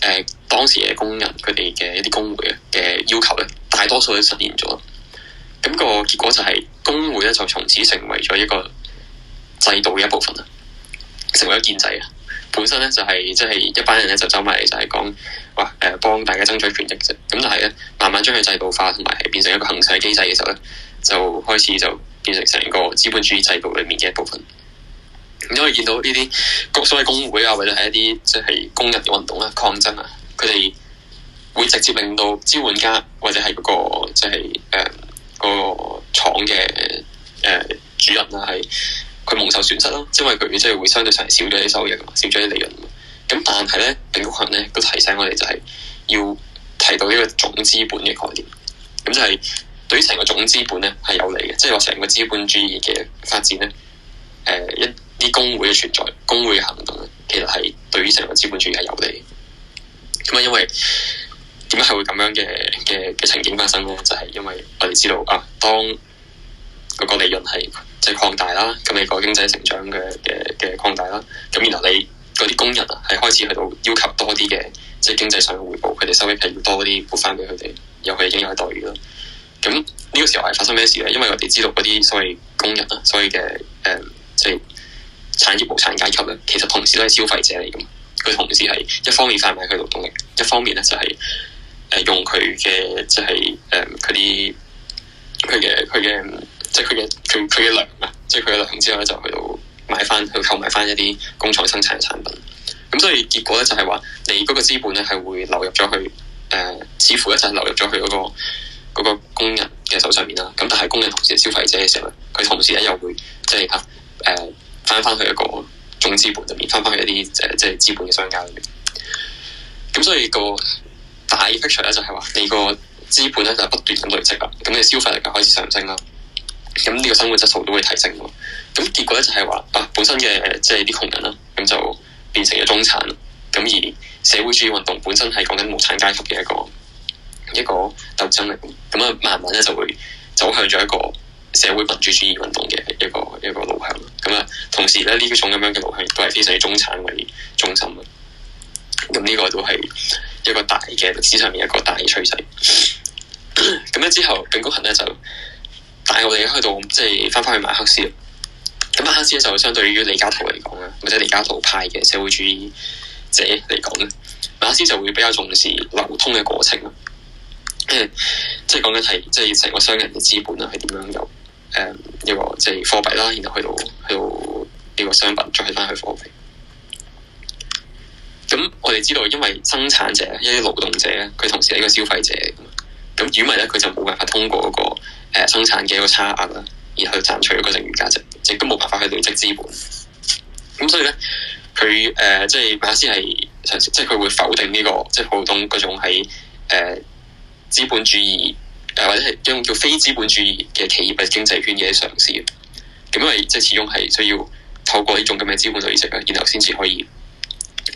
誒，當時嘅工人佢哋嘅一啲工會嘅要求咧，大多數都實現咗。咁個結果就係工會咧就從此成為咗一個制度嘅一部分啦，成為咗建制啊。本身咧就係即係一班人咧就走埋嚟，就係講，哇！誒，幫大家爭取權益啫。咁就係咧，慢慢將佢制度化，同埋係變成一個行政機制嘅時候咧，就開始就變成成個資本主義制度裏面嘅一部分。因為見到呢啲所謂工會啊，或者係一啲即係工人嘅運動啊、抗爭啊，佢哋會直接令到資本家或者係嗰、那個即係誒嗰個廠嘅誒主人啊，係佢蒙受損失咯，因為佢即係會相對上少咗啲收益，少咗啲利潤。咁但係咧，平谷行咧都提醒我哋，就係要提到呢個總資本嘅概念。咁就係對於成個總資本咧係有利嘅，即係話成個資本主義嘅發展咧，誒、呃、一。啲工會嘅存在，工會嘅行動其實係對於成個資本主義係有利。咁啊，因為點解係會咁樣嘅嘅嘅情景發生咧？就係、是、因為我哋知道啊，當嗰個利潤係即係擴大啦，咁你個經濟成長嘅嘅嘅擴大啦，咁然後你嗰啲工人啊，係開始去到要求多啲嘅即係經濟上嘅回報，佢哋收益係要多啲撥翻俾佢哋，有佢嘅應有嘅待遇咯。咁呢個時候係發生咩事咧？因為我哋知道嗰啲所謂工人啊，所謂嘅誒即係。嗯就是產業無產階級咧，其實同時都係消費者嚟嘅。佢同時係一方面販賣佢勞動力，一方面咧就係誒用佢嘅、就是呃，即係誒佢啲佢嘅佢嘅，即係佢嘅佢佢嘅量。啊。即係佢嘅量之後咧，就去到買翻去購買翻一啲工廠生產嘅產品。咁所以結果咧就係話，你嗰個資本咧係會流入咗去誒、呃，似乎一陣流入咗佢嗰個嗰、那個工人嘅手上面啦。咁但係工人同時係消費者嘅時候咧，佢同時咧又會即係嚇誒。呃翻翻去一個總資本入面，翻翻去一啲誒，即係資本嘅商家裏面。咁所以個大 picture 咧就係話，你個資本咧就不斷咁累積啦，咁你消費力就開始上升啦。咁呢個生活質素都會提升咯。咁結果咧就係話啊，本身嘅即係啲窮人啦，咁就變成咗中產。咁而社會主義運動本身係講緊無產階級嘅一個一個鬥爭嚟，咁啊，慢慢咧就會走向咗一個社會民主主義運動嘅一個一個路向。咁啊，同時咧呢這種咁樣嘅流向都係非常之中產為中心啊！咁、嗯、呢、這個都係一個大嘅歷史上面一個大嘅趨勢。咁咧、 嗯、之後，蘋果行咧就帶我哋去到即係翻返去馬克思咁、嗯、馬克思咧就相對於李嘉圖嚟講啊，或者李嘉圖派嘅社會主義者嚟講咧，馬克思就會比較重視流通嘅過程咯、嗯。即係講緊係即係成個商人嘅資本啊，係點樣有。誒一個即係、就是、貨幣啦，然後去到去到呢個商品，再去翻去貨幣。咁我哋知道，因為生產者，一啲勞動者，佢同時係一個消費者嚟嘅。咁如果唔係咧，佢就冇辦法通過嗰、那個、呃、生產嘅一個差額啦，然後賺取個剩餘價值，亦都冇辦法去累積資本。咁所以咧，佢誒、呃、即係馬克思係即係佢會否定呢、這個即係普通嗰種喺誒資本主義。誒或者係一叫非資本主義嘅企業嘅經濟圈嘅嘗試，咁因為即係始終係需要透過呢種咁嘅資本來積啊，然後先至可以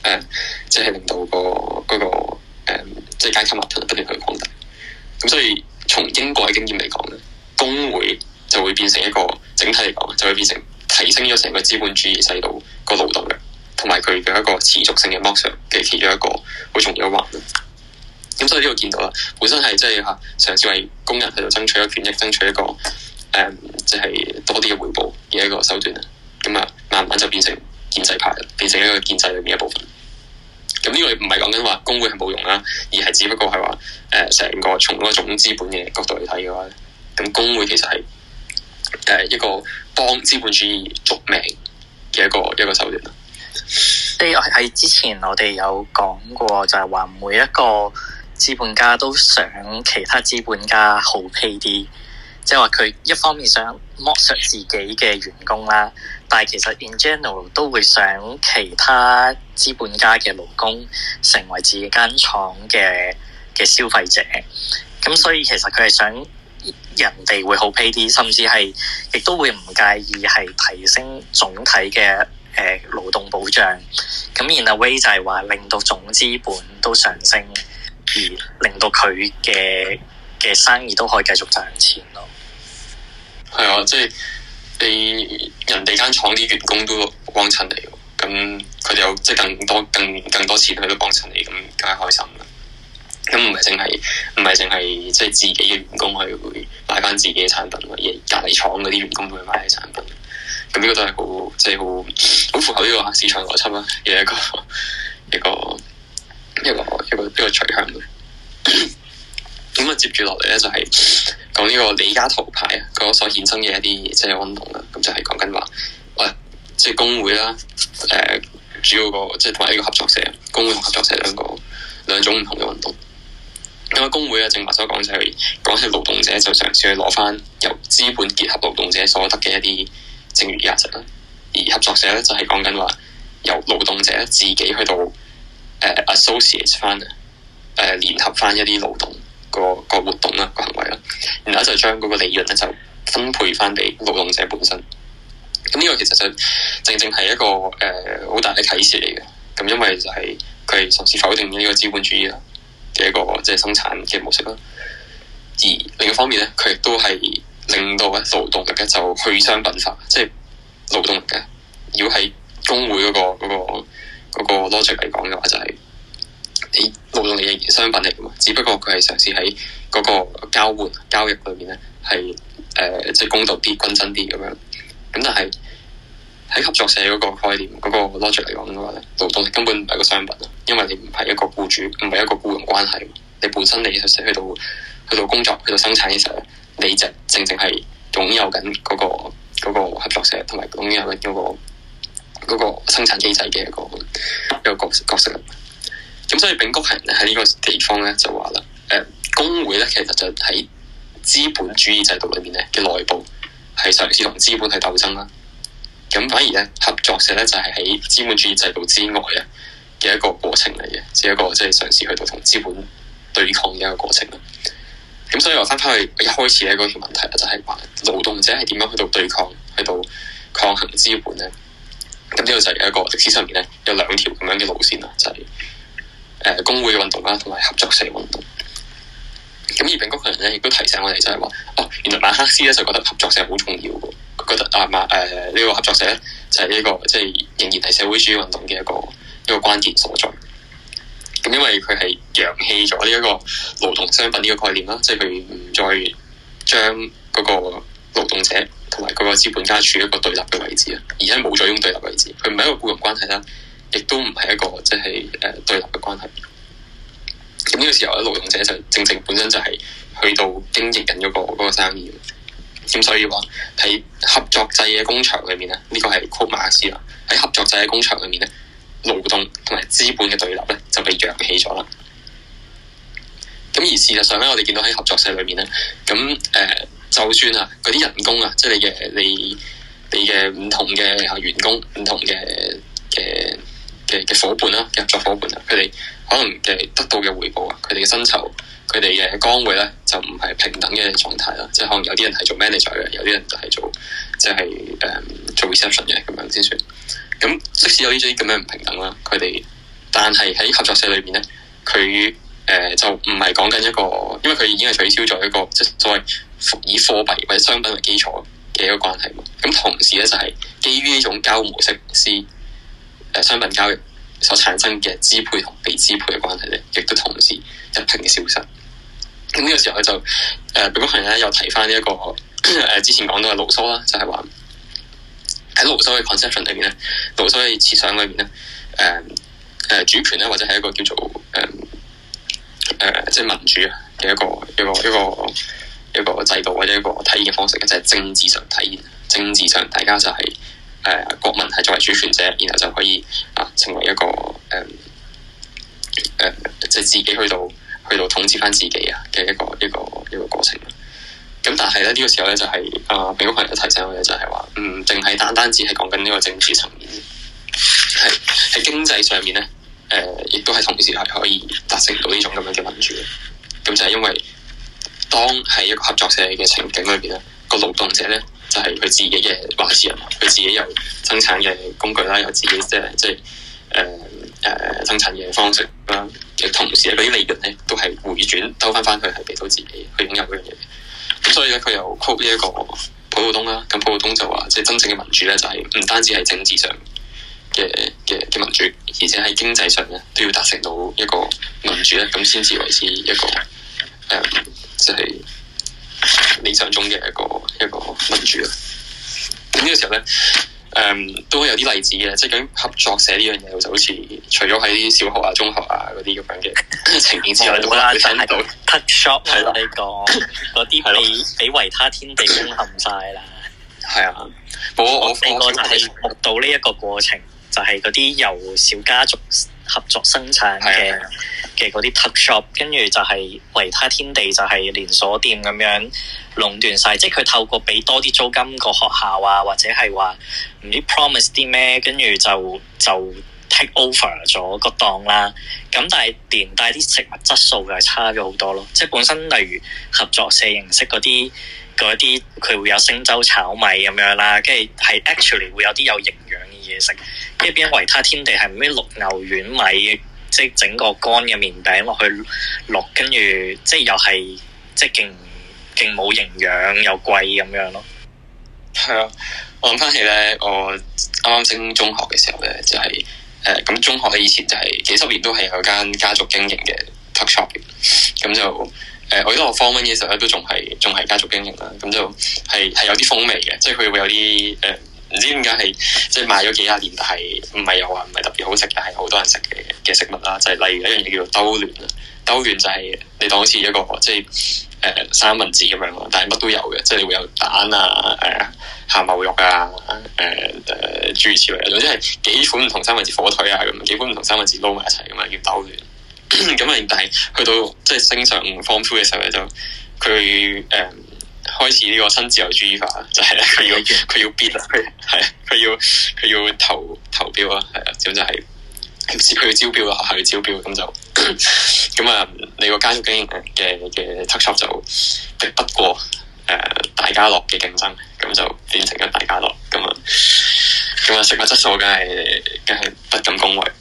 誒、那個那個嗯，即係令到個嗰個即係階級矛盾不斷去擴大。咁所以從英國嘅經驗嚟講咧，工會就會變成一個整體嚟講就會變成提升咗成個資本主義制度個勞動嘅，同埋佢嘅一個持續性嘅擴削嘅其中一個好重要嘅環。咁、嗯、所以呢度見到啦，本身係即係嚇嘗試為工人喺度爭取一個權益，爭取一個誒，即、嗯、係、就是、多啲嘅回報嘅一個手段啊。咁、嗯、啊，慢慢就變成建制派，變成一個建制裏面嘅一部分。咁、嗯、呢、這個唔係講緊話工會係冇用啦，而係只不過係話誒成個從嗰種資本嘅角度嚟睇嘅話咁、嗯、工會其實係誒一個幫資本主義續命嘅一個一個手段。即係喺之前我哋有講過，就係話每一個。資本家都想其他資本家好 pay 啲，即係話佢一方面想剝削自己嘅員工啦，但係其實 in general 都會想其他資本家嘅勞工成為自己間廠嘅嘅消費者。咁所以其實佢係想人哋會好 pay 啲，甚至係亦都會唔介意係提升總體嘅誒勞動保障。咁然後 way 就係話令到總資本都上升。而令到佢嘅嘅生意都可以繼續賺錢咯。係啊，即係你人哋間廠啲員工都幫襯你，咁佢哋有即係更多更更多錢，佢都幫襯你，咁梗係開心啦。咁唔係淨係唔係淨係即係自己嘅員工去會買翻自己嘅產品咯，而隔籬廠嗰啲員工都會買啲產品。咁呢個都係好即係好好符合呢個市場邏輯啦，嘅一個一個。一個一個一個一個一個取向嘅，咁啊、 嗯、接住落嚟咧就係講呢個李嘉圖派啊，佢所衍生嘅一啲即係運動啦，咁就係講緊話，喂，即、就、係、是、工會啦，誒、呃，主要個即係同埋呢個合作社，工會同合作社兩個兩種唔同嘅運動。咁、嗯、啊工會啊，正話所講就係講係勞動者就嘗試去攞翻由資本結合勞動者所得嘅一啲剩餘價值啦，而合作社咧就係講緊話由勞動者自己去到。誒 associate 翻誒聯合翻一啲勞動個個活動啦個行為啦，然後就將嗰個利潤咧就分配翻俾勞動者本身。咁、嗯、呢、這個其實就是、正正係一個誒好、呃、大嘅啟示嚟嘅。咁、嗯、因為就係佢係嘗試否定呢個資本主義啦嘅一個即係、就是、生產嘅模式啦。而另一方面咧，佢亦都係令到咧勞動力咧就去商品化，即、就、係、是、勞動力嘅如果係工會嗰個嗰個。那個嗰個 logic 嚟講嘅話，就係你勞動力仍然商品嚟噶嘛，只不過佢係嘗試喺嗰個交換交易裏面咧，係誒即係公道啲、均真啲咁樣。咁但係喺合作社嗰個概念、嗰個 logic 嚟講嘅話咧，勞動力根本唔係個商品，因為你唔係一個僱主，唔係一個僱傭關係，你本身你去到去到工作、去到生產嘅時候，你就正正係擁有緊嗰個嗰個合作社，同埋擁有緊嗰個。嗰個生產機制嘅一個一個角色角色，咁所以丙谷喺喺呢個地方咧就話啦，誒、呃，工會咧其實就喺資本主義制度裏面咧嘅內部係嘗試同資本去鬥爭啦。咁反而咧，合作社咧就係喺資本主義制度之外啊嘅一個過程嚟嘅，只、就是、一個即係嘗試去到同資本對抗嘅一個過程啦。咁所以我翻翻去一開始咧嗰條問題啦，就係話勞動者係點樣去到對抗，去到抗衡資本咧？咁呢個就係一個歷史上面咧有兩條咁樣嘅路線啦，就係、是、誒、呃、工會嘅運動啦，同埋合作社嘅運動。咁而柄谷行人咧亦都提醒我哋，就係、是、話哦，原來馬克思咧就覺得合作社好重要，佢覺得啊馬誒呢個合作社咧就係、是、呢個即係、就是、仍然係社會主義運動嘅一個一個關鍵所在。咁、嗯、因為佢係揚棄咗呢一個勞動商品呢個概念啦，即係佢唔再將嗰個勞動者。同埋佢個資本家處一個對立嘅位置啊，而家冇咗呢種對立嘅位置，佢唔係一個雇傭關係啦，亦都唔係一個即係誒對立嘅關係。咁呢個時候咧，勞動者就正正本身就係去到經營緊嗰個個生意。咁所以話喺合作制嘅工場裏面咧，呢、這個係庫馬克思啦。喺合作制嘅工場裏面咧，勞動同埋資本嘅對立咧就被揚棄咗啦。咁而事實上咧，我哋見到喺合作社裏面咧，咁誒。呃就算啊，嗰啲人工啊，即係你嘅你你嘅唔同嘅啊，員工唔同嘅嘅嘅嘅夥伴啦，合作伙伴啊，佢哋可能嘅得到嘅回報啊，佢哋嘅薪酬，佢哋嘅崗位咧，就唔係平等嘅狀態啦。即係可能有啲人係做 manager 嘅，有啲人就係做即係誒做 reception 嘅咁樣先算。咁即使有呢種咁樣唔平等啦，佢哋但係喺合作社裏面咧，佢誒就唔係講緊一個，因為佢已經係取消咗一個即係、就是、所謂。以貨幣或者商品為基礎嘅一個關係，咁同時咧就係基於呢種交易模式是誒商品交易所產生嘅支配同被支配嘅關係咧，亦都同時一平嘅消失。咁呢個時候咧就誒，表哥朋友咧又提翻呢一個誒之前講到嘅盧梭啦，就係話喺盧梭嘅 conception 裏面咧，盧梭嘅思想裏面咧，誒、呃、誒、呃、主權咧或者係一個叫做誒誒、呃呃、即係民主嘅一個一個一個。一個一個一個一個制度或者一個體現嘅方式，就係、是、政治上體現。政治上，大家就係、是、誒、呃、國民係作為主權者，然後就可以啊成為一個誒誒，就、呃、係、呃、自己去到去到統治返自己啊嘅一個一個一個、一個過程。咁但係咧，呢、這個時候咧就係、是、啊，俾個朋友提醒我嘅就係、是、話，嗯，淨係單單只係講緊呢個政治層面，係喺經濟上面咧，誒、呃、亦都係同時係可以達成到呢種咁樣嘅民主。咁就係因為。當喺一個合作社嘅情景裏邊咧，個勞動者咧就係、是、佢自己嘅話事人，佢自己有生產嘅工具啦，有自己即係即係誒誒生產嘅方式啦。嘅同時咧，啲利潤咧都係回轉兜翻翻去，係俾到自己去擁有嗰樣嘢。咁所以咧，佢又曲呢一個普普通啦。咁普普通就話，即、就、係、是、真正嘅民主咧，就係、是、唔單止係政治上嘅嘅嘅民主，而且喺經濟上咧都要達成到一個民主咧，咁先至為之一個。即、嗯、就係、是、理想中嘅一個一個民主啦。咁呢個時候咧，誒、嗯，都有啲例子嘅，即係咁合作社呢樣嘢，就好似除咗喺小學啊、中學啊嗰啲咁樣嘅情景之外，都 聽到。cut shop 啊，你講嗰啲俾俾維他天地攻陷晒啦。係啊 吧，我我我我係 目睹呢一個過程， 就係嗰啲由小家族。合作生產嘅嘅嗰啲特 shop，跟住就係維他天地就係連鎖店咁樣壟斷晒，mm hmm. 即係佢透過俾多啲租金個學校啊，或者係話唔知 promise 啲咩，跟住就就 take over 咗個檔啦。咁但係連帶啲食物質素又係差咗好多咯。即係本身例如合作社形式啲啲，佢會有星洲炒米咁樣啦，跟住係 actually 會有啲有營養嘢食，一邊維他天地係咩綠牛丸米，即係整個乾嘅麵餅落去落，跟住即係又係即係勁勁冇營養又貴咁樣咯。係啊，我諗翻起咧，我啱啱升中學嘅時候咧，就係誒咁中學咧以前就係幾十年都係有間家，家族經營嘅 tuck shop，咁就誒、呃、我喺度 form one 嘅時候咧都仲係仲係家族經營啦，咁就係係有啲風味嘅，即係佢會有啲誒。呃唔知點解係即係賣咗幾廿年，但係唔係又話唔係特別好食，但係好多人食嘅嘅食物啦。就係例如一樣嘢叫做兜亂啊，兜亂就係你當好似一個即係誒、呃、三文治咁樣咯，但係乜都有嘅，即係會有蛋啊、誒、呃、鹹牛肉啊、誒、呃、誒豬翅之類，總之係幾款唔同三文治火腿啊咁，幾款唔同三文治撈埋一齊咁樣叫兜亂。咁啊， 但係去到即係升上荒謬嘅時候就佢誒。開始呢個新自由主義化，就係、是、佢要佢 要 bid 啦，係啊，佢要佢要投投標啊，係啊，咁就係即佢要招標啊，學校要招標，咁就咁啊， 你個家族經營嘅嘅特色就敵不過誒，大家樂嘅競爭，咁就變成咗大家樂，咁啊，咁啊，食物質素梗係梗係不敢恭維，咁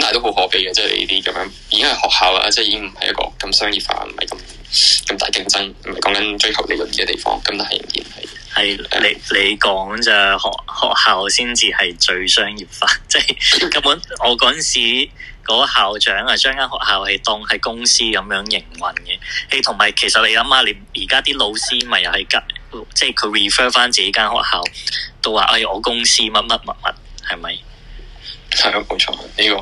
但係都好可悲嘅，即係呢啲咁樣，已經係學校啦，即係已經唔係一個咁商業化，唔係咁。咁大競爭，唔係講緊追求利潤嘅地方，咁係仍然係係你你講就學學校先至係最商業化，即 係、就是、根本 我嗰陣時嗰校長啊，將間學校係當係公司咁樣營運嘅，誒，同埋其實你諗下，你而家啲老師咪又係吉，即、就、係、是、佢 refer 翻自己間學校，都話誒、哎、我公司乜乜乜乜係咪？係冇錯，呢、嗯這個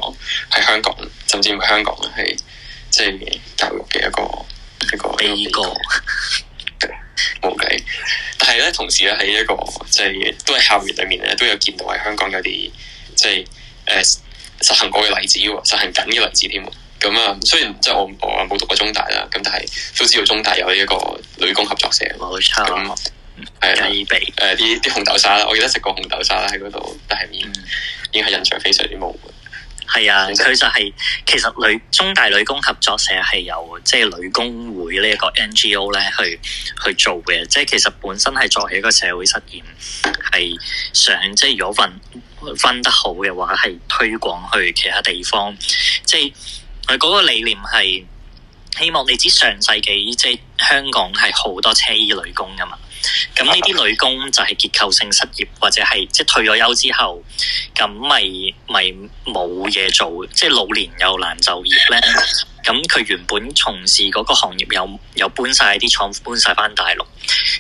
喺香港，甚至乎香港係即係教育嘅一個。第二個冇計， 但係咧同時咧喺一個即係、就是、都係校園裏面咧都有見到喺香港有啲即係誒實行過嘅例子，實行緊嘅例子添。咁、嗯、啊、嗯、雖然即係我我冇讀過中大啦，咁但係都知道中大有呢一個女工合作社。冇錯差，係啦那，誒啲啲紅豆沙啦，我記得食過紅豆沙啦喺嗰度，但係已經已經係印象非常之冇。係啊，佢就係、是、其實女中大女工合作社係由即係、就是、女工會呢一個 NGO 咧去去做嘅，即係其實本身係作為一個社會實驗，係想即係如果分分得好嘅話，係推廣去其他地方，即係佢嗰個理念係希望你知上世紀即係香港係好多車衣女工噶嘛。咁呢啲女工就係結構性失業，或者係即係退咗休之後，咁咪咪冇嘢做，即係老年又難就業咧。咁佢原本從事嗰個行業，又又搬晒啲廠，搬晒返大陸，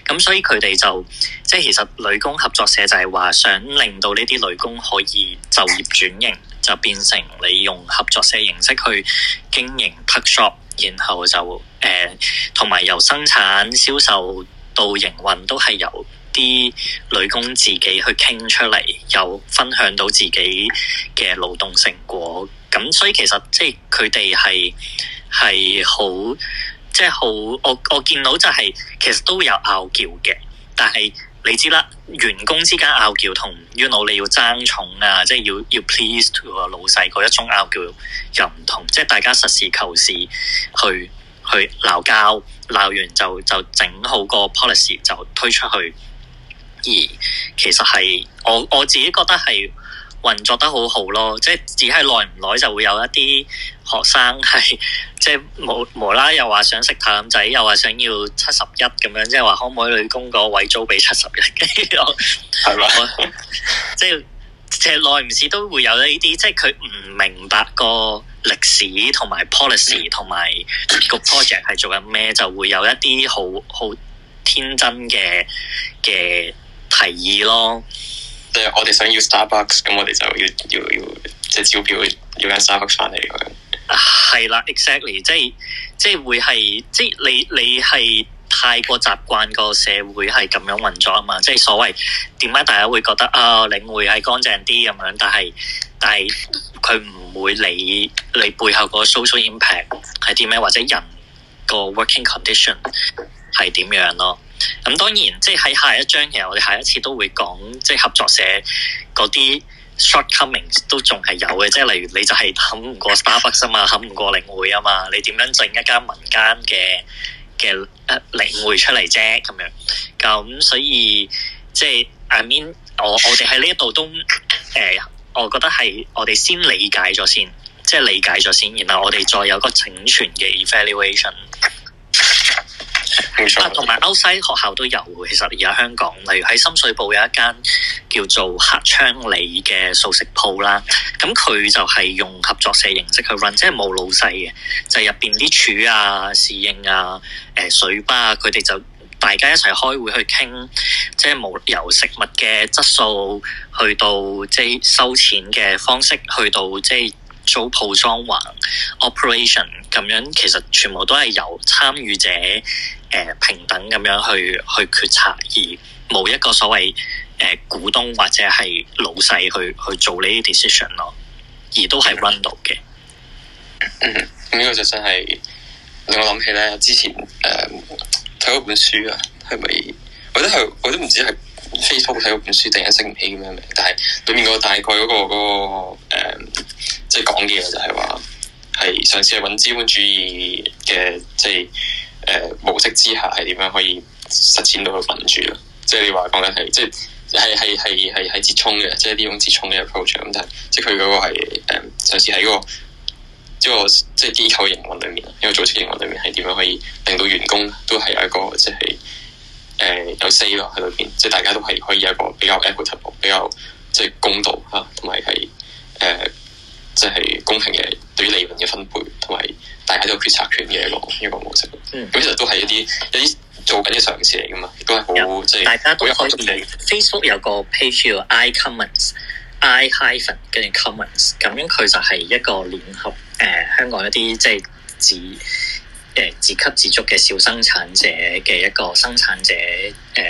咁所以佢哋就即係其實女工合作社就係話想令到呢啲女工可以就業轉型，就變成你用合作社形式去經營 workshop，然後就誒同埋由生產銷售。到營運都係由啲女工自己去傾出嚟，又分享到自己嘅勞動成果。咁所以其實即係佢哋係係好即係好，我我見到就係、是、其實都有拗撬嘅。但係你知啦，員工之間拗撬同 You know 你要爭重啊，即係要要 please to 個老細嗰一種拗撬又唔同，即係大家實事求是去去鬧交。鬧完就就整好個 policy 就推出去，而其實係我我自己覺得係運作得好好咯，即係只係耐唔耐就會有一啲學生係即係無無啦又話想食譚仔，又話想要七十一咁樣，即係話可唔可以供嗰位租俾七十一？係咪？即係。即係耐唔時都會有呢啲，即係佢唔明白個歷史同埋 policy 同埋個 project 係做緊咩， 就會有一啲好好天真嘅嘅提議咯。即係我哋想要 Starbucks，咁我哋就要要要即係招標要間 Starbucks 翻嚟咁樣。係啦 ，exactly，即係即係會係即係你你係。太過習慣個社會係咁樣運作啊嘛，即係所謂點解大家會覺得啊、哦、領匯係乾淨啲咁樣，但係但係佢唔會理你背後個 social impact 係點樣，或者人個 working condition 係點樣咯。咁當然即係喺下一章，其實我哋下一次都會講，即係合作社嗰啲 shortcomings 都仲係有嘅，即係例如你就係冚唔過 Starbucks 啊嘛，冚唔過領匯啊嘛，你點樣整一間民間嘅？嘅、誒，領會出嚟啫，咁樣，咁所以即係 I mean，我我哋喺呢一度都誒、呃，我覺得係我哋先理解咗先，即係理解咗先，然後我哋再有個整全嘅 evaluation。同埋歐西學校都有，其實而家香港，例如喺深水埗有一間叫做黑窗里嘅素食鋪啦。咁、啊、佢就係用合作社形式去 run，即係冇老細嘅，就入邊啲廚啊、侍應啊、誒、呃、水吧，佢哋就大家一齊開會去傾，即係冇由食物嘅質素去到即係收錢嘅方式，去到即係租鋪裝潢 operation 咁樣，其實全部都係由參與者。誒，平等咁樣去去決策，而冇一個所謂誒、呃、股東或者係老細去去做呢啲 decision 咯，而都係 window 嘅。嗯，呢個就真係令我諗起咧，之前誒睇嗰本書啊，係咪？我都係，我都唔知係 Facebook 睇嗰本書定係識唔起咩名，但係裏面嗰個大概嗰、嗰個、嗰個誒，即係講嘅嘢就係、是、話，係上次係搵資本主義嘅即係。就是誒、呃、模式之下係點樣可以實踐到個民主咯？即係你話講緊係，即係係係係係折衝嘅，即係呢種折衝嘅 approach 咁就係、是這個，即係佢嗰個係就嘗試喺個即係即係機構嘅營運裏面，一個組織嘅營運裏面係點樣可以令到員工都係有一個即係誒、呃、有 say 咯喺裏邊，即係大家都係可以有一個比較 equitable、比較即係公道嚇，同埋係誒即係公平嘅對於利潤嘅分配同埋。大家都有決策權嘅一個一個模式，咁、嗯、其實都係一啲一啲做緊嘅嘗試嚟噶嘛，都係好即係。嗯、大家都，都一開始 Facebook 有個 page 叫做 i, comments, i comments, comments i hyphen 跟住 comments，咁樣佢就係一個聯合誒、呃、香港一啲即係自誒、呃、自給自足嘅小生產者嘅一個生產者誒誒、呃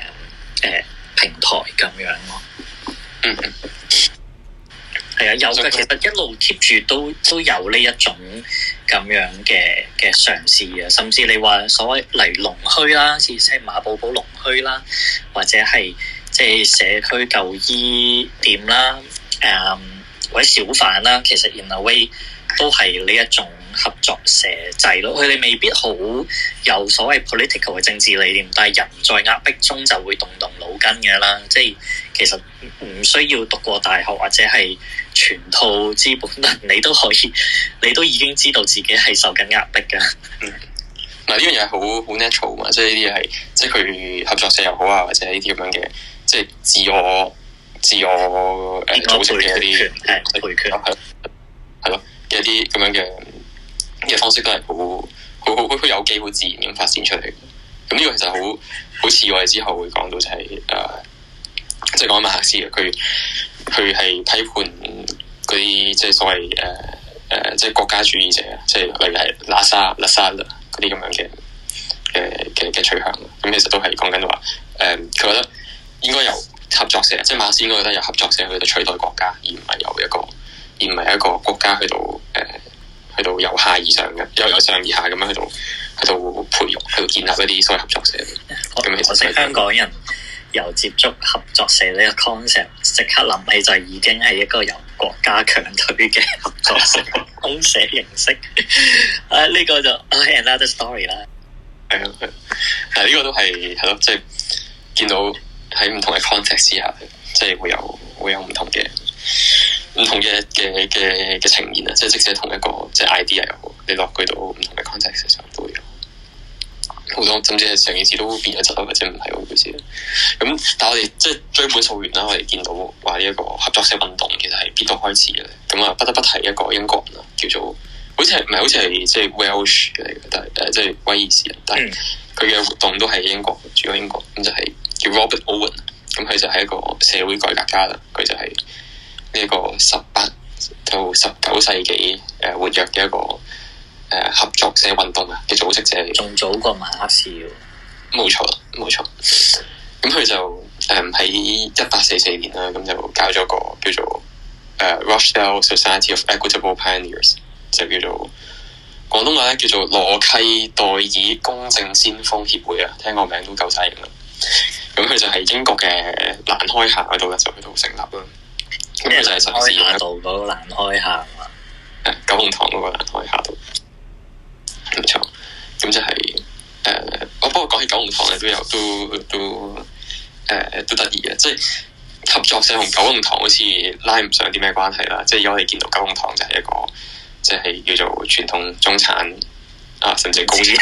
呃、平台咁樣咯。嗯。係啊，有嘅，其實一路 keep 住都都有呢一種咁樣嘅嘅嘗試啊，甚至你話所謂嚟龍墟啦，即係馬寶寶龍墟啦，或者係即係社區舊衣店啦，誒、呃、或者小販啦，其實 anyway 都係呢一種。合作社制咯，佢哋未必好有所謂 political 嘅政治理念，但係人在壓迫中就會動動腦筋嘅啦。即係其實唔需要讀過大學或者係全套資本，你都可以，你都已經知道自己係受緊壓迫嘅。嗱呢樣嘢好好 natural 嘛，即係呢啲嘢係即係佢合作社又好啊，或者呢啲咁樣嘅即係自我、自我誒組織嘅一啲配權，係咯，係咯，一啲咁樣嘅。嘅方式都係好，好好好有機會自然咁發展出嚟。咁、嗯、呢、這個其實好好似我哋之後會講到、就是呃，就係誒，即係講馬克思啊，佢佢係批判嗰啲即係所謂誒誒、呃，即係國家主義者啊，即係例如係拉沙、拉沙嗰啲咁樣嘅嘅嘅嘅取向。咁、呃嗯、其實都係講緊話，誒、呃，佢覺得應該由合作社，即係馬克思應該覺得由合作社去到取代國家，而唔係由一個而唔係一個國家去到誒、呃。去到由下而上嘅，又由上而下咁樣去到去到培育，去到建立嗰啲所謂合作社。咁其實香港人由接觸合作社呢個 concept，即刻諗起就已經係一個由國家強推嘅合作社公社形式。啊，呢個就 another story 啦。係啊，係呢個都係係咯，即係見到喺唔同嘅 context 之下，即係會有會有唔同嘅。唔同嘅嘅嘅嘅呈現啊，即係即使係同一個即係 idea，又好，你落佢到唔同嘅 context 上都會有好多，甚至係成件事都變咗質咯，或者唔係嗰回事。咁但係我哋即係追本溯源啦，我哋見到話呢一個合作社運動其實係邊度開始嘅？咁不得不提一個英國人啦，叫做好似係唔係好似係即係 Welsh 嚟嘅，ays，但係即係威爾士人，但係佢嘅活動都係英國，主要英國，咁就係叫 Robert Owen。咁佢就係一個社會改革家啦，佢就係、是。呢一個十八到十九世紀誒、呃、活躍嘅一個誒、呃、合作社運動啊嘅組織者，仲早過馬克思，冇錯啦，冇錯。咁佢就誒喺一八四四年啦，咁就搞咗個叫做誒、呃、Rochdale Society of Equitable Pioneers，就叫做廣東話咧叫做羅溪代爾公正先鋒協會啊。聽個名都夠晒型啦。咁佢就喺英國嘅蘭開夏嗰度咧，就去到成立啦。Mm hmm. 咁就係十字路嗰個難開下嘛？誒，九龍塘嗰個難開下，唔錯。咁即係誒，我、呃、不過講起九龍塘咧，都有都都誒，都得意嘅。即係合作社同九龍塘好似拉唔上啲咩關係啦。即係我你見到九龍塘就係一個，即係叫做傳統中產啊，甚至公司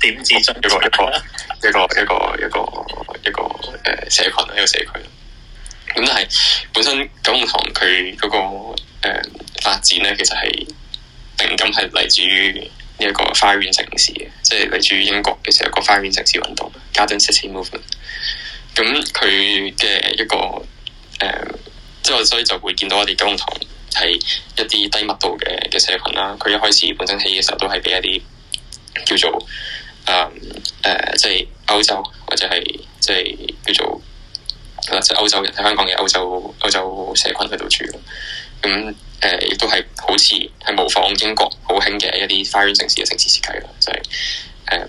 點子上一個一個一個一個一個一個一個，呃、社群一個社區。咁但係本身九龍塘佢嗰個誒、呃、發展咧，其實係定感係嚟自於一個花園城市嘅，即係嚟自於英國嘅時候個花園城市運動家 a s d e i t y movement）。咁佢嘅一個誒、呃，即係所以就會見到我哋九龍塘係一啲低密度嘅嘅社群啦。佢一開始本身起嘅時候都係俾一啲叫做誒誒，即係歐洲或者係即係叫做。呃呃即係歐洲人喺香港嘅歐洲歐洲社群喺度住，咁誒，亦都係好似係模仿英國好興嘅一啲花園城市嘅城市設計咯，就係誒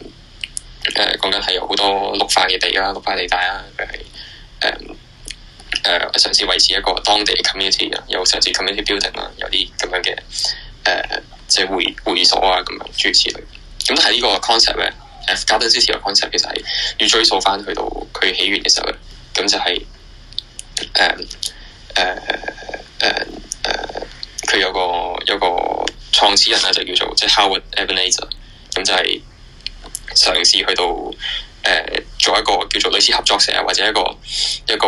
誒講緊係有好多綠化嘅地啦、綠化地帶啦，佢係誒誒嘗試維持一個當地 community 啊，有嘗試 community building 啦，有啲咁樣嘅誒即係會會所啊咁樣諸如此類。咁喺呢個 concept 咧、 啊，加多支持嘅 concept 其實係要追溯翻去到佢起源嘅時候咧。咁就係誒誒誒誒，佢、嗯嗯嗯嗯嗯嗯、有個有個創始人咧，就叫做即係 Howard Ebenezer。咁就係、是嗯就是、嘗試去到誒、呃、做一個叫做類似合作社或者一個一個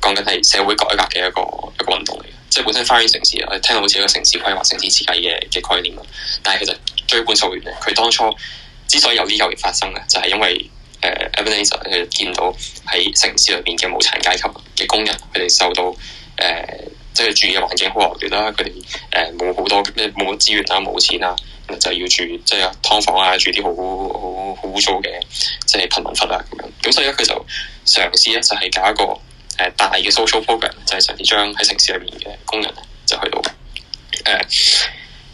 講緊係社會改革嘅一個一個運動嚟嘅。即係本身花園城市啊，聽到好似一個城市規劃、城市設計嘅嘅概念，但係其實追本溯源咧，佢當初之所以有啲偶然發生啊，就係、是、因為。誒 Evolution 佢哋見到喺城市入邊嘅無產階級嘅工人，佢哋受到誒，即、呃、係、就是、住嘅環境好惡劣啦，佢哋誒冇好多咩冇乜資源啊，冇錢啊，就係要住即係劏房啊，住啲好好好污糟嘅，即係、就是、貧民窟啦咁樣。咁所以咧，佢就嘗試咧，就係搞一個誒、呃、大嘅 social program，就係直接將喺城市入邊嘅工人就去到誒。呃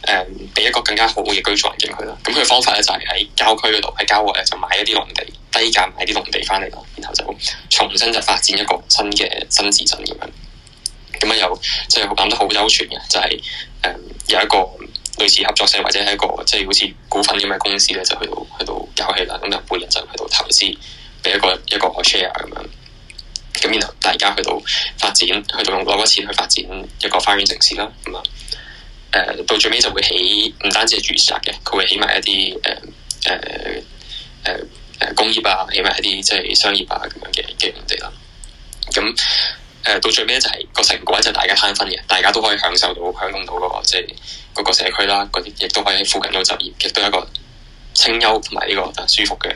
誒，俾、um, 一個更加好嘅居住環境佢啦。咁佢嘅方法咧就係喺郊區嗰度，喺郊外就買一啲農地，低價買啲農地翻嚟啦，然後就重新就發展一個新嘅新市鎮咁樣。咁啊又即係諗得好周全嘅，就係、是、誒、就是嗯、有一個類似合作社或者係一個即係、就是、好似股份咁嘅公司咧，就去到去到搞起啦。咁啊，每人就去到投資，俾一個一個 share 咁樣。咁然後大家去到發展，去到攞嗰錢去發展一個花園城市啦，咁啊。誒、呃、到最尾就會起，唔單止係住宅嘅，佢會起埋一啲誒誒誒誒工業啊，起埋一啲即係商業啊咁樣嘅嘅地啦。咁、嗯、誒、呃、到最尾就係、是、個成果就大家攤分嘅，大家都可以享受到享用到咯，即係嗰、那個社區啦，啲、那、亦、個、都可以喺附近有就業，亦都一個清幽同埋呢個舒服嘅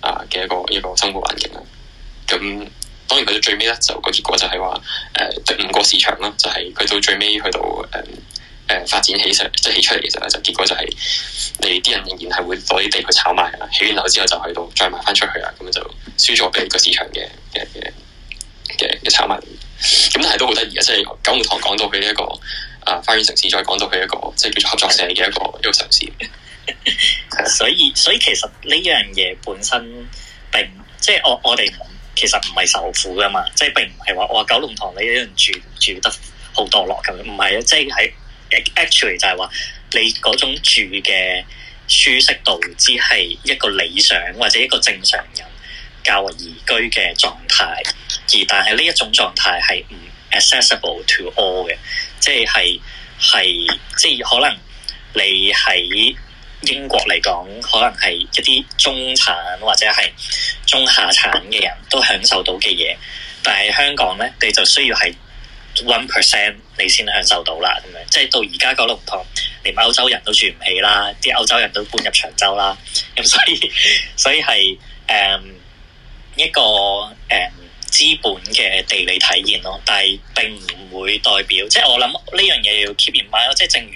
啊嘅一個一、這個生活環境啦。咁、嗯、當然佢到最尾咧就個結果就係話、呃、第五個市場啦，就係、是、佢到最尾去到誒。嗯嗯誒、呃、發展起上即係起出嚟其實咧，就結果就係你啲人仍然係會攞啲地去炒賣啊，起完樓之後就去到再賣翻出去啊，咁就輸咗俾個市場嘅嘅嘅嘅嘅炒賣。咁、嗯、但係都好得意啊！即、就、係、是、九龍塘講到佢一、這個啊花園城市，再講到佢一個即係、就是、叫做合作社嘅一個一、這個嘗試。 所以所以其實呢樣嘢本身並即係我我哋其實唔係仇富㗎嘛，即係並唔係話我話九龍塘你一人住住得好墮落咁樣，唔係啊，即係喺。Actually 就係話你種住嘅舒適度只係一個理想或者一個正常人較為宜居嘅狀態，而但係呢一種狀態係唔 accessible to all 嘅，即係係係即係可能你喺英國嚟講可能係一啲中產或者係中下產嘅人都享受到嘅嘢，但係香港咧，你就需要係 one percent。你先享受到啦，咁樣即係到而家九龍塘，連歐洲人都住唔起啦，啲歐洲人都搬入長洲啦，咁所以所以係誒、um，一個誒、um，資本嘅地理體驗咯。但係並唔會代表，即係我諗呢樣嘢要 keep in mind 咯。即係正如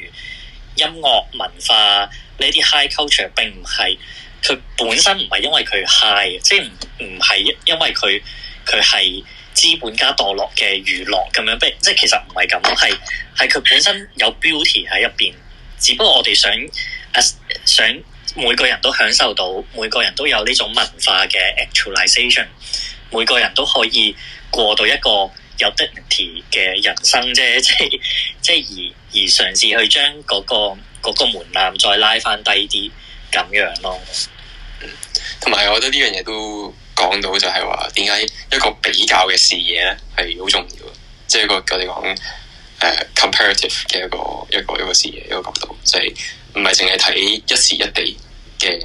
音樂文化呢啲 high culture 並唔係佢本身唔係因為佢 high，即係唔唔係因為佢佢係。資本家墮落嘅娛樂咁樣，即係其實唔係咁，係係佢本身有 beauty 喺入邊，只不過我哋想、啊、想每個人都享受到，每個人都有呢種文化嘅 actualization，每個人都可以過到一個有 dignity 嘅人生啫，即係即係而而嘗試去將嗰個嗰個門檻再拉翻低啲咁樣咯。同埋、嗯、我覺得呢樣嘢都。講到就係話，點解一個比較嘅視野咧係好重要，即係個我哋講誒 comparative 嘅一個、uh, 一個一個，一個視野一個角度，就係唔係淨係睇一時一地嘅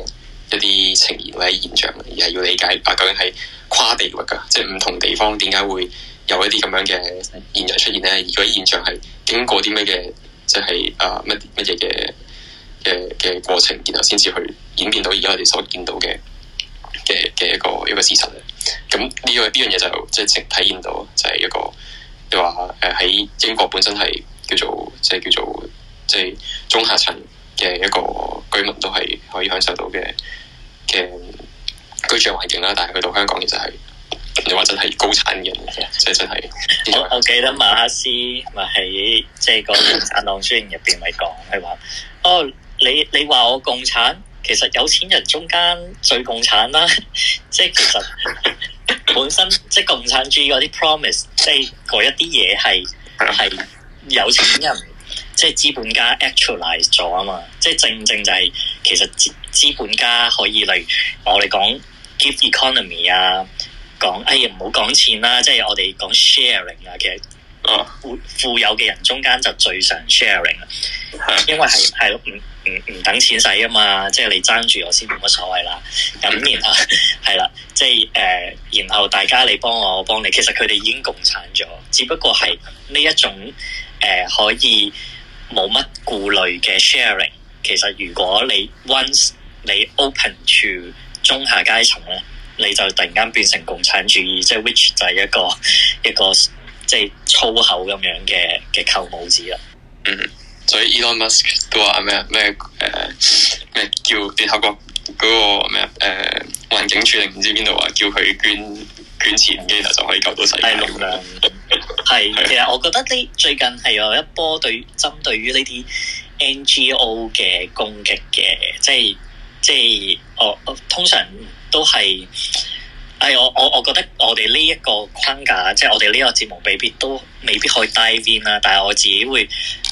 一啲情言或者現象，而係要理解啊究竟係跨地域噶，即係唔同地方點解會有一啲咁樣嘅現象出現咧？而嗰啲現象係經過啲咩嘅，即係啊乜乜嘢嘅嘅嘅過程，然後先至去演變到而家我哋所見到嘅。嘅嘅一個一個事實，咁，呢個呢樣嘢就即係體現到，就係一個你話誒，喺英國本身係叫做即係叫做即係中下層嘅一個居民都係可以享受到嘅嘅居住環境啦，但係去到香港其實係你話真係高產嘅，即係真係。我記得馬克思咪喺即係個《共產黨宣言》入邊咪講係話，哦你你話我共產。其實有錢人中間最共產啦，即係其實本身即係共產主義嗰啲 promise，即係嗰一啲嘢係係有錢人，即係資本家 actualize 咗啊嘛！即係正正就係其實資資本家可以嚟我哋講 give economy 啊，講哎呀唔好講錢啦，即係我哋講 sharing 啊，其實富富有嘅人中間就最常 sharing 啦，因為係係咯。唔唔等錢使啊嘛，即係你爭住我先冇乜所謂啦。咁 然後係啦，即係誒、呃，然後大家你幫我，我幫你。其實佢哋已經共產咗，只不過係呢一種誒、呃、可以冇乜顧慮嘅 sharing。其實如果你 once 你 open to 中下階層咧，你就突然間變成共產主義，即係 which 就係一個一個即係粗口咁樣嘅嘅扣帽子啦。嗯。 所以 Elon Musk 都話咩咩誒咩叫聯合國嗰個咩啊，誒環境署定唔知邊度啊叫佢捐捐錢，其實就可以救到世界。係的 其實我覺得呢最近係有一波對針對於呢啲 NGO 嘅攻擊嘅，即係即係我我通常都係。但係我我我覺得我哋呢一個框架，即係我哋呢個節目，未必都未必可以 dive in 啦。但係我自己會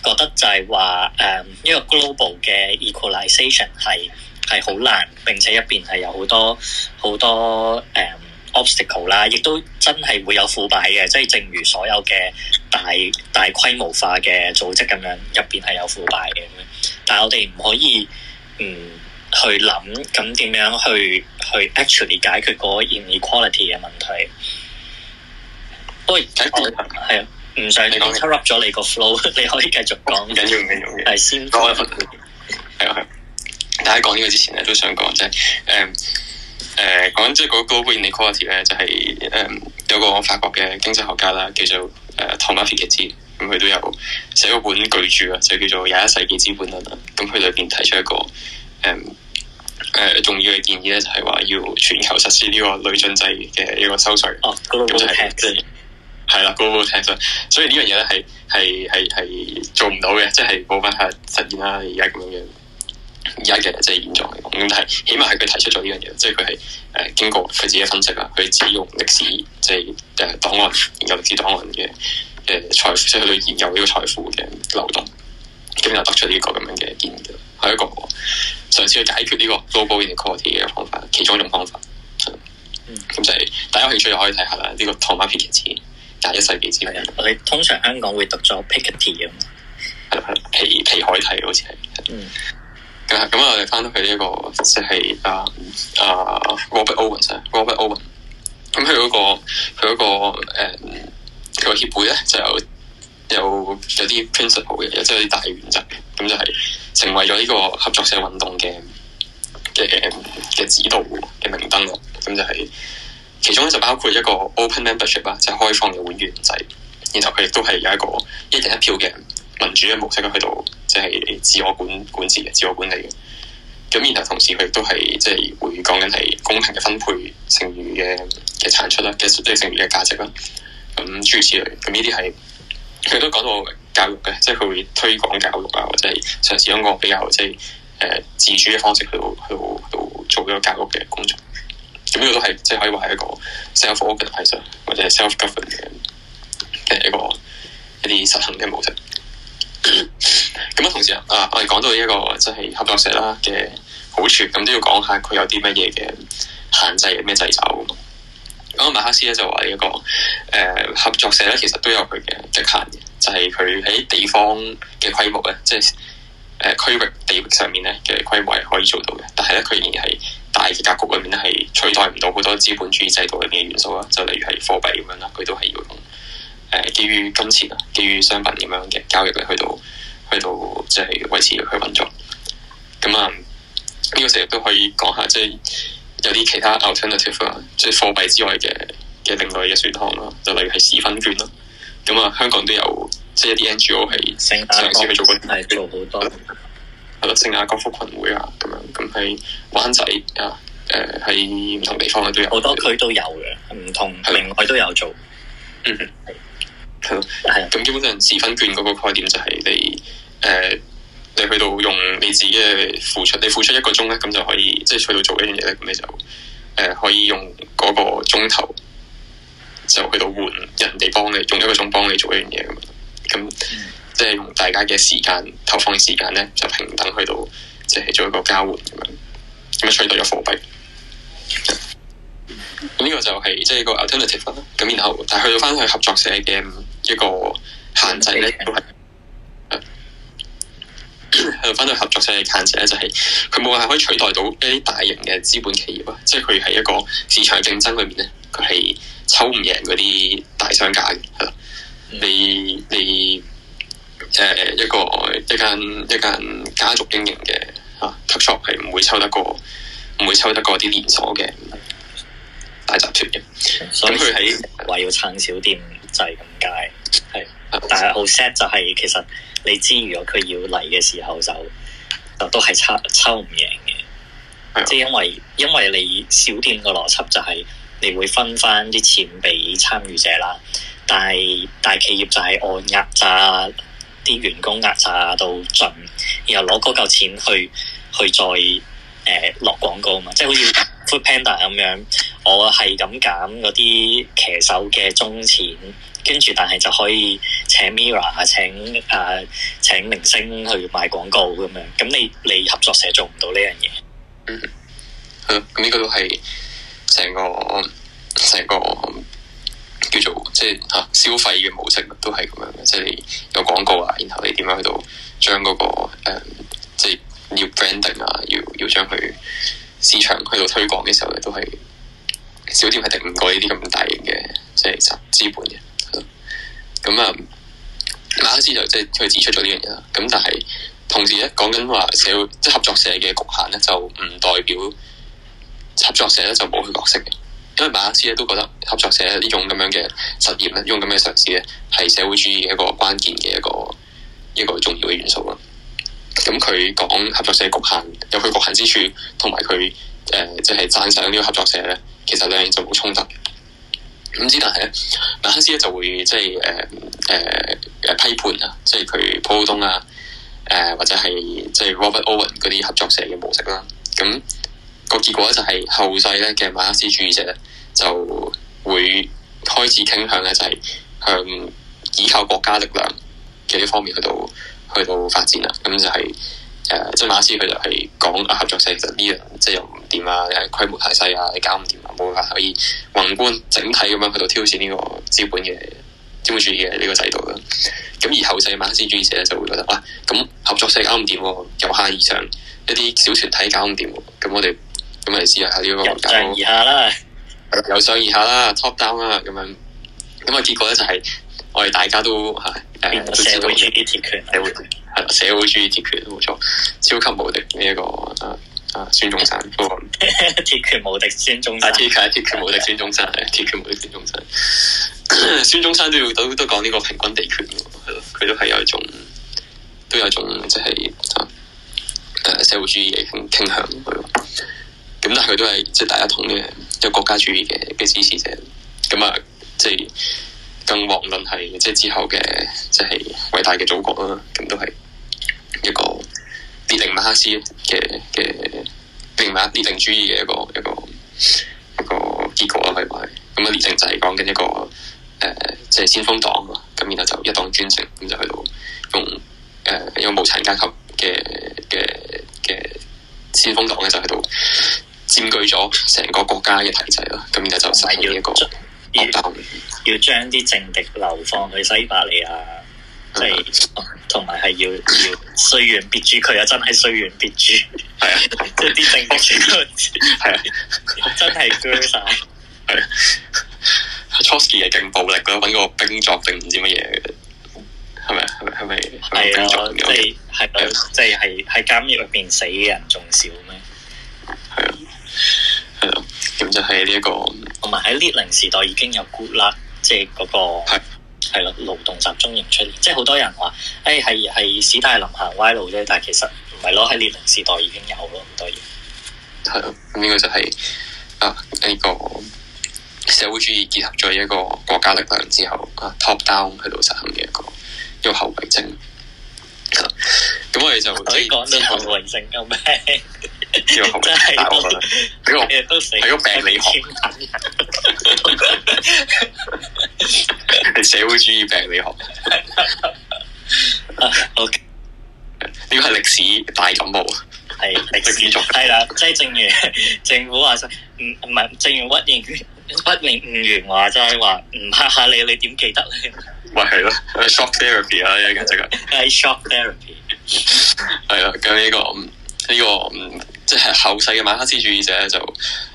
覺得就係話誒呢個 global 嘅 equalization 係係好難，並且入邊係有好多好多誒、um, obstacle 啦。亦都真係會有腐敗嘅，即係正如所有嘅大大規模化嘅組織咁樣，入邊係有腐敗嘅。但係我哋唔可以嗯。去諗咁點樣去去 actually 解決嗰 inequality 嘅問題。哎、 不過而家係唔想 cut up 咗你個 flow， 你，你可以繼續講緊 用緊用嘅。係的先，係啊係。大家講呢個之前咧，都想講即係誒誒講即係嗰嗰 inequality 咧就係、是、誒、嗯、有個法國嘅經濟學家啦叫做誒托馬斯傑斯，咁佢都有寫個本巨著啊，就叫做廿一世紀資本論啦。咁佢裏邊提出一個誒。嗯嗯嗯嗯嗯嗯嗯誒、呃，重要嘅建議咧就係、是、話要全球實施呢個累進制嘅呢個收稅。哦，高帽 tax 係啦，高 tax 所以呢樣嘢咧係係係係做唔到嘅，即係冇辦法實現啦。而家咁樣樣，而家嘅即係現狀嚟講。咁但係起碼係佢提出咗呢樣嘢，即係佢係誒經過佢自己分析啦，佢只用歷史即係誒檔案，就是、研究歷史檔案嘅誒財富、即係、去研究呢個財富嘅流動，咁就得出呢個咁樣嘅建議，係一個。上次去解決呢個 global inequality 嘅方法，其中一種方法，嗯，咁就係大家有興趣又可以睇下啦。呢、這個托馬皮克治廿一世紀治，我哋通常香港會讀咗皮克治啊嘛，係皮皮海蒂好似係，嗯，嗯，咁咁我哋翻到去呢一個即係啊啊沃比奧文啊，沃比奧文，咁佢嗰個佢嗰、那個佢個協會咧就有有有啲 principle 嘅，有即係啲大原則嘅，咁就係、是。成為咗呢個合作社運動嘅嘅指導嘅明燈咯，咁就係、是、其中咧就包括一個 open membership 啦，即係開放嘅會員制、就是，然後佢亦都係有一個一人一票嘅民主嘅模式去到即係、就是、自我管管治嘅、自我管理嘅。咁然後同時佢亦都係即係會講緊係公平嘅分配剩餘嘅嘅產出啦，嘅即係剩餘嘅價值啦。咁諸如此類，咁呢啲係。佢都講到教育嘅，即係佢會推廣教育啊，或者係嘗試咁個比較即係誒自主嘅方式去去去做呢個教育嘅工作。咁呢個都係即係可以話係一個 self organizer 或者係 self govern 嘅、呃、一個一啲實行嘅模式。咁啊，同時啊，我哋講到一、呢個即係、就是、合作社啦嘅好處，咁都要講下佢有啲乜嘢嘅限制，咩掣肘。咁啊，馬克思咧就話呢一個誒、呃、合作社咧，其實都有佢嘅局限，嘅，就係佢喺地方嘅規模咧，即係誒區域地域上面咧嘅規模係可以做到嘅，但係咧佢仍然係大嘅格局裏面咧係取代唔到好多資本主義制度裏邊嘅元素啦，就例如係貨幣咁樣啦，佢都係要用、呃、基於金錢啊，基於商品咁樣嘅交易嚟去到去到即係維持佢運作。咁啊，呢、這個成日都可以講下即係。就是有啲其他 alternative 啊，即係貨幣之外嘅嘅另類嘅選項咯，就例如係時分券咯。咁啊，香港都有，即係啲 n g o 係，係曾經做過，係個做好多，係咯、嗯，盛亞閣福群會啊，咁樣咁喺灣仔啊，誒喺唔同地方都有好多區都有嘅，唔同名外對都有做，的嗯係係咯係。咁基本上時分券嗰個概念就係你誒。呃你去到用你自己嘅付出，你付出一個鐘咧，咁就可以即係、就是、去到做一樣嘢咧，咁你就誒、呃、可以用嗰個鐘頭就去到換人哋幫你用一個鐘幫你做一樣嘢咁，咁即係用大家嘅時間投放嘅時間咧，就平等去到即係、就是、做一個交換咁樣，咁樣取代咗貨幣。咁呢個就係即係個 alternative 啦。咁然後，但係去到翻去合作社嘅一個限制咧， 都係。翻 到合作社嘅限制咧，就係佢冇係可以取代到一啲大型嘅資本企業啊！即係佢係一個市場競爭裏面咧，佢係抽唔贏嗰啲大商家嘅。係啦、嗯，你你誒、呃、一個一間一間家，家族經營嘅嚇 shop 係唔會抽得過，唔會抽得過啲連鎖嘅大集團嘅。咁佢喺話要撐小店制咁解，係、就是。但係好 sad 就係、是、其實你知，如果佢要嚟嘅時候就就都係抽抽唔贏嘅，即係的因為因為你小店嘅邏輯就係、是、你會分翻啲錢俾參與者啦，但係大企業就係按壓榨啲員工壓榨到盡，然後攞嗰嚿錢去去再誒落廣告嘛，即係好似 Foodpanda 咁樣，我係咁減嗰啲騎手嘅中錢。跟住，但係就可以請 Mirror 啊，請、呃、誒請明星去賣廣告咁樣。咁你你合作社做唔到呢樣嘢？嗯，咁、這、呢個都係成個成個叫做即係嚇、啊、消費嘅模式，都係咁樣嘅。即係你有廣告啊，然後你點樣去到將嗰個即係、嗯就是、要 branding 啊，要要將佢市場去到推廣嘅時候咧，你都係小店係頂唔過呢啲咁大型嘅，即係集資本嘅。咁啊，馬克思就即係佢指出咗呢樣嘢啦。咁但係同時咧，講緊話社會即係、就是、合作社嘅局限咧，就唔代表合作社咧就冇佢角色嘅。因為馬克思咧都覺得合作社呢種咁樣嘅實驗咧，呢種咁嘅嘗試咧，係社會主義嘅一個關鍵嘅一個一個重要嘅元素啦。咁佢講合作社局限有佢局限之處，同埋佢誒即係讚賞呢個合作社咧，其實兩樣就冇衝突。咁之但係咧，馬克思咧就會即係誒誒誒批判啊，即係佢普通啊，誒或者係即係 Robert Owen 嗰啲合作社嘅模式啦。咁個結果咧就係後世咧嘅馬克思主義者咧就會開始傾向咧就係向依靠國家力量嘅呢方面去到去到發展啦。咁就係。誒，即馬斯佢就係講合作社，呢個，其實呢樣即又唔掂啊，你係規模太細啊，你搞唔掂啊，冇辦法可以宏觀整體咁樣去到挑戰呢個資本嘅資本主義嘅呢個制度咯。咁而後世馬克思主義者咧就會覺得，哇、啊，咁、啊、合作社搞唔掂喎，由下而上一啲小團體搞唔掂喎，咁我哋咁嚟試下呢個由上而下啦，由上而下啦，top down 啦，咁樣，咁啊結果咧就係我哋大家都係。啊啊、社會主義鐵拳，係社會主義鐵拳，冇錯錯，超級無敵呢一個啊啊，孫 中山，鐵拳 無敵孫中山，鐵拳鐵拳無敵孫中山，鐵拳無敵孫中山，孫中山都要都都講呢個平均地權喎，係佢都係有一種，都有一種即係誒，社會主義嘅傾向，咁但係佢都係即係大家同呢個、即係、國家主義嘅嘅支持者，咁啊，即係、即係。更遑論係即係之後嘅即係偉大嘅祖國啦，咁都係一個列寧馬克思嘅嘅列寧啊列寧主義嘅一個一個一個結果啦，可以話係咁啊列寧就係講緊一個誒即係先鋒黨啊，咁然後就一黨專政，咁就去到用誒、呃、用無產階級嘅嘅嘅先鋒黨嘅就喺度佔據咗成個國家嘅體制啦，咁然後就實現一個。要要將啲政敵流放去西伯利亞，係同埋係要要雖遠必誅，佢又真係雖遠必誅。係啊，即係啲政敵，係啊，真係鋸晒，係啊 Trotsky 係勁暴力，佢搵個冰鑿定唔知乜嘢，係咪係咪係啊，即係係啊，即係係喺監獄入邊死嘅人仲少咩？咁就係呢一個，同埋喺列寧時代已經有 gulag 啦，那個，即係嗰個係係咯，勞動集中營出現，即係好多人話，誒係係史大林行歪路啫，但係其實唔係咯，喺列寧時代已經有咯咁多嘢。係咯，咁呢個就係、是、啊呢、這個社會主義結合咗一個國家力量之後啊 top down 去到實行嘅一個一個後遺症。咁 我哋就可以講到後遺症咁咩？後 呢個好複雜，呢個係個病理學，係 社會主義病理學。好，呢個係歷史大感冒，係歷史中係啦。即係正如政府話齋，唔唔係正如屈榮屈榮吳員話齋係話唔吓下你，你點記得咧？咪係咯、 啊、，Shock Therapy 啊，就是、therapy. 啊一個就係 Shock Therapy。係啦，咁呢個。呢、這個即係後世嘅馬克思主義者就誒、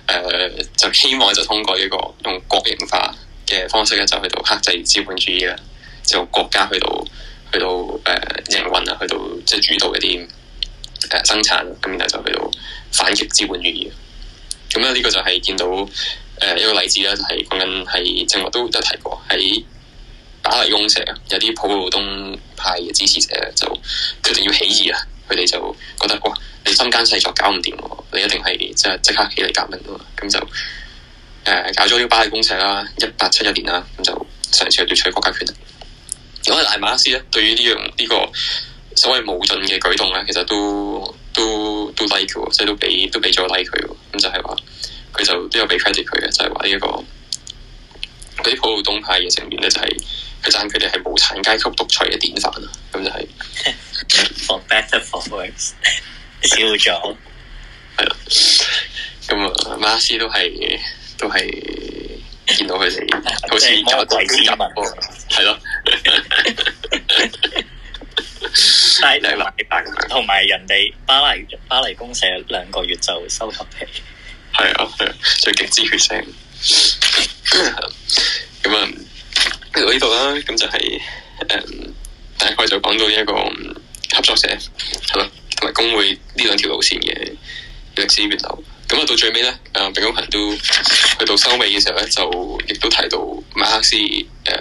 呃、就希望就通過呢、這個用國營化嘅方式咧，就去到克制資本主義啦，就國家去到去到誒營運啊，去到、呃、去到即係主導一啲誒、呃、生產，咁然後就去到反擊資本主義。咁咧呢個就係見到誒、呃、一個例子啦，就係講緊係正話都有提過喺打黎公社有啲普魯東派嘅支持者就決定要起義啊！佢哋就覺得哇，你心奸細作搞唔掂喎，你一定係即係即刻起嚟革命啊嘛！咁就誒搞咗呢個巴黎公社啦，一八七一年啦，咁就嘗試去奪取國家權力。咁阿列馬克思咧，對於呢樣呢個所謂無盡嘅舉動咧，其實都都都 like 喎，即係都俾都俾咗 like 佢喎。咁就係話佢就都有俾 credit 佢嘅，就係話呢一個嗰啲普魯東派嘅成員咧，就係佢讚佢哋係無產階級獨裁嘅典範啊！咁就係。For better, for worse，少咗，係啦，咁啊，馬斯都係，都係見到佢哋，好似就一次入波，係咯，犀利啦，同埋人哋巴黎巴黎公社兩個月就收合皮，係啊，係最極之血腥，咁啊，嚟到呢度啦，咁就係誒，大概就講到一個。合作社，係咯，同埋工會呢兩條路線嘅歷史源流。咁啊，到最尾咧，阿、呃、辯公群都去到收尾嘅時候咧，就亦都提到馬克思誒、呃，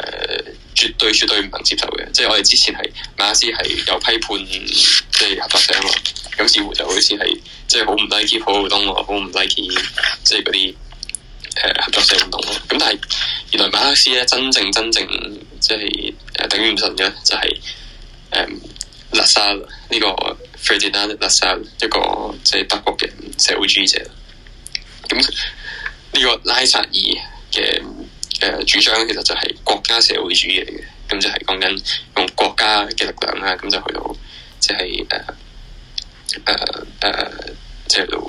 絕對絕對唔能接受嘅。即、就、係、是、我哋之前係馬克思係有批判即係、就是、合作社啊嘛，咁似乎就好似係即係好唔 like 普勞東喎，好唔 like 即係嗰啲誒合作社運動咯。咁但係原來馬克思咧真正真正即係誒頂唔順嘅就係、是、誒。嗯拉薩呢個 Ferdinand 拉薩一個即係德國嘅社會主義者，咁呢個拉薩爾嘅誒主張，其實就係國家社會主義嚟嘅，咁就係講緊用國家嘅力量啦，咁就去到即係誒誒誒，即、呃、係、呃呃就是、去到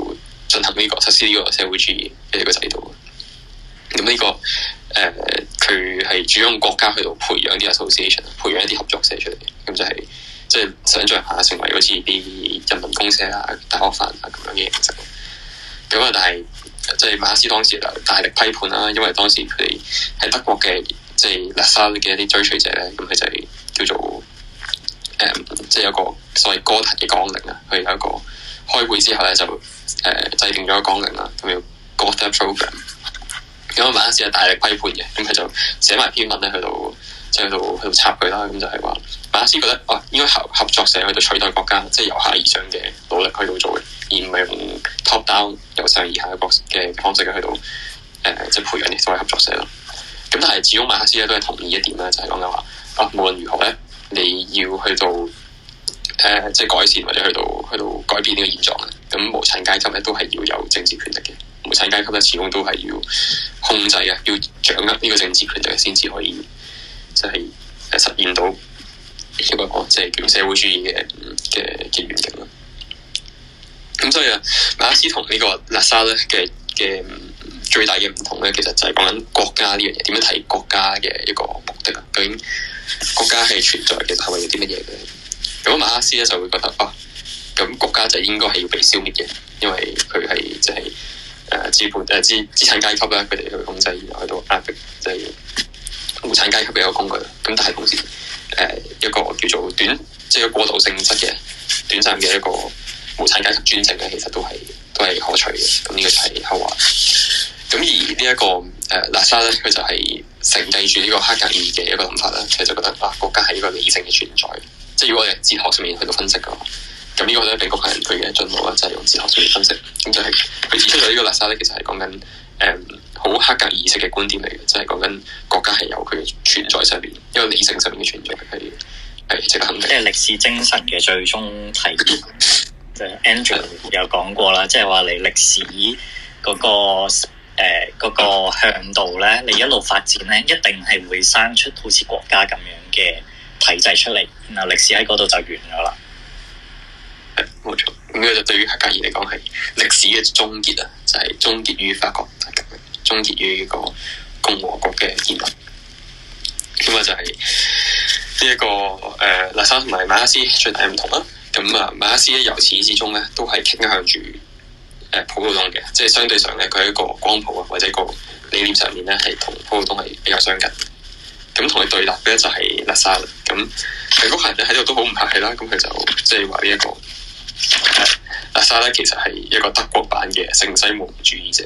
進行呢、這個實施呢個社會主義嘅一個制度。咁呢、這個誒佢係主要用國家去到培養啲 association，培養一啲合作社出嚟，咁就係、是。即係想像下，成為好似啲人民公社啊、大鍋飯啊咁樣嘅形式。咁啊但係即係馬克思當時就大力批判啦，因為當時佢哋係德國嘅即係拉薩爾嘅一啲追隨者咧，咁佢就係叫做誒即係有個所謂戈騰嘅綱領啊，佢有一個開會之後咧就誒、呃、制定咗個綱領啦，咁叫戈騰 program。咁啊馬克思係大力批判嘅，咁佢就寫埋篇文咧去到。喺度喺度插佢啦，咁就係話馬克思覺得哦，應該合合作社去到取代國家，即係由下而上嘅努力去到做嘅，而唔係用 top down 由上而下嘅方嘅方式去到誒，即係培養啲所謂合作社咯。咁但係始終馬克思咧都係同意一點咧，就係講緊話啊，無論如何咧，你要去到誒即係改善或者去到去到改變呢個現狀，咁無產階級咧都係要有政治權力嘅，無產階級咧始終都係要控制啊，要掌握呢個政治權力先至可以。就係誒實現到一個即係叫社會主義嘅嘅嘅原型啦。咁所以啊，馬克思同呢個納沙咧嘅嘅最大嘅唔同咧，其實就係講緊國家呢樣嘢。點樣睇國家嘅一個目的啊？究竟國家係存在嘅係為咗啲乜嘢嘅？咁馬克思咧就會覺得啊，咁、哦、國家就應該係要被消滅嘅，因為佢係就係誒資本誒、啊、資資產階級咧，佢哋去控制，然後去到壓迫，即、就、係、是，無產階級嘅一個工具，咁但係同時，誒、呃、一個叫做短，即係一個過渡性質嘅、短暫嘅一個無產階級專政嘅，其實都係都係可取嘅。咁、嗯、呢、這個就係黑娃。咁、嗯、而、這個呃、呢一個誒拉沙咧，佢就係承繼住呢個黑格爾嘅一個諗法啦。其實就覺得啊，國家係一個理性嘅存在。即係如果我哋哲學上面去到分析嘅話，咁、嗯這個、呢個都係比較人類嘅進步啦，就係用哲學上面分析。咁、嗯、就係、是、佢指出咗呢個拉沙咧，其實係講緊誒。嗯好黑格爾式嘅觀點嚟嘅，即係講緊國家係有佢嘅存在上邊，因為理性上面嘅存在係係值得肯定。即係歷史精神嘅最終體現。就 Andrew 有講過啦，即係話你歷史嗰個誒個向度咧，你一路發展咧，一定係會生出好似國家咁樣嘅體制出嚟，然後歷史喺嗰度就完咗啦。冇錯，咁 佢就對於黑格爾嚟講係歷史嘅終結啊，就係、是、終結於法國。終結於呢個共和國嘅建立，咁啊就係呢一個誒，拉薩同埋馬克思最大唔同啦。咁啊，馬克思咧由始至終咧都係傾向住誒、呃、普魯東嘅，即係相對上咧佢係一個光譜啊，或者一個理念上面咧係同普魯東係比較相近。咁同佢對立咧就係拉薩。咁列夫·哈耶喺度都好唔客氣啦。咁佢就即係話呢一個拉薩，咧，其實係一個德國版嘅聖西門主義者。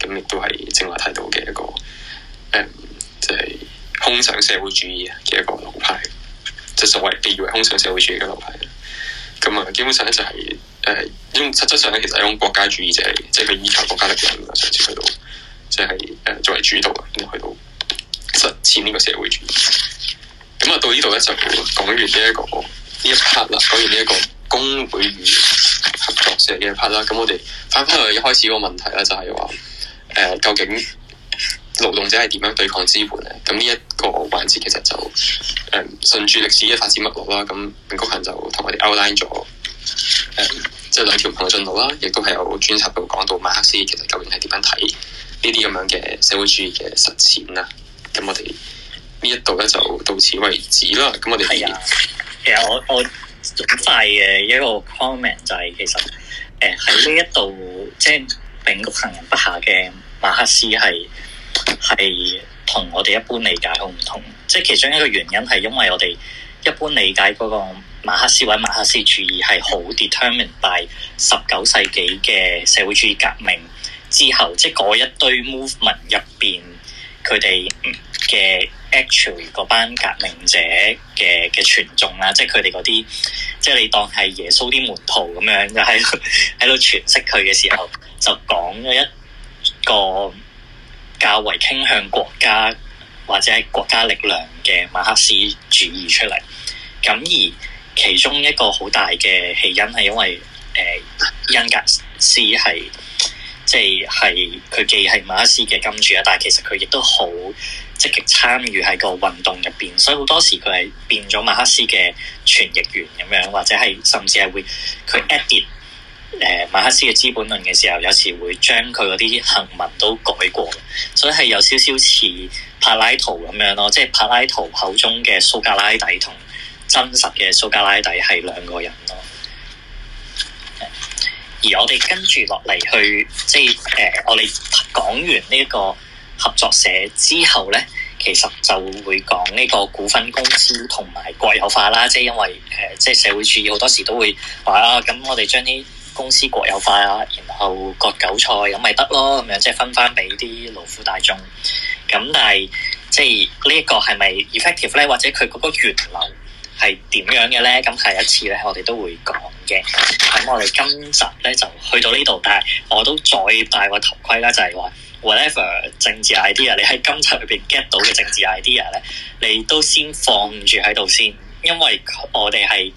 咁亦都係正話提到嘅一個，誒、嗯，即、就、係、是、空想社會主義嘅一個流派，即係所謂被譽為空想社會主義嘅流派。咁、嗯、啊，基本上咧就係、是、誒，因為實質上咧其實係一種國家主義者嚟，即係佢依靠國家力量上次去到即係誒作為主導，咁去到實踐呢個社會主義。咁、嗯、啊，到呢度咧就講完呢、這個、一個呢一 part 啦，講完呢一個工會與合作社嘅 part 啦。咁、嗯、我哋翻返去一開始嗰個問題啦，就係、是、話。誒究竟勞動者係點樣對抗資本咧？咁呢一個環節其實就誒、嗯、順住歷史嘅發展脈絡啦。咁炳谷行就我、嗯就是、同我哋 outline 咗誒即係兩條唔同嘅進路啦。亦都係有專輯度講到馬克思其實究竟係點樣睇呢啲咁樣嘅社會主義嘅實踐啊。咁我哋呢一度咧就到此為止啦。咁我哋係啊，其實我我總快嘅一個 comment 就係、是、其實誒喺呢一度即係炳谷行人筆下嘅。馬克思係係同我哋一般理解好唔同，即係其中一個原因係因為我哋一般理解個馬克思或馬克思主義係好 determined by 十九世紀嘅社會主義革命之後，即係一堆 movement 入邊佢哋嘅 actual 嗰班革命者嘅嘅傳宗啦，即係佢哋啲，即係你當係耶穌啲門徒咁樣就喺喺度詮釋佢嘅時候就講咗一個較為傾向國家或者係國家力量嘅馬克思主義出嚟，咁而其中一個好大嘅起因係因為呃、恩格斯係即係係佢既係馬克思嘅金主，啊，但係其實佢亦都好積極參與喺個運動入邊，所以好多時佢係變咗馬克思嘅傳譯員咁樣，或者係甚至係會佢 edit。誒馬克思嘅《資本論》嘅時候，有時會將佢嗰啲行文都改過，所以係有少少似柏拉圖咁樣咯，即係柏拉圖口中嘅蘇格拉底同真實嘅蘇格拉底係兩個人咯。而我哋跟住落嚟去，即係誒、呃，我哋講完呢個合作社之後咧，其實就會講呢個股份公司同埋國有化啦。即係因為誒、呃，即係社會主義好多時都會話啊，咁我哋將啲公司國有化啊，然後割韭菜咁咪得咯，咁樣即係分翻俾啲勞苦大眾。咁但係即係、這個、呢一個係咪 effective 咧？或者佢嗰個源流係點樣嘅咧？咁下一次咧，我哋都會講嘅。咁我哋今集咧就去到呢度，但係我都再戴個頭盔啦，就係、是、話 whatever 政治 idea，你喺今集裏邊 get 到嘅政治 idea 咧，你都先放住喺度先，因為我哋係。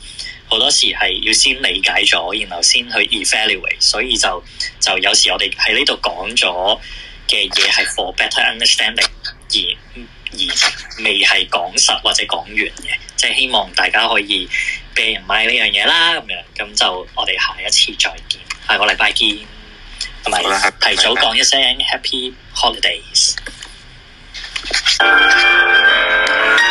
好多時係要先理解咗，然後先去 evaluate，所以就就有時我哋喺呢度講咗嘅嘢係 for better understanding，而而未係講實或者講完嘅，即係希望大家可以俾人買呢樣嘢啦，咁樣咁就我哋下一次再見，下個禮拜見，同埋吧提早講一聲吧 Happy, Happy Holidays。